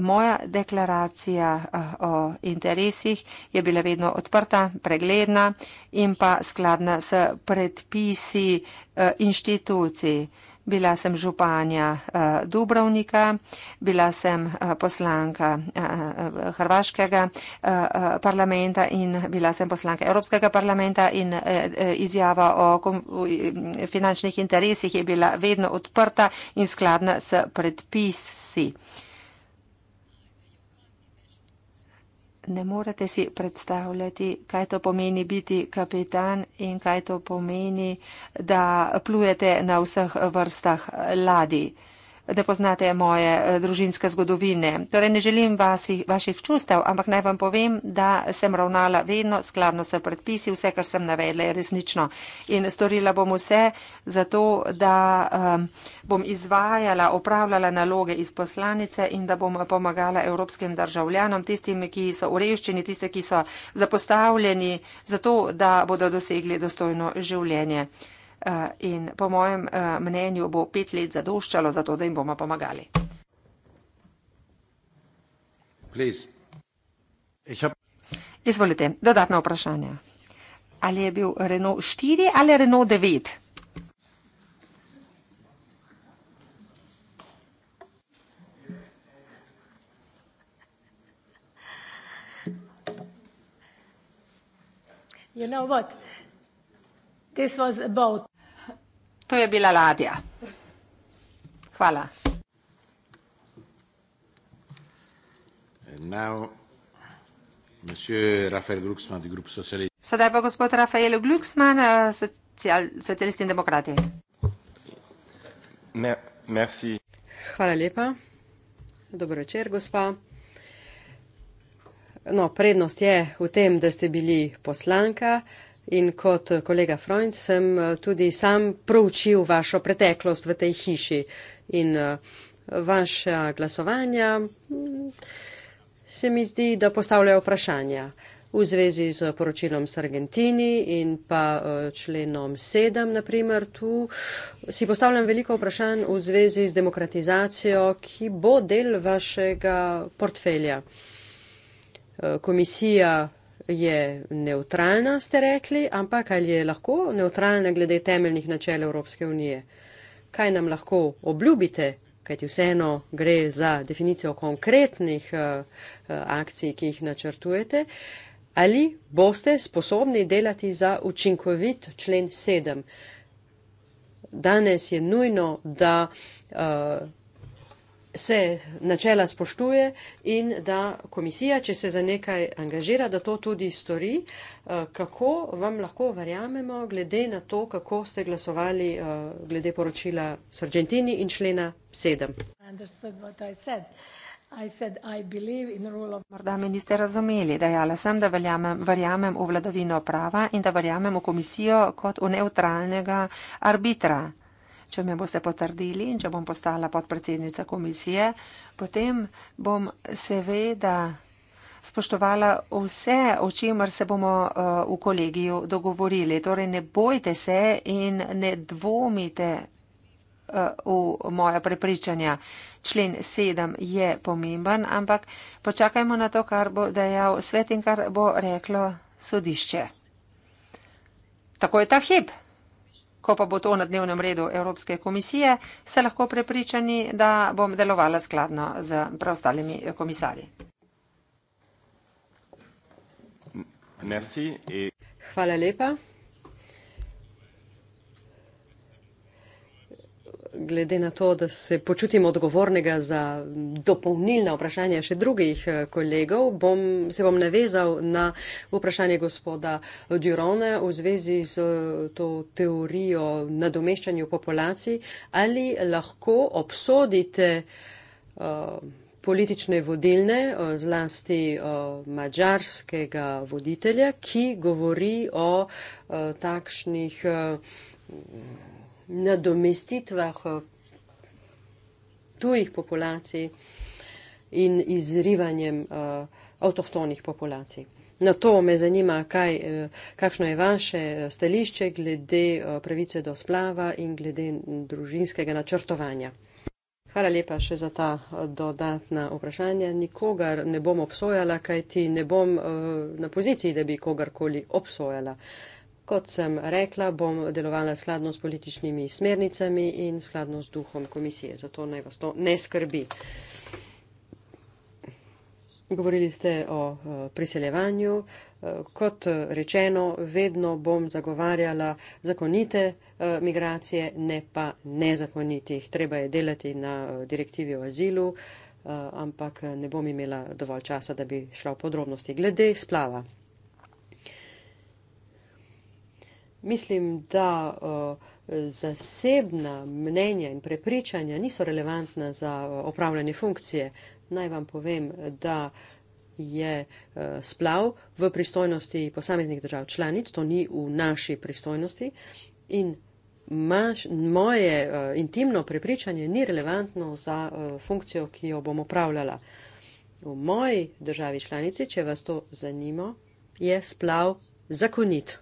moja deklaracija eh, o interesih je bila vedno odprta, pregledna in pa skladna s predpisi eh, inštitucij. Bila sem županja eh, Dubrovnika, bila sem poslanka Hrvaškega parlamenta in bila sem poslanka Evropskega parlamenta in izjava o finančnih interesih je bila vedno odprta in skladna s predpisi. ne morete si predstavljati, kaj to pomeni biti kapitan in kaj to pomeni, da plujete na vseh vrstah ladij da poznate moje eh, družinske zgodovine. Torej, ne želim vasi, vaših čustev, ampak naj vam povem, da sem ravnala vedno skladno s predpisi, vse, kar sem navedla, je resnično. In storila bom vse za to, da um, bom izvajala, opravljala naloge iz poslanice in da bom pomagala evropskim državljanom, tistim, ki so v revščini, tistim, ki so zapostavljeni, zato, da bodo dosegli dostojno življenje. Eh, in po mojem eh, mnenju bo pet let zadoščalo za to, da jim bomo pomagali. Izvolite, dodatna vprašanja. Ali je bil Renault 4 ali Renault 9? You know what? This was a boat. To je bila ladja. Hvala. Sedaj pa gospod Rafael Glucksmann, eh, socialisti in demokrati. Hvala lepa. Dobro večer, gospa. No, prednost je v tem, da ste bili poslanka, In kot eh, kolega Freund sem eh, tudi sam proučil vašo preteklost v tej hiši in eh, vaša glasovanja mm, se mi zdi, da postavljajo vprašanja v zvezi z poročilom s Argentini in pa členom sedem, naprimer tu si postavljam veliko vprašanj v zvezi z demokratizacijo, ki bo del vašega portfelja. Komisija je neutralna, ste rekli, ampak ali je lahko neutralna glede temeljnih načel Evropske unije? Kaj nam lahko obljubite, kajti vseeno gre za definicijo konkretnih uh, akcij, ki jih načrtujete? Ali boste sposobni delati za učinkovit člen 7? Danes je nujno, da. Uh, se načela spoštuje in da komisija, če se za nekaj angažira, da to tudi stori. Eh, kako vam lahko verjamemo, glede na to, kako ste glasovali eh, glede poročila s Argentini in člena 7? Morda me niste razumeli. Dejala sem, da verjamem v vladavino prava in da verjamem v komisijo kot v neutralnega arbitra. Če me boste potrdili in če bom postala podpredsednica komisije, potem bom seveda spoštovala vse, o čemer se bomo uh, v kolegiju dogovorili. Torej, ne bojte se in ne dvomite uh, v moja prepričanja. Člen sedem je pomemben, ampak počakajmo na to, kar bo dejal svet in kar bo reklo sodišče. Tako je ta hip. Ko pa bo to na dnevnem redu Evropske komisije, se lahko prepričani, da bom delovala skladno z preostalimi komisarji. E- Hvala lepa. glede na to, da se počutim odgovornega za dopolnilna vprašanja še drugih eh, kolegov, bom, se bom navezal na vprašanje gospoda Durone v zvezi z eh, to teorijo nadomeščanju populacij. Ali lahko obsodite uh, politične vodilne, zlasti mađarskega voditelja, ki govori o takšnih nadomestitvah eh, tujih populacij in izrivanjem eh, avtohtonih populacij. Na to me zanima, kaj, eh, kakšno je vaše stališče glede pravice do splava in glede družinskega načrtovanja. Hvala lepa še za ta dodatna vprašanja. Nikogar ne bom obsojala, kaj ti ne bom na poziciji, da bi kogarkoli obsojala. Kot sem rekla, bom delovala skladno s političnimi smernicami in skladno s duhom komisije, zato naj vas to ne skrbi. Govorili ste o e, priseljevanju. E, kot rečeno, vedno bom zagovarjala zakonite e, migracije, ne pa nezakonitih. Treba je delati na direktivi o azilu, ampak ne bom imela dovolj časa, da bi šla v podrobnosti. Glede splava. Mislim, da uh, zasebna mnenja in prepričanja niso relevantna za uh, opravljanje funkcije. Naj vam povem, da je uh, splav v pristojnosti posameznih držav članic, to ni v naši pristojnosti in maš, moje intimno prepričanje ni relevantno za funkcijo, ki jo bom opravljala. V moji državi članici, če vas to zanima, je splav zakonit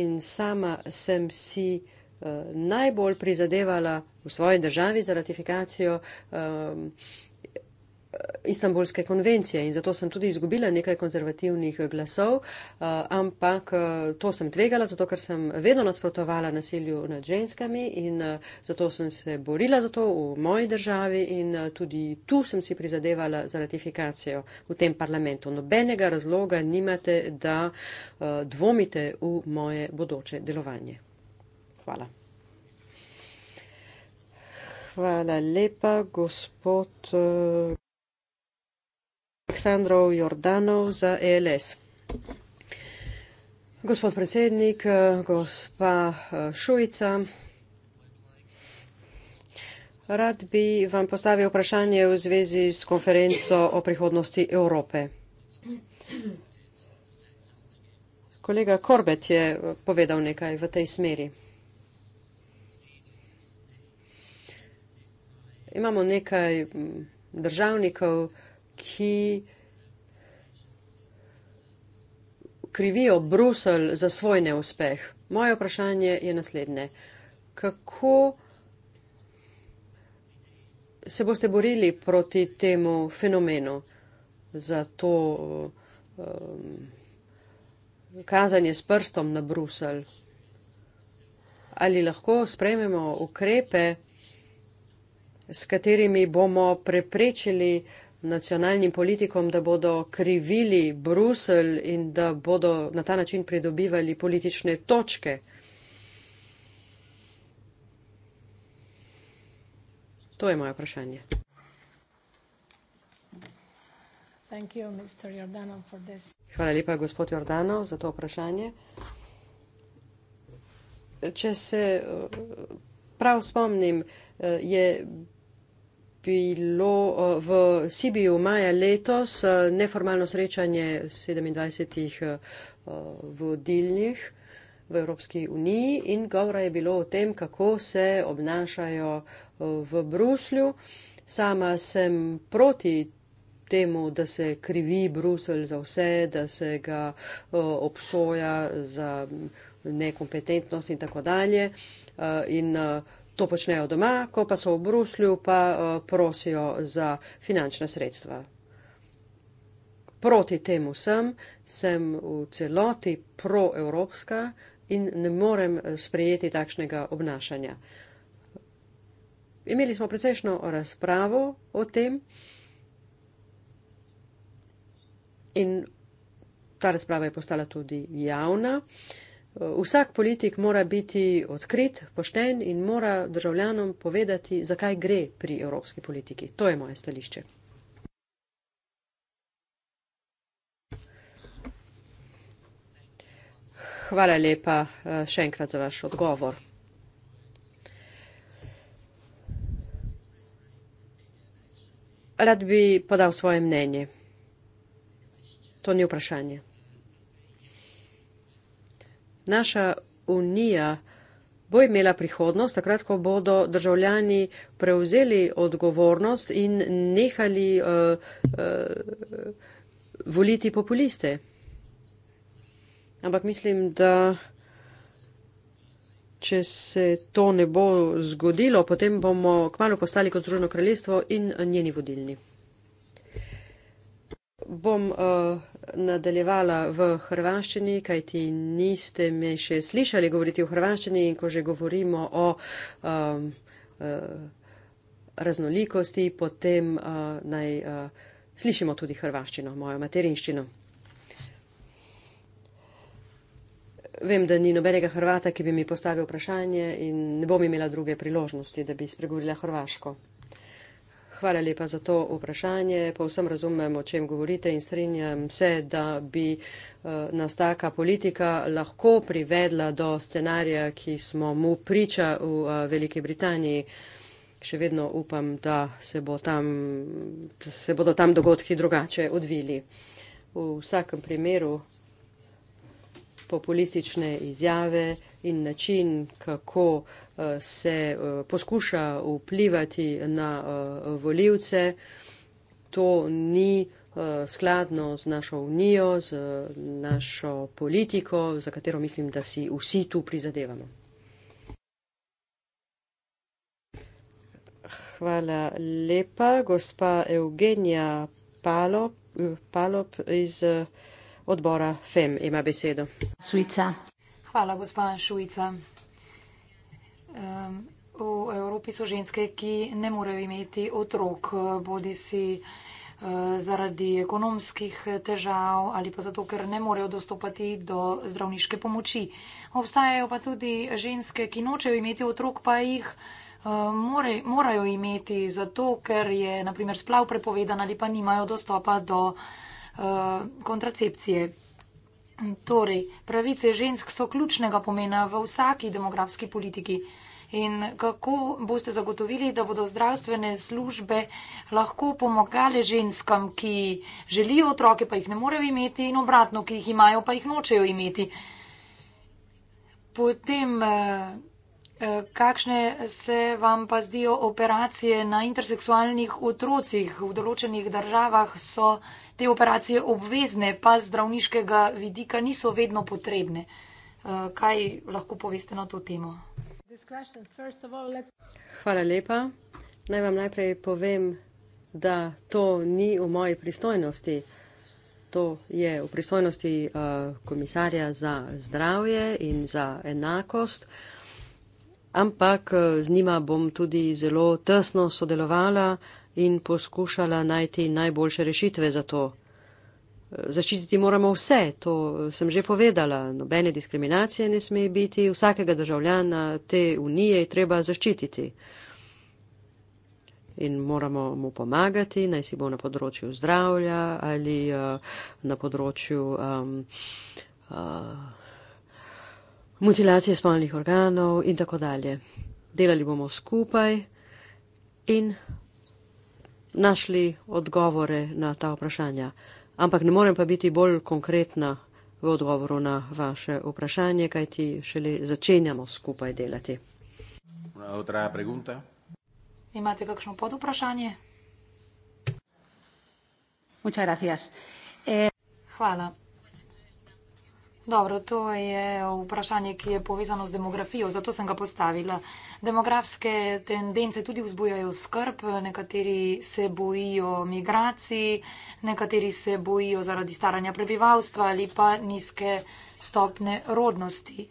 in sama sem si uh, najbolj prizadevala v svoji državi za ratifikacijo um, Eh, Istanbulske konvencije in zato sem tudi izgubila nekaj konzervativnih glasov, eh, ampak eh, to sem tvegala, zato ker sem vedno nasprotovala nasilju nad ženskami in zato sem se borila za to v moji državi in tudi tu sem si prizadevala za ratifikacijo v tem parlamentu. Nobenega razloga nimate, da dvomite v moje bodoče delovanje. Hvala. Hvala lepa, gospod. Aleksandro Jordanov za ELS. Gospod predsednik, eh, gospa eh, Šujica, rad bi vam postavil vprašanje v zvezi s konferenco o prihodnosti Evrope. Kolega Korbet je eh, povedal nekaj v tej smeri. Imamo nekaj mm, državnikov, ki krivijo Brusel za svoj neuspeh. Moje vprašanje je naslednje. Kako se boste borili proti temu fenomenu za to um, kazanje s prstom na Brusel? Ali lahko sprememo ukrepe, s katerimi bomo preprečili uh, nacionalnim politikom, da bodo krivili Bruselj in da bodo na ta način pridobivali politične točke. To je moje vprašanje. Hvala lepa, gospod Jordanov, za to vprašanje. Če se eh, prav spomnim, eh, je bilo eh, v Sibiju maja letos eh, neformalno srečanje 27 eh, vodilnih v Evropski uniji in govora je bilo o tem, kako se obnašajo v Bruslju. Sama sem proti temu, da se krivi Bruselj za vse, da se ga obsoja za nekompetentnost in tako dalje. In to počnejo doma, ko pa so v Bruslju, pa eh, prosijo za finančna sredstva. Proti temu sem, sem v celoti proevropska in ne morem eh, sprejeti takšnega obnašanja. Imeli smo precejšno razpravo o tem in ta razprava je postala tudi javna. Uh, Eh, vsak politik mora biti odkrit, pošten in mora državljanom povedati, zakaj gre pri evropski politiki. To je moje stališče. Hvala lepa eh, še enkrat za vaš odgovor. Rad bi podal svoje mnenje. To ni vprašanje naša unija bo imela prihodnost, takrat, ko bodo državljani prevzeli odgovornost in nehali uh, uh, voliti populiste. Ampak mislim, da če se to ne bo zgodilo, potem bomo kmalo postali kot Združeno kraljestvo in njeni vodilni. Bom uh, nadaljevala v hrvaščini, kajti niste me še slišali govoriti v hrvaščini in ko že govorimo o um, uh, raznolikosti, potem uh, naj uh, slišimo tudi hrvaščino, mojo materinščino. Vem, da ni nobenega Hrvata, ki bi mi postavil vprašanje in ne bom imela druge priložnosti, da bi spregovorila hrvaško. Hvala lepa za to vprašanje. Povsem razumem, o čem govorite in strinjam se, da bi eh, nas taka politika lahko privedla do scenarija, ki smo mu priča v eh, Veliki Britaniji. Še vedno upam, da se, bo tam, da se bodo tam dogodki drugače odvili. V vsakem primeru populistične izjave in način, kako eh, se eh, poskuša vplivati na eh, voljivce. To ni skladno z našo unijo, z našo politiko, za katero mislim, da si vsi tu prizadevamo. Hvala lepa, gospa Eugenija Palop, Palop iz odbora FEM ima besedo. Suica. Hvala, gospa Šujica. Um, v Evropi so ženske, ki ne morejo imeti otrok, bodi si e, zaradi ekonomskih težav ali pa zato, ker ne morejo dostopati do zdravniške pomoči. Obstajajo pa tudi ženske, ki nočejo imeti otrok, pa jih e, more, morajo imeti zato, ker je naprimer splav prepovedan ali pa nimajo dostopa do zdravniške pomoči. Eh, kontracepcije. Torej, pravice žensk so ključnega pomena v vsaki demografski politiki. In kako boste zagotovili, da bodo zdravstvene službe lahko pomagale ženskam, ki želijo otroke, pa jih ne morejo imeti, in obratno, ki jih imajo, pa jih nočejo imeti? Potem, eh, eh, kakšne se vam pa zdijo operacije na interseksualnih otrocih v določenih državah? So te operacije obvezne, pa zdravniškega vidika niso vedno potrebne. Eh, kaj lahko poveste na to temo? Hvala lepa. Naj vam najprej povem, da to ni v moji pristojnosti. To je v pristojnosti uh, komisarja za zdravje in za enakost, ampak uh, z njima bom tudi zelo tesno sodelovala uh, in poskušala najti najboljše rešitve za to. Zaščititi moramo vse, to sem že povedala. Nobene diskriminacije ne sme biti, vsakega državljana te unije je treba zaščititi. In moramo mu pomagati, naj si bo na področju zdravja ali uh, na področju um, uh, mutilacije spolnih organov in tako dalje. Delali bomo skupaj in našli odgovore na ta vprašanja. Ampak ne morem pa biti bolj konkretna v odgovoru na vaše vprašanje, kajti šele začenjamo skupaj delati. Imate kakšno pod vprašanje? Eh, Hvala. Dobro, to je vprašanje, ki je povezano z demografijo, zato sem ga postavila. Demografske tendence tudi vzbujajo skrb, nekateri se bojijo migracij, nekateri se bojijo zaradi staranja prebivalstva ali pa nizke stopne rodnosti.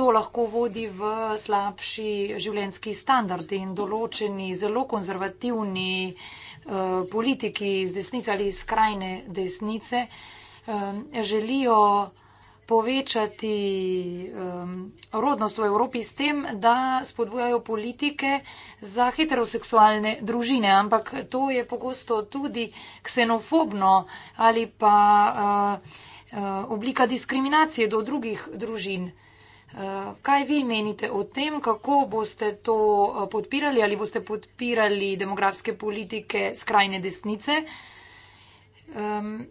To lahko vodi v slabši življenski standard in določeni zelo konzervativni eh, politiki z desnice ali skrajne desnice eh, želijo povečati um, rodnost v Evropi s tem, da spodbujajo politike za heteroseksualne družine, ampak to je pogosto tudi ksenofobno ali pa uh, uh, oblika diskriminacije do drugih družin. Uh, kaj vi menite o tem, kako boste to uh, podpirali? Ali boste podpirali demografske politike skrajne desnice? Um,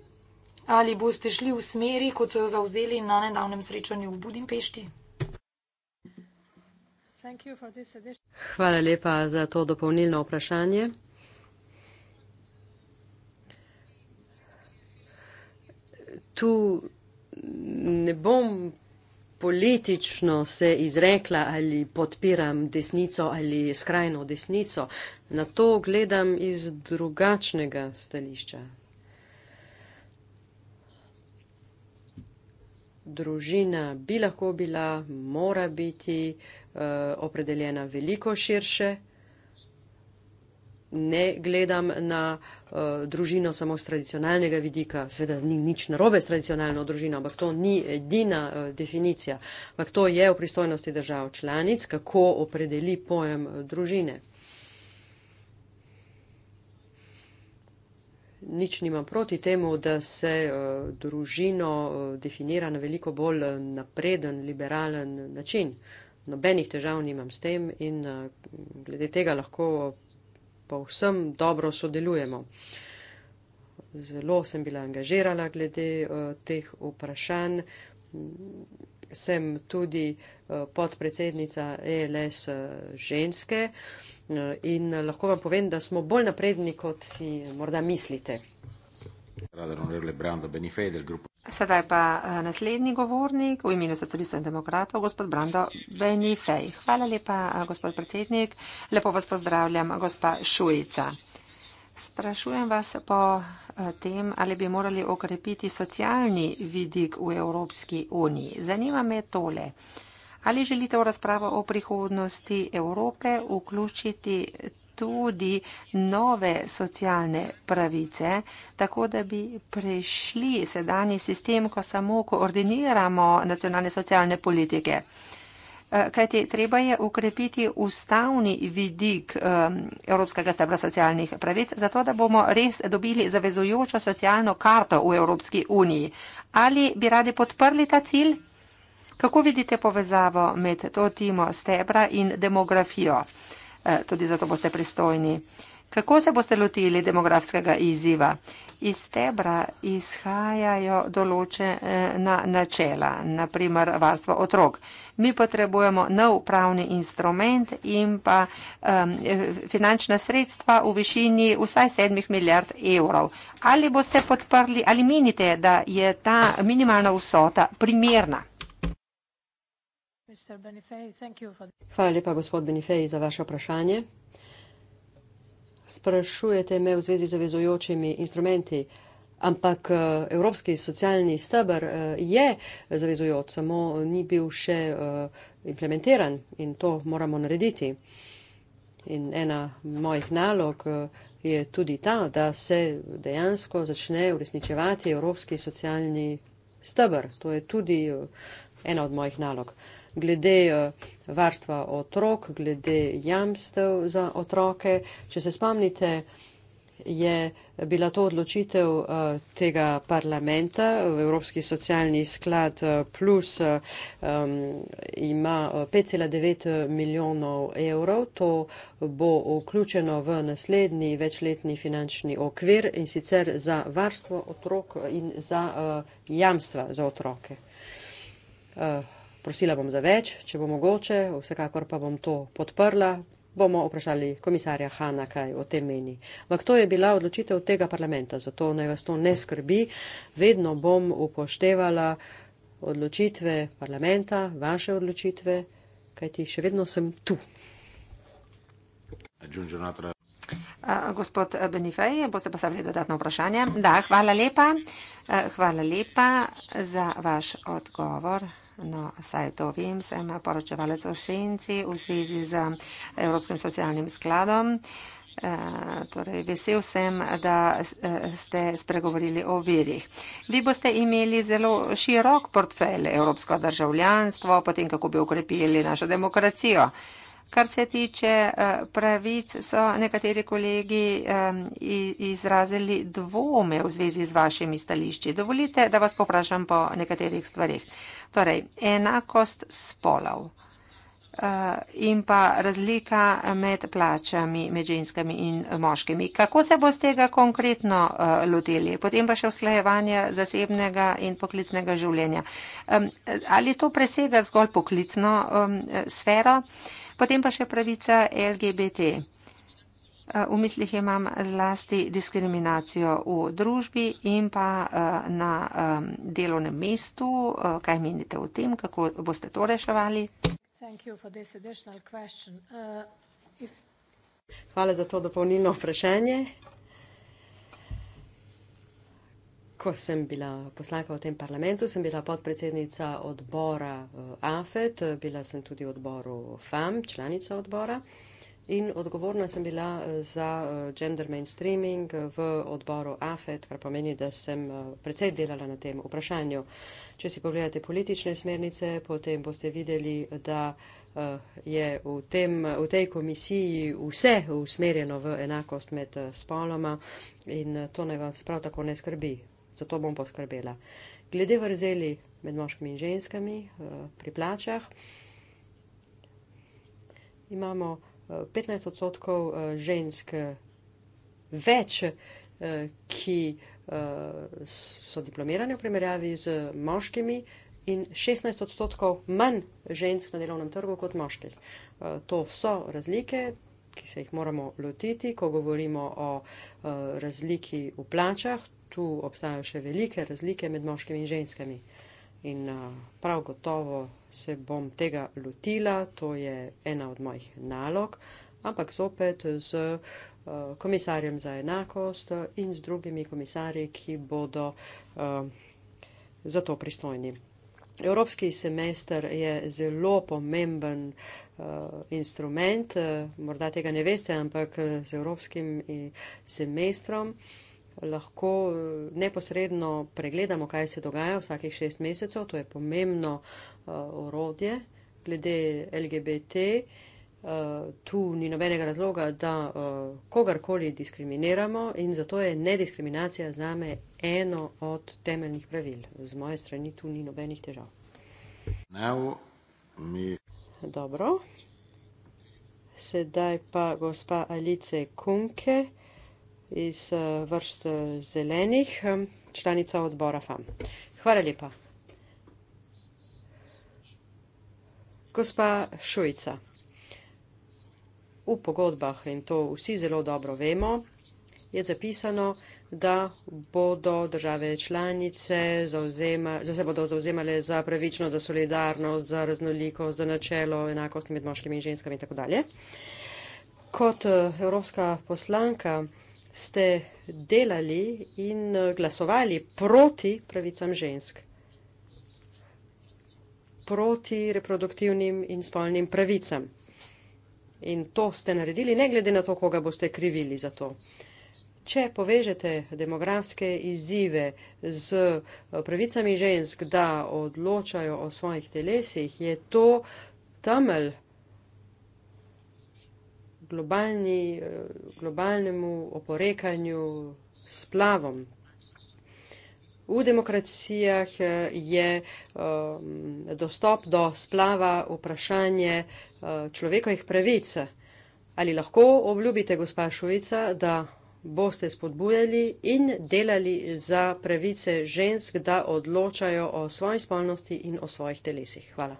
Ali boste šli v smeri, kot so jo zauzeli na nedavnem srečanju v Budimpešti? Hvala lepa za to dopolnilno vprašanje. Tu ne bom politično se izrekla ali podpiram desnico ali skrajno desnico. Na to gledam iz drugačnega stališča. družina bi lahko bila, mora biti uh, opredeljena veliko širše. Ne gledam na uh, družino samo z tradicionalnega vidika, seveda ni nič narobe s tradicionalno družino, ampak to ni edina uh, definicija. Ampak to je v pristojnosti držav članic, kako opredeli pojem družine. nič nimam proti temu, da se eh, družino eh, definira na veliko bolj eh, napreden, liberalen način. Nobenih težav nimam s tem in glede tega lahko pa vsem dobro sodelujemo. Zelo sem bila angažirala glede teh vprašanj. Sem tudi podpredsednica ELS ženske. In eh, lahko vam povem, da smo bolj napredni, kot si morda mislite. Sedaj pa eh, naslednji govornik v imenu socialistov in demokratov, gospod Brando Benifej. Hvala lepa, eh, gospod predsednik. Lepo vas pozdravljam, gospa Šujica. Sprašujem vas po tem, ali bi morali okrepiti socialni vidik v Evropski uniji. Zanima me tole. Ali želite v razpravo o prihodnosti Evrope vključiti tudi nove socialne pravice, tako da bi prešli sedanji sistem, ko samo koordiniramo nacionalne socialne politike? Eh, kajti treba je ukrepiti ustavni vidik ehm, Evropskega stebra socialnih pravic, zato da bomo res dobili zavezujočo socialno karto v Evropski uniji. Ali bi radi podprli ta cilj? Kako vidite povezavo med to timo stebra in demografijo? Eh, tudi zato boste pristojni. Kako se boste lotili demografskega izziva? Iz stebra izhajajo določena eh, načela, naprimer varstvo otrok. Mi potrebujemo nov pravni instrument in pa um, finančna sredstva v višini vsaj 7 milijard evrov. Ali boste podprli, ali menite, da je ta minimalna vsota primerna? Hvala lepa, gospod Benifej, za vaše vprašanje. Sprašujete me v zvezi z zavezujočimi instrumenti, ampak eh, Evropski socialni stebr eh, je zavezujoč, samo ni bil še eh, implementiran in to moramo narediti. In ena mojih nalog je tudi ta, da se dejansko začne uresničevati Evropski socialni stebr. To je tudi ena od mojih nalog glede eh, varstva otrok, glede jamstev za otroke. Če se spomnite, je bila to odločitev eh, tega parlamenta. Evropski socialni sklad eh, plus ima 5,9 milijonov evrov. To bo vključeno v naslednji večletni finančni okvir in sicer za varstvo otrok in za jamstva za otroke. Uh, prosila bom za več, če bo mogoče, vsekakor pa bom to podprla. Bomo vprašali komisarja Hanna, kaj o tem meni. Ampak to je bila odločitev tega parlamenta, zato naj vas to ne skrbi. Vedno bom upoštevala odločitve parlamenta, vaše odločitve, kajti še vedno sem tu. Gospod Benifej, boste pa sabili dodatno vprašanje. Da, hvala lepa. E, hvala lepa za vaš odgovor. No, saj to vem, sem poročevalec o senci v zvezi z eh, Evropskim socialnim skladom. E, torej, vesel sem, da eh, ste spregovorili o virih. Vi boste imeli zelo širok portfelj, evropsko državljanstvo, potem kako bi ukrepili našo demokracijo. Kar se tiče eh, pravic, so nekateri kolegi izrazili dvome v zvezi z vašimi stališči. Dovolite, da vas poprašam po nekaterih stvarih. Torej, enakost spolov eh, in pa razlika med plačami, med ženskami in moškimi. Kako se bo z tega konkretno eh, lotili? Potem pa še usklajevanje zasebnega in poklicnega življenja. Ali to presega zgolj poklicno sfero? Potem pa še pravica LGBT. Eh, v mislih imam zlasti diskriminacijo v družbi in pa eh, na ehm, delovnem mestu. Eh, kaj menite o tem, kako boste to reševali? Hvala za to dopolnilno vprašanje. ko sem bila poslanka v tem parlamentu, sem bila podpredsednica odbora eh, AFET, eh, bila sem tudi odboru FAM, članica odbora. In odgovorna sem bila eh, za gender mainstreaming v odboru AFET, kar pomeni, da sem predvsej delala na tem vprašanju. Če si pogledate politične smernice, potem boste videli, da je v, tem, v tej komisiji vse usmerjeno v enakost med spoloma in to naj vas prav tako ne skrbi za to bom poskrbela. Glede vrzeli med moškimi in ženskami eh, pri plačah, imamo 15 eh, odstotkov eh, žensk več, ki so diplomirane v primerjavi z moškimi in 16 odstotkov manj žensk na delovnem trgu kot moških. To so razlike, ki se jih moramo lotiti, ko govorimo o eh, razliki v plačah. Tu obstajajo še velike razlike med moškimi in ženskami. In eh, prav gotovo se bom tega lotila, to je ena od mojih nalog, ampak zopet z eh, komisarjem za enakost in z drugimi komisarji, ki bodo za to pristojni. Evropski semester je zelo pomemben Eh, instrument, eh, morda tega ne veste, ampak eh, z evropskim semestrom lahko neposredno pregledamo, kaj se dogaja vsakih šest mesecev. To je pomembno orodje glede LGBT. Tu ni nobenega razloga, da kogarkoli diskriminiramo in zato je nediskriminacija zame eno od temeljnih pravil. Z moje strani tu ni nobenih težav. Now, me... Dobro. Sedaj pa gospa Alice Kunke iz eh, vrst eh, zelenih, eh, članica odbora FAM. Hvala lepa. Gospa Šujica, v pogodbah, in to vsi zelo dobro vemo, je zapisano, da bodo države članice zauzema, da se bodo zauzemale za pravičnost, za solidarnost, za raznolikost, za načelo enakosti med moškimi in ženskami itd. Kot eh, evropska poslanka ste delali in glasovali proti pravicam žensk, proti reproduktivnim in spolnim pravicam. In to ste naredili, ne glede na to, koga boste krivili za to. Uh, Če povežete demografske izzive z eh, pravicami žensk, da odločajo o svojih telesih, je to temelj eh, globalnemu oporekanju s plavom. V demokracijah eh, je um, dostop do splava vprašanje uh, človekovih pravic. Ali lahko obljubite, gospa Šujica, da boste spodbujali in delali za pravice žensk, da odločajo o svoji spolnosti in o svojih telesih. Hvala.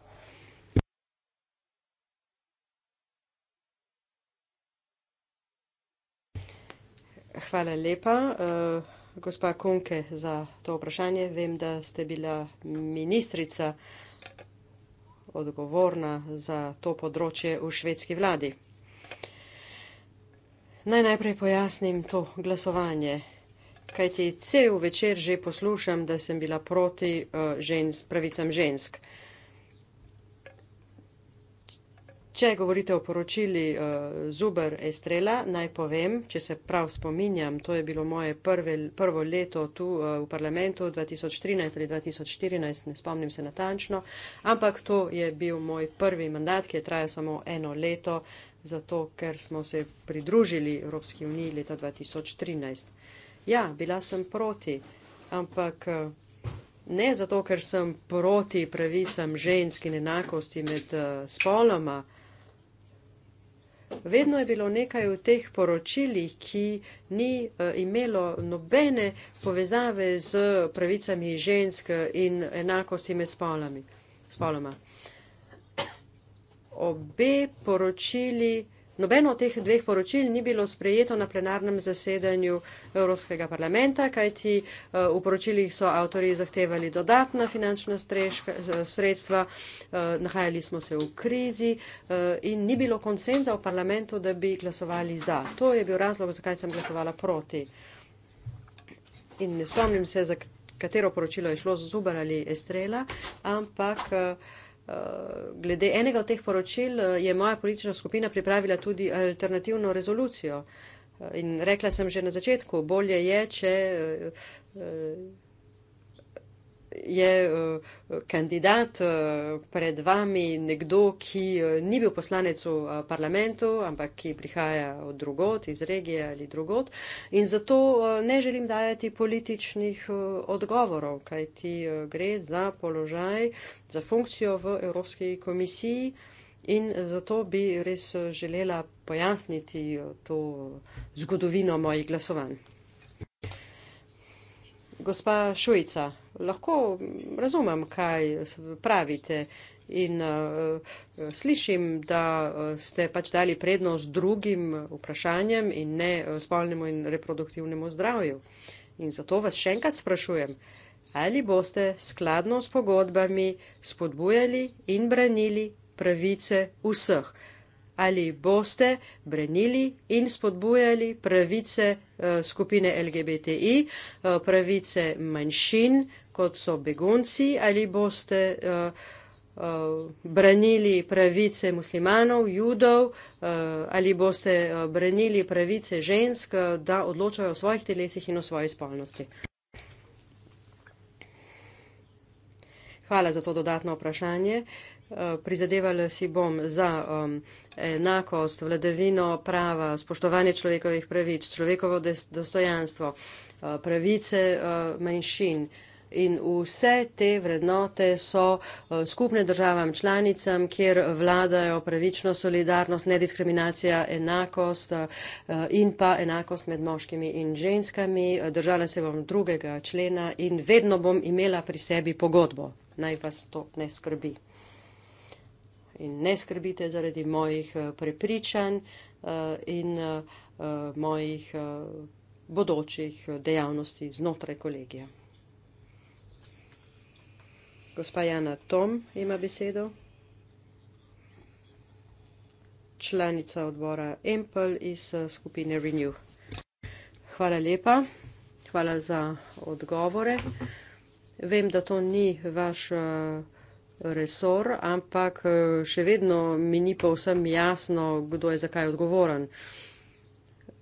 Hvala lepa, uh, gospa Kunke, za to vprašanje. Vem, da ste bila ministrica odgovorna za to področje v švedski vladi. Naj najprej pojasnim to glasovanje, kajti cel večer že poslušam, da sem bila proti uh, eh, žens, pravicam žensk. Če govorite o poročili uh, Zuber Estrela, naj povem, če se prav spominjam, to je bilo moje prve, prvo leto tu uh, v parlamentu 2013 ali 2014, ne spomnim se natančno, ampak to je bil moj prvi mandat, ki je trajal samo eno leto, uh, zato ker smo se pridružili Evropski uniji leta 2013. Ja, bila sem proti, ampak ne zato, ker sem proti pravicam žensk in enakosti med spoloma. Vedno je bilo nekaj v teh poročilih, ki ni imelo nobene povezave z pravicami žensk in enakosti med spoloma obe poročili, nobeno od teh dveh poročil ni bilo sprejeto na plenarnem zasedanju Evropskega parlamenta, kajti eh, v poročilih so avtori zahtevali dodatna finančna streška, eh, sredstva, eh, nahajali smo se v krizi in ni bilo konsenza v parlamentu, da bi glasovali za. To je bil razlog, zakaj sem glasovala proti. In ne spomnim se, za katero poročilo je šlo, Zubar ali Estrela, ampak. Uh Eh, glede enega od teh poročil eh, je moja politična skupina pripravila tudi alternativno rezolucijo. Eh, in rekla sem že na začetku, bolje je, če je eh, kandidat eh, pred vami nekdo, ki eh, ni bil poslanec v parlamentu, ampak ki prihaja od drugot, iz regije ali drugot. In zato ne želim dajati političnih odgovorov, kaj ti gre za položaj, za funkcijo v Evropski komisiji. In zato bi res želela pojasniti to zgodovino mojih glasovanj. Gospa Šujica, lahko razumem, kaj pravite in uh, slišim, da eh, ste pač dali prednost drugim vprašanjem in ne eh, spolnemu in reproduktivnemu zdravju. In zato vas še enkrat sprašujem, ali boste skladno s pogodbami spodbujali in branili pravice vseh ali boste brenili in spodbujali pravice uh, skupine LGBTI, uh, eh, pravice manjšin, kot so begunci, ali boste uh, branili pravice muslimanov, judov ali boste branili pravice žensk, da odločajo o svojih telesih in o svoji spolnosti. Hvala za to dodatno vprašanje. Uh, Eh, prizadevala si bom za um, enakost, vladavino prava, spoštovanje človekovih pravic, človekovo dostojanstvo, uh, pravice uh, manjšin. In vse te vrednote so skupne državam članicam, kjer vladajo pravično solidarnost, nediskriminacija, enakost in pa enakost med moškimi in ženskami. Držala se bom drugega člena in vedno bom imela pri sebi pogodbo. Naj vas to ne skrbi in ne skrbite zaradi mojih eh, prepričanj eh, in eh, mojih bodočih dejavnosti znotraj kolegija. Gospa Jana Tom ima besedo, članica odbora Empel iz skupine Renew. Hvala lepa, hvala za odgovore. Vem, da to ni vaš uh, resor, ampak eh, še vedno mi ni pa vsem jasno, kdo je zakaj odgovoren.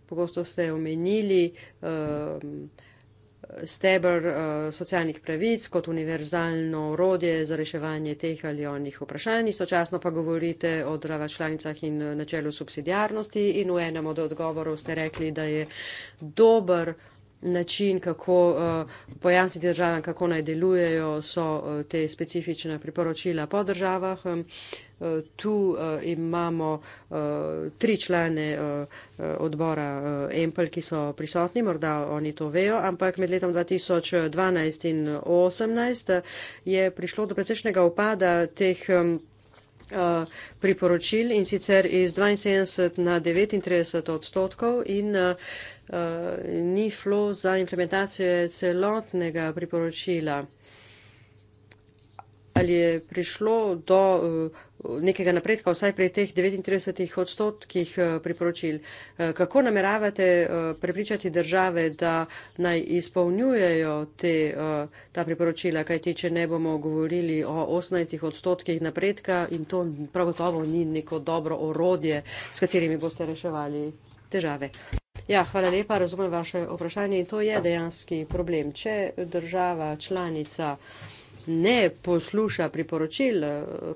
Pogosto ste omenili uh, eh, stebr uh, eh, socialnih pravic kot univerzalno orodje za reševanje teh ali onih vprašanj. Istočasno pa govorite o drava članicah in načelu subsidijarnosti in v enem od odgovorov ste rekli, da je dober način, kako uh, pojasniti državam, kako naj delujejo, so uh, te specifične priporočila po državah. Um, Tu uh, imamo uh, tri člane uh, odbora uh, EMPL, ki so prisotni, morda oni to vejo, ampak med letom 2012 in 2018 je prišlo do precečnega upada teh um, uh, priporočil in sicer iz 72 na 39 odstotkov. In, uh, Eh, ni šlo za implementacijo celotnega priporočila. Ali je prišlo do eh, nekega napredka vsaj pri teh 39 odstotkih eh, priporočil? Kako nameravate prepričati države, da naj izpolnjujejo te, ta priporočila, kajti če ne bomo govorili o 18 odstotkih napredka in to prav gotovo ni neko dobro orodje, s katerimi boste reševali težave? Ja, hvala lepa, razumem vaše vprašanje in to je dejanski problem. Če država članica ne posluša priporočil,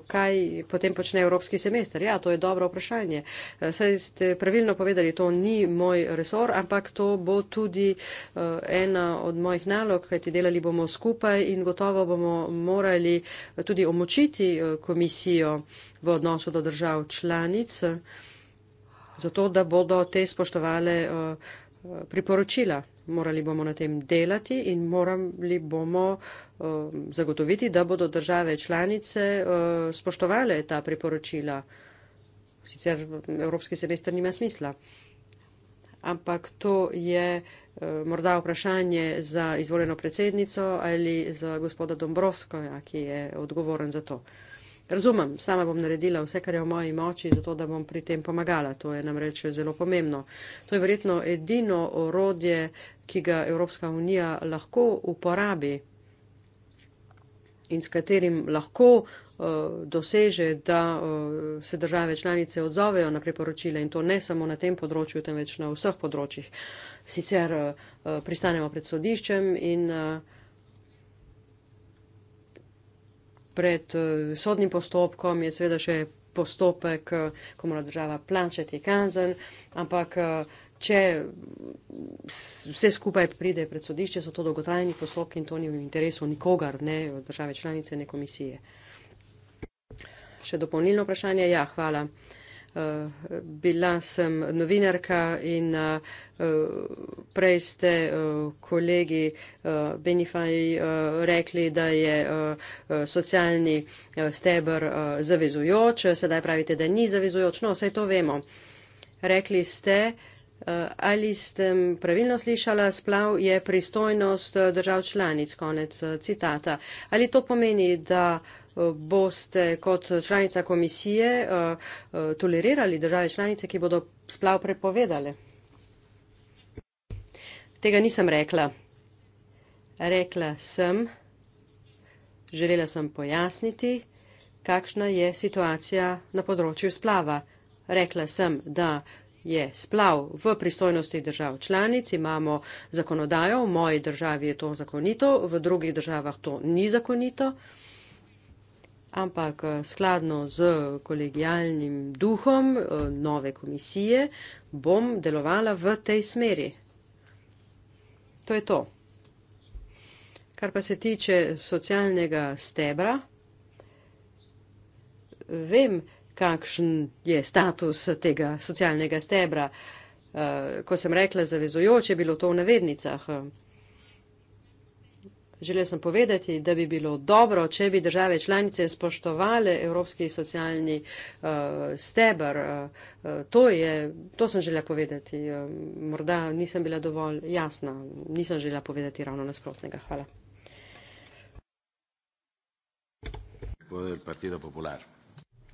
kaj potem počne Evropski semester? Ja, to je dobro vprašanje. Saj ste pravilno povedali, to ni moj resor, ampak to bo tudi eh, ena od mojih nalog, kajti delali bomo skupaj in gotovo bomo morali tudi omočiti eh, komisijo v odnosu do držav članic zato da bodo te spoštovale eh, priporočila. Morali bomo na tem delati in morali bomo eh, zagotoviti, da bodo države članice eh, spoštovale ta priporočila. Sicer evropski semester nima smisla. Ampak to je morda vprašanje za izvoljeno predsednico ali za gospoda Dombrovskoja, ki je odgovoren za to. Razumem, sama bom naredila vse, kar je v moji moči, zato da bom pri tem pomagala. To je namreč zelo pomembno. To je verjetno edino orodje, ki ga Evropska unija lahko uporabi in s katerim lahko eh, doseže, da eh, se države članice odzovejo na priporočile in to ne samo na tem področju, temveč na vseh področjih. Sicer eh, pristanemo pred sodiščem in pred eh, sodnim postopkom je seveda še postopek, eh, ko mora država plačati kazen, ampak eh, če vse skupaj pride pred sodišče, so to dolgotrajni postopki in to ni v interesu nikogar, ne države članice, ne komisije. Še dopolnilno vprašanje? Ja, hvala bila sem novinarka in eh, prej ste eh, kolegi eh, Benifaj rekli, da je socialni steber zavezujoč, sedaj pravite, da ni zavezujoč, no, vse to vemo. Rekli ste, ali ste pravilno slišala, splav je pristojnost držav članic, konec citata. Ali to pomeni, da boste kot članica komisije eh, eh, tolerirali države članice, ki bodo splav prepovedali? Tega nisem rekla. Rekla sem, želela sem pojasniti, kakšna je situacija na področju splava. Rekla sem, da je splav v pristojnosti držav članic, imamo zakonodajo, v moji državi je to zakonito, v drugih državah to ni zakonito ampak eh, skladno z kolegijalnim duhom eh, nove komisije bom delovala v tej smeri. To je to. Kar pa se tiče socialnega stebra, vem, kakšen je status tega socialnega stebra. Eh, ko sem rekla zavezujoče, je bilo to v navednicah. Želel sem povedati, da bi bilo dobro, če bi države članice spoštovali evropski socialni uh, stebr. Uh, uh, to, je, to sem želela povedati. Uh, morda nisem bila dovolj jasna. Nisem želela povedati ravno nasprotnega. Hvala.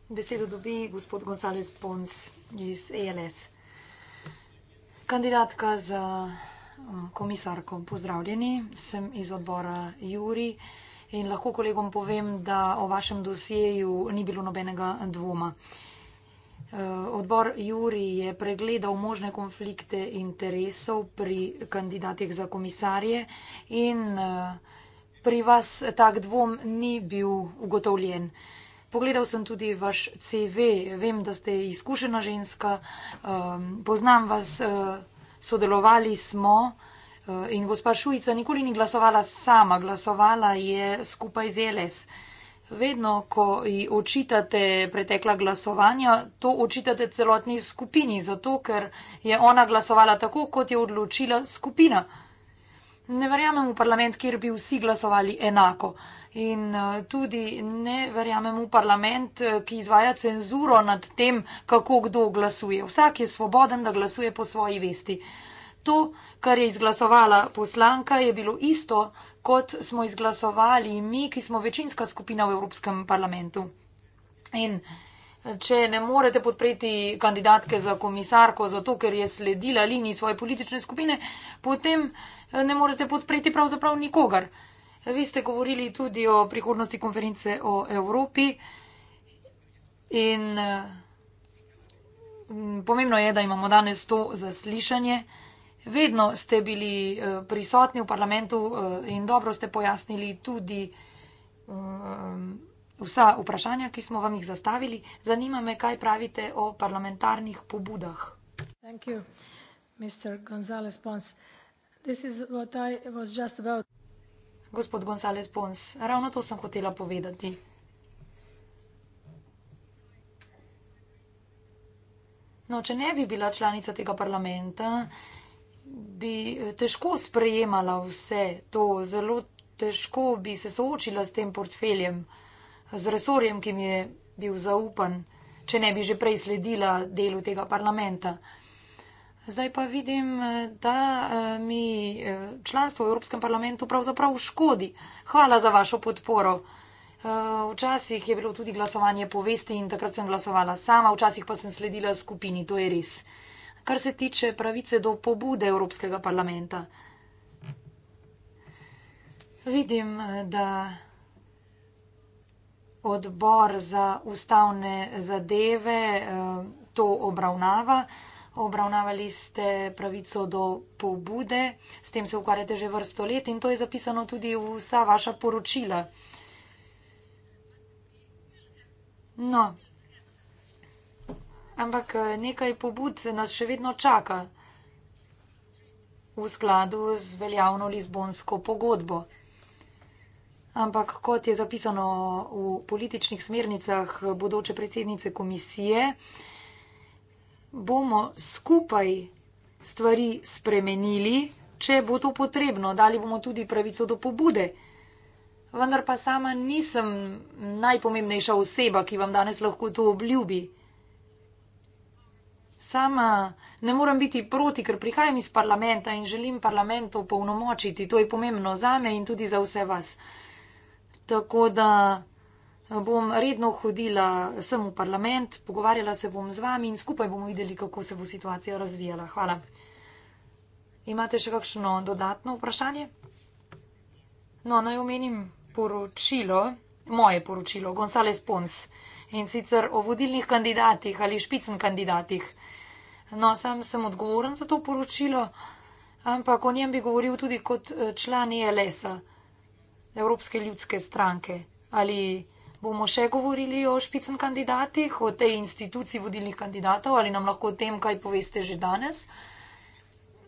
Besedo dobi gospod Gonzales Pons iz ELS. Kandidatka za komisarko, pozdravljeni. Sem iz odbora Juri in lahko kolegom povem, da o vašem dosjeju ni bilo nobenega dvoma. Eh, odbor Juri je pregledal možne konflikte interesov pri kandidatih za komisarje in eh, pri vas tak dvom ni bil ugotovljen. Pogledal sem tudi vaš CV, vem, da ste izkušena ženska, eh, poznam vas sodelovali smo eh, in gospa Šujica nikoli ni glasovala sama, glasovala je skupaj z LS. Vedno, ko ji očitate pretekla glasovanja, to očitate celotni skupini, zato ker je ona glasovala tako, kot je odločila skupina. Ne verjamem v parlament, kjer bi vsi glasovali enako in eh, tudi ne verjamem v parlament, eh, ki izvaja cenzuro nad tem, kako kdo glasuje. Vsak je svoboden, da glasuje po svoji vesti. To, kar je izglasovala poslanka, je bilo isto, kot smo izglasovali mi, ki smo večinska skupina v Evropskem parlamentu. In eh, če ne morete podpreti kandidatke za komisarko, zato ker je sledila liniji svoje politične skupine, potem ne morete podpreti pravzaprav nikogar. Vi ste govorili tudi o prihodnosti konference o Evropi in mm, pomembno je, da imamo danes to zaslišanje. Vedno ste bili eh, prisotni v parlamentu eh, in dobro ste pojasnili tudi mm, vsa vprašanja, ki smo vam jih zastavili. Zanima me, kaj pravite o parlamentarnih pobudah. Thank you, Mr. González Pons. This is what I was just about gospod Gonzales Pons. Ravno to sem hotela povedati. No, če ne bi bila članica tega parlamenta, bi eh, težko sprejemala vse to, zelo težko bi se soočila s tem portfeljem, z resorjem, ki mi je bil zaupan, če ne bi že prej sledila delu tega parlamenta. Zdaj pa vidim, eh, da eh, mi eh, članstvo v Evropskem parlamentu pravzaprav škodi. Hvala za vašo podporo. Včasih je bilo tudi glasovanje povesti in takrat sem glasovala sama, včasih pa sem sledila skupini, to je res. Kar se tiče pravice do pobude Evropskega parlamenta, vidim, da odbor za ustavne zadeve to obravnava obravnavali ste pravico do pobude, s tem se ukvarjate že vrsto let in to je zapisano tudi v vsa vaša poročila. No, ampak eh, nekaj pobud nas še vedno čaka v skladu z veljavno Lizbonsko pogodbo. Ampak kot je zapisano v političnih smernicah bodoče predsednice komisije, bomo skupaj stvari spremenili, če bo to potrebno, dali bomo tudi pravico do pobude. Vendar pa sama nisem najpomembnejša oseba, ki vam danes lahko to obljubi. Sama ne morem biti proti, ker prihajam iz parlamenta in želim parlamentu polnomočiti. To je pomembno za me in tudi za vse vas. Tako da bom redno hodila sem v parlament, pogovarjala se bom z vami in skupaj bomo videli, kako se bo situacija razvijala. Hvala. Imate še kakšno dodatno vprašanje? No, naj omenim poročilo, moje poročilo, Gonzales Pons in sicer o vodilnih kandidatih ali špicen kandidatih. No, sam sem odgovoren za to poročilo, ampak o njem bi govoril tudi kot eh, član ELS-a, Evropske ljudske stranke ali bomo še govorili o špicen kandidatih, o tej instituciji vodilnih kandidatov ali nam lahko o tem, kaj poveste že danes.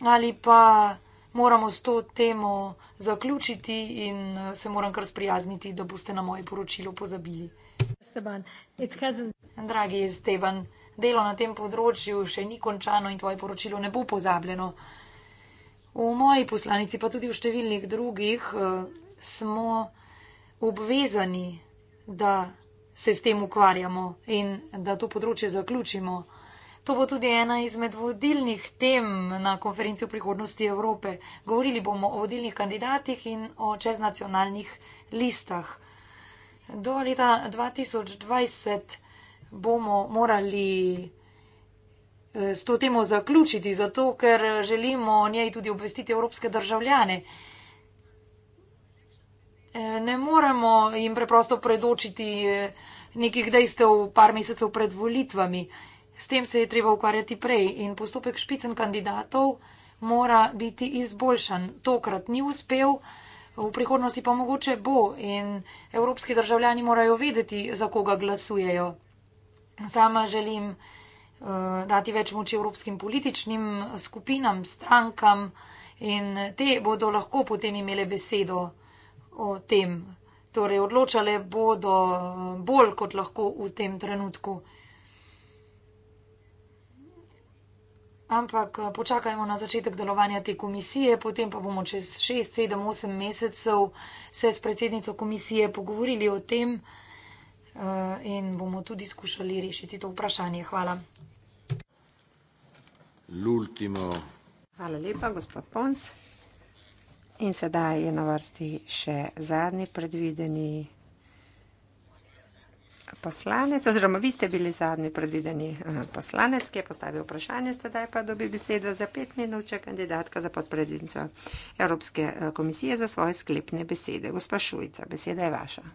Ali pa moramo s to temo zaključiti in eh, se moram kar sprijazniti, da boste na moje poročilo pozabili. Dragi Esteban, delo na tem področju še ni končano in tvoje poročilo ne bo pozabljeno. V moji poslanici, pa tudi v številnih drugih, eh, smo obvezani da se s tem ukvarjamo in da to področje zaključimo. To bo tudi ena izmed vodilnih tem na konferenci o prihodnosti Evrope. Govorili bomo o vodilnih kandidatih in o čeznacionalnih listah. Do leta 2020 bomo morali eh, s to temo zaključiti, zato ker želimo o njej tudi obvestiti evropske državljane. Eh, ne moremo jim preprosto predočiti eh, nekih dejstev par mesecev pred volitvami. S tem se je treba ukvarjati prej in postopek špicen kandidatov mora biti izboljšan. Tokrat ni uspel, v prihodnosti pa mogoče bo in evropski državljani morajo vedeti, za koga glasujejo. Sama želim uh, dati več moči evropskim političnim skupinam, strankam in te bodo lahko potem imele besedo o tem. Torej, odločale bodo bolj kot lahko v tem trenutku. Ampak eh, počakajmo na začetek delovanja te komisije, potem pa bomo čez 6, 7, 8 mesecev se s predsednico komisije pogovorili o tem eh, in bomo tudi skušali rešiti to vprašanje. Hvala. L'ultimo. Hvala lepa, gospod Pons. In sedaj je na vrsti še zadnji predvideni poslanec, oziroma vi ste bili zadnji predvideni eh, poslanec, ki je postavil vprašanje, sedaj pa dobi besedo za pet minut, če kandidatka za podpredsednico Evropske eh, komisije za svoje sklepne besede. Gospa Šujica, beseda je vaša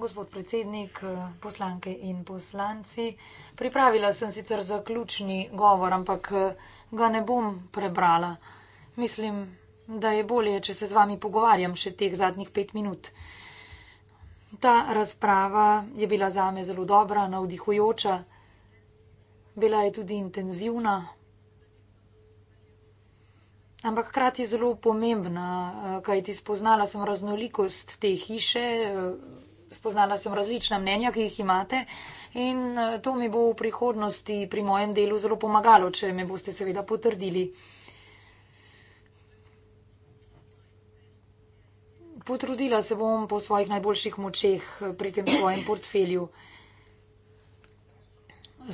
gospod predsednik, poslanke in poslanci. Pripravila sem sicer zaključni govor, ampak ga ne bom prebrala. Mislim, da je bolje, če se z vami pogovarjam še teh zadnjih pet minut. Ta razprava je bila zame zelo dobra, navdihujoča, bila je tudi intenzivna, ampak hkrati zelo pomembna, kajti spoznala sem raznolikost te hiše, spoznala sem različna mnenja, ki jih imate in eh, to mi bo v prihodnosti pri mojem delu zelo pomagalo, če me boste seveda potrdili. Potrudila se bom po svojih najboljših močeh eh, pri tem svojem portfelju.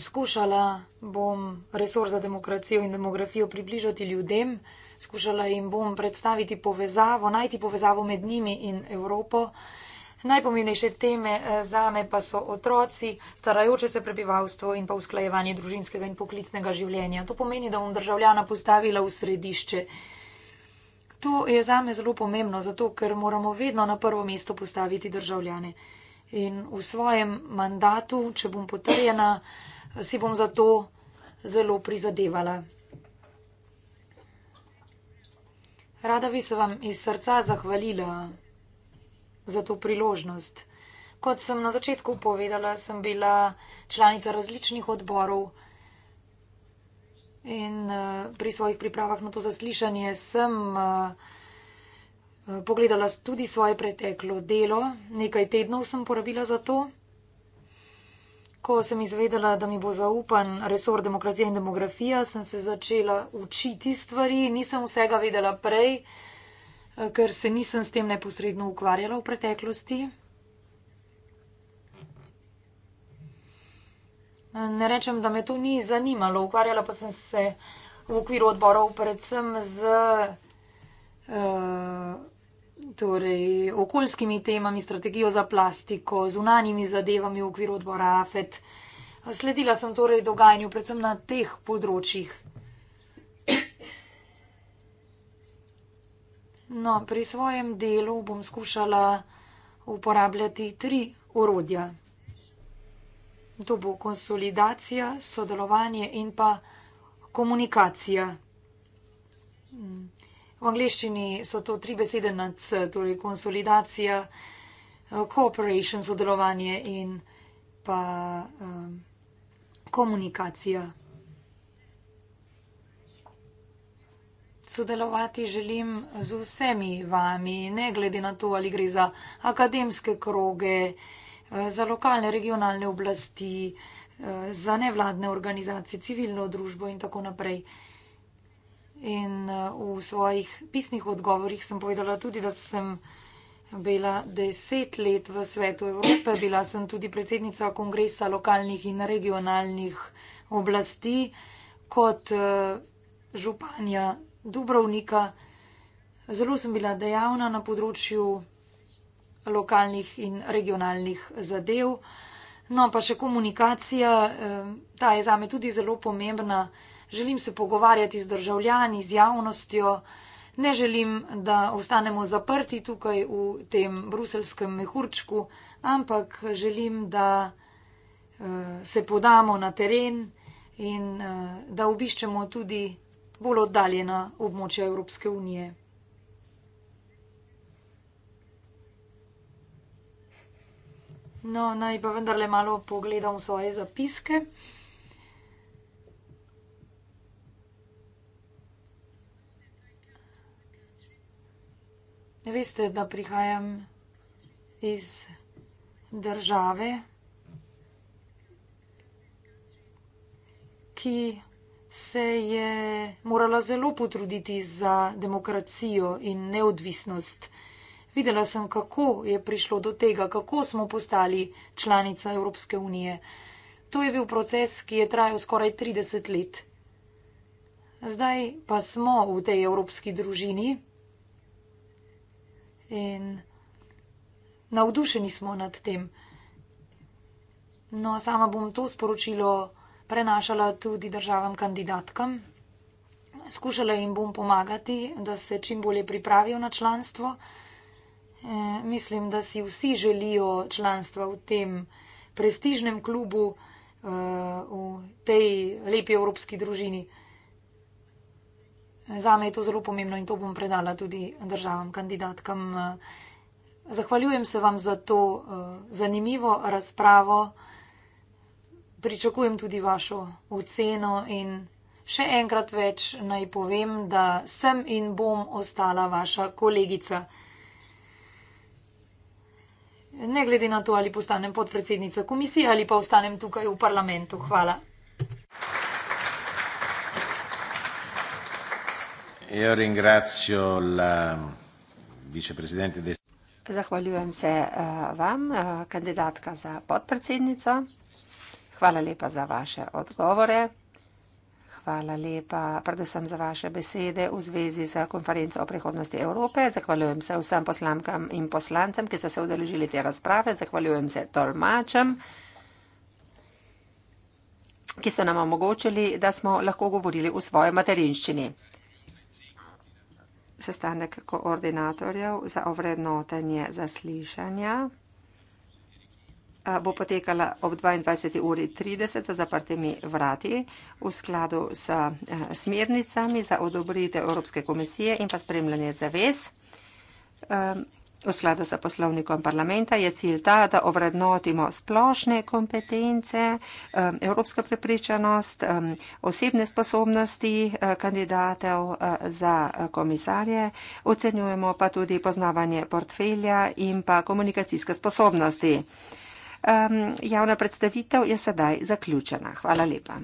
Skušala bom resor za demokracijo in demografijo približati ljudem, skušala jim bom predstaviti povezavo, najti povezavo med njimi in Evropo. Najpomembnejše teme eh, za me pa so otroci, starajoče se prebivalstvo in pa usklajevanje družinskega in poklicnega življenja. To pomeni, da bom državljana postavila v središče. To je za me zelo pomembno, zato ker moramo vedno na prvo mesto postaviti državljane. In v svojem mandatu, če bom potrjena, si bom za to zelo prizadevala. Rada bi se vam iz srca zahvalila za to priložnost. Kot sem na začetku povedala, sem bila članica različnih odborov in eh, pri svojih pripravah na to zaslišanje sem eh, pogledala tudi svoje preteklo delo. Nekaj tednov sem porabila za to. Ko sem izvedela, da mi bo zaupan resor demokracija in demografija, sem se začela učiti stvari. Nisem vsega vedela prej. Eh, ker se nisem s tem neposredno ukvarjala v preteklosti. Eh, ne rečem, da me to ni zanimalo, ukvarjala pa sem se v okviru odborov predvsem z uh, torej, okoljskimi temami, strategijo za plastiko, zunanjimi zadevami v okviru odbora AFET. Sledila sem torej dogajanju predvsem na teh področjih. No, pri svojem delu bom skušala uporabljati tri orodja. To bo konsolidacija, sodelovanje in pa komunikacija. V angleščini so to tri besede na C, torej konsolidacija, eh, cooperation, sodelovanje in pa um, komunikacija. sodelovati želim z vsemi vami, ne glede na to, ali gre za akademske kroge, eh, za lokalne, regionalne oblasti, eh, za nevladne organizacije, civilno družbo in tako naprej. In eh, v svojih pisnih odgovorih sem povedala tudi, da sem bila deset let v svetu Evrope, bila sem tudi predsednica kongresa lokalnih in regionalnih oblasti kot županja Dubrovnika. Zelo sem bila dejavna na področju lokalnih in regionalnih zadev. No, pa še komunikacija, eh, ta je zame tudi zelo pomembna. Želim se pogovarjati z državljani, z javnostjo. Ne želim, da ostanemo zaprti tukaj v tem bruselskem mehurčku, ampak želim, da eh, se podamo na teren in eh, da obiščemo tudi bolj oddaljena območja Evropske unije. No, naj pa vendarle malo pogledam svoje zapiske. Veste, da prihajam iz države, ki se je morala zelo potruditi za demokracijo in neodvisnost. Videla sem, kako je prišlo do tega, kako smo postali članica Evropske unije. To je bil proces, ki je trajal skoraj 30 let. Zdaj pa smo v tej evropski družini in navdušeni smo nad tem. No, sama bom to sporočilo prenašala tudi državam kandidatkam. Skušala jim bom pomagati, da se čim bolje pripravijo na članstvo. E, mislim, da si vsi želijo članstva v tem prestižnem klubu, e, v tej lepi evropski družini. Zame je to zelo pomembno in to bom predala tudi državam kandidatkam. Zahvaljujem se vam za to e, zanimivo razpravo pričakujem tudi vašo oceno in še enkrat več naj povem, da sem in bom ostala vaša kolegica. Ne glede na to, ali postanem podpredsednica komisije ali pa ostanem tukaj v parlamentu. Hvala. Zahvaljujem se eh, vam, eh, kandidatka za podpredsednico. Hvala lepa za vaše odgovore. Hvala lepa predvsem za vaše besede v zvezi z konferenco o prihodnosti Evrope. Zahvaljujem se vsem poslankam in poslancem, ki ste se udeležili te razprave. Zahvaljujem se tolmačem, ki so nam omogočili, da smo lahko govorili v svoji materinščini. Sestanek koordinatorjev za ovrednotenje zaslišanja bo potekala ob 22.30 zaprtimi vrati v skladu s eh, smernicami za odobritev Evropske komisije in pa spremljanje zavez. V skladu s poslovnikom parlamenta je cilj ta, da ovrednotimo splošne kompetence, evropsko prepričanost, osebne sposobnosti eh, kandidatov eh, za komisarje, ocenjujemo pa tudi poznavanje portfelja in pa komunikacijske sposobnosti. Um, javna predstavitev je sedaj zaključena. Hvala lepa.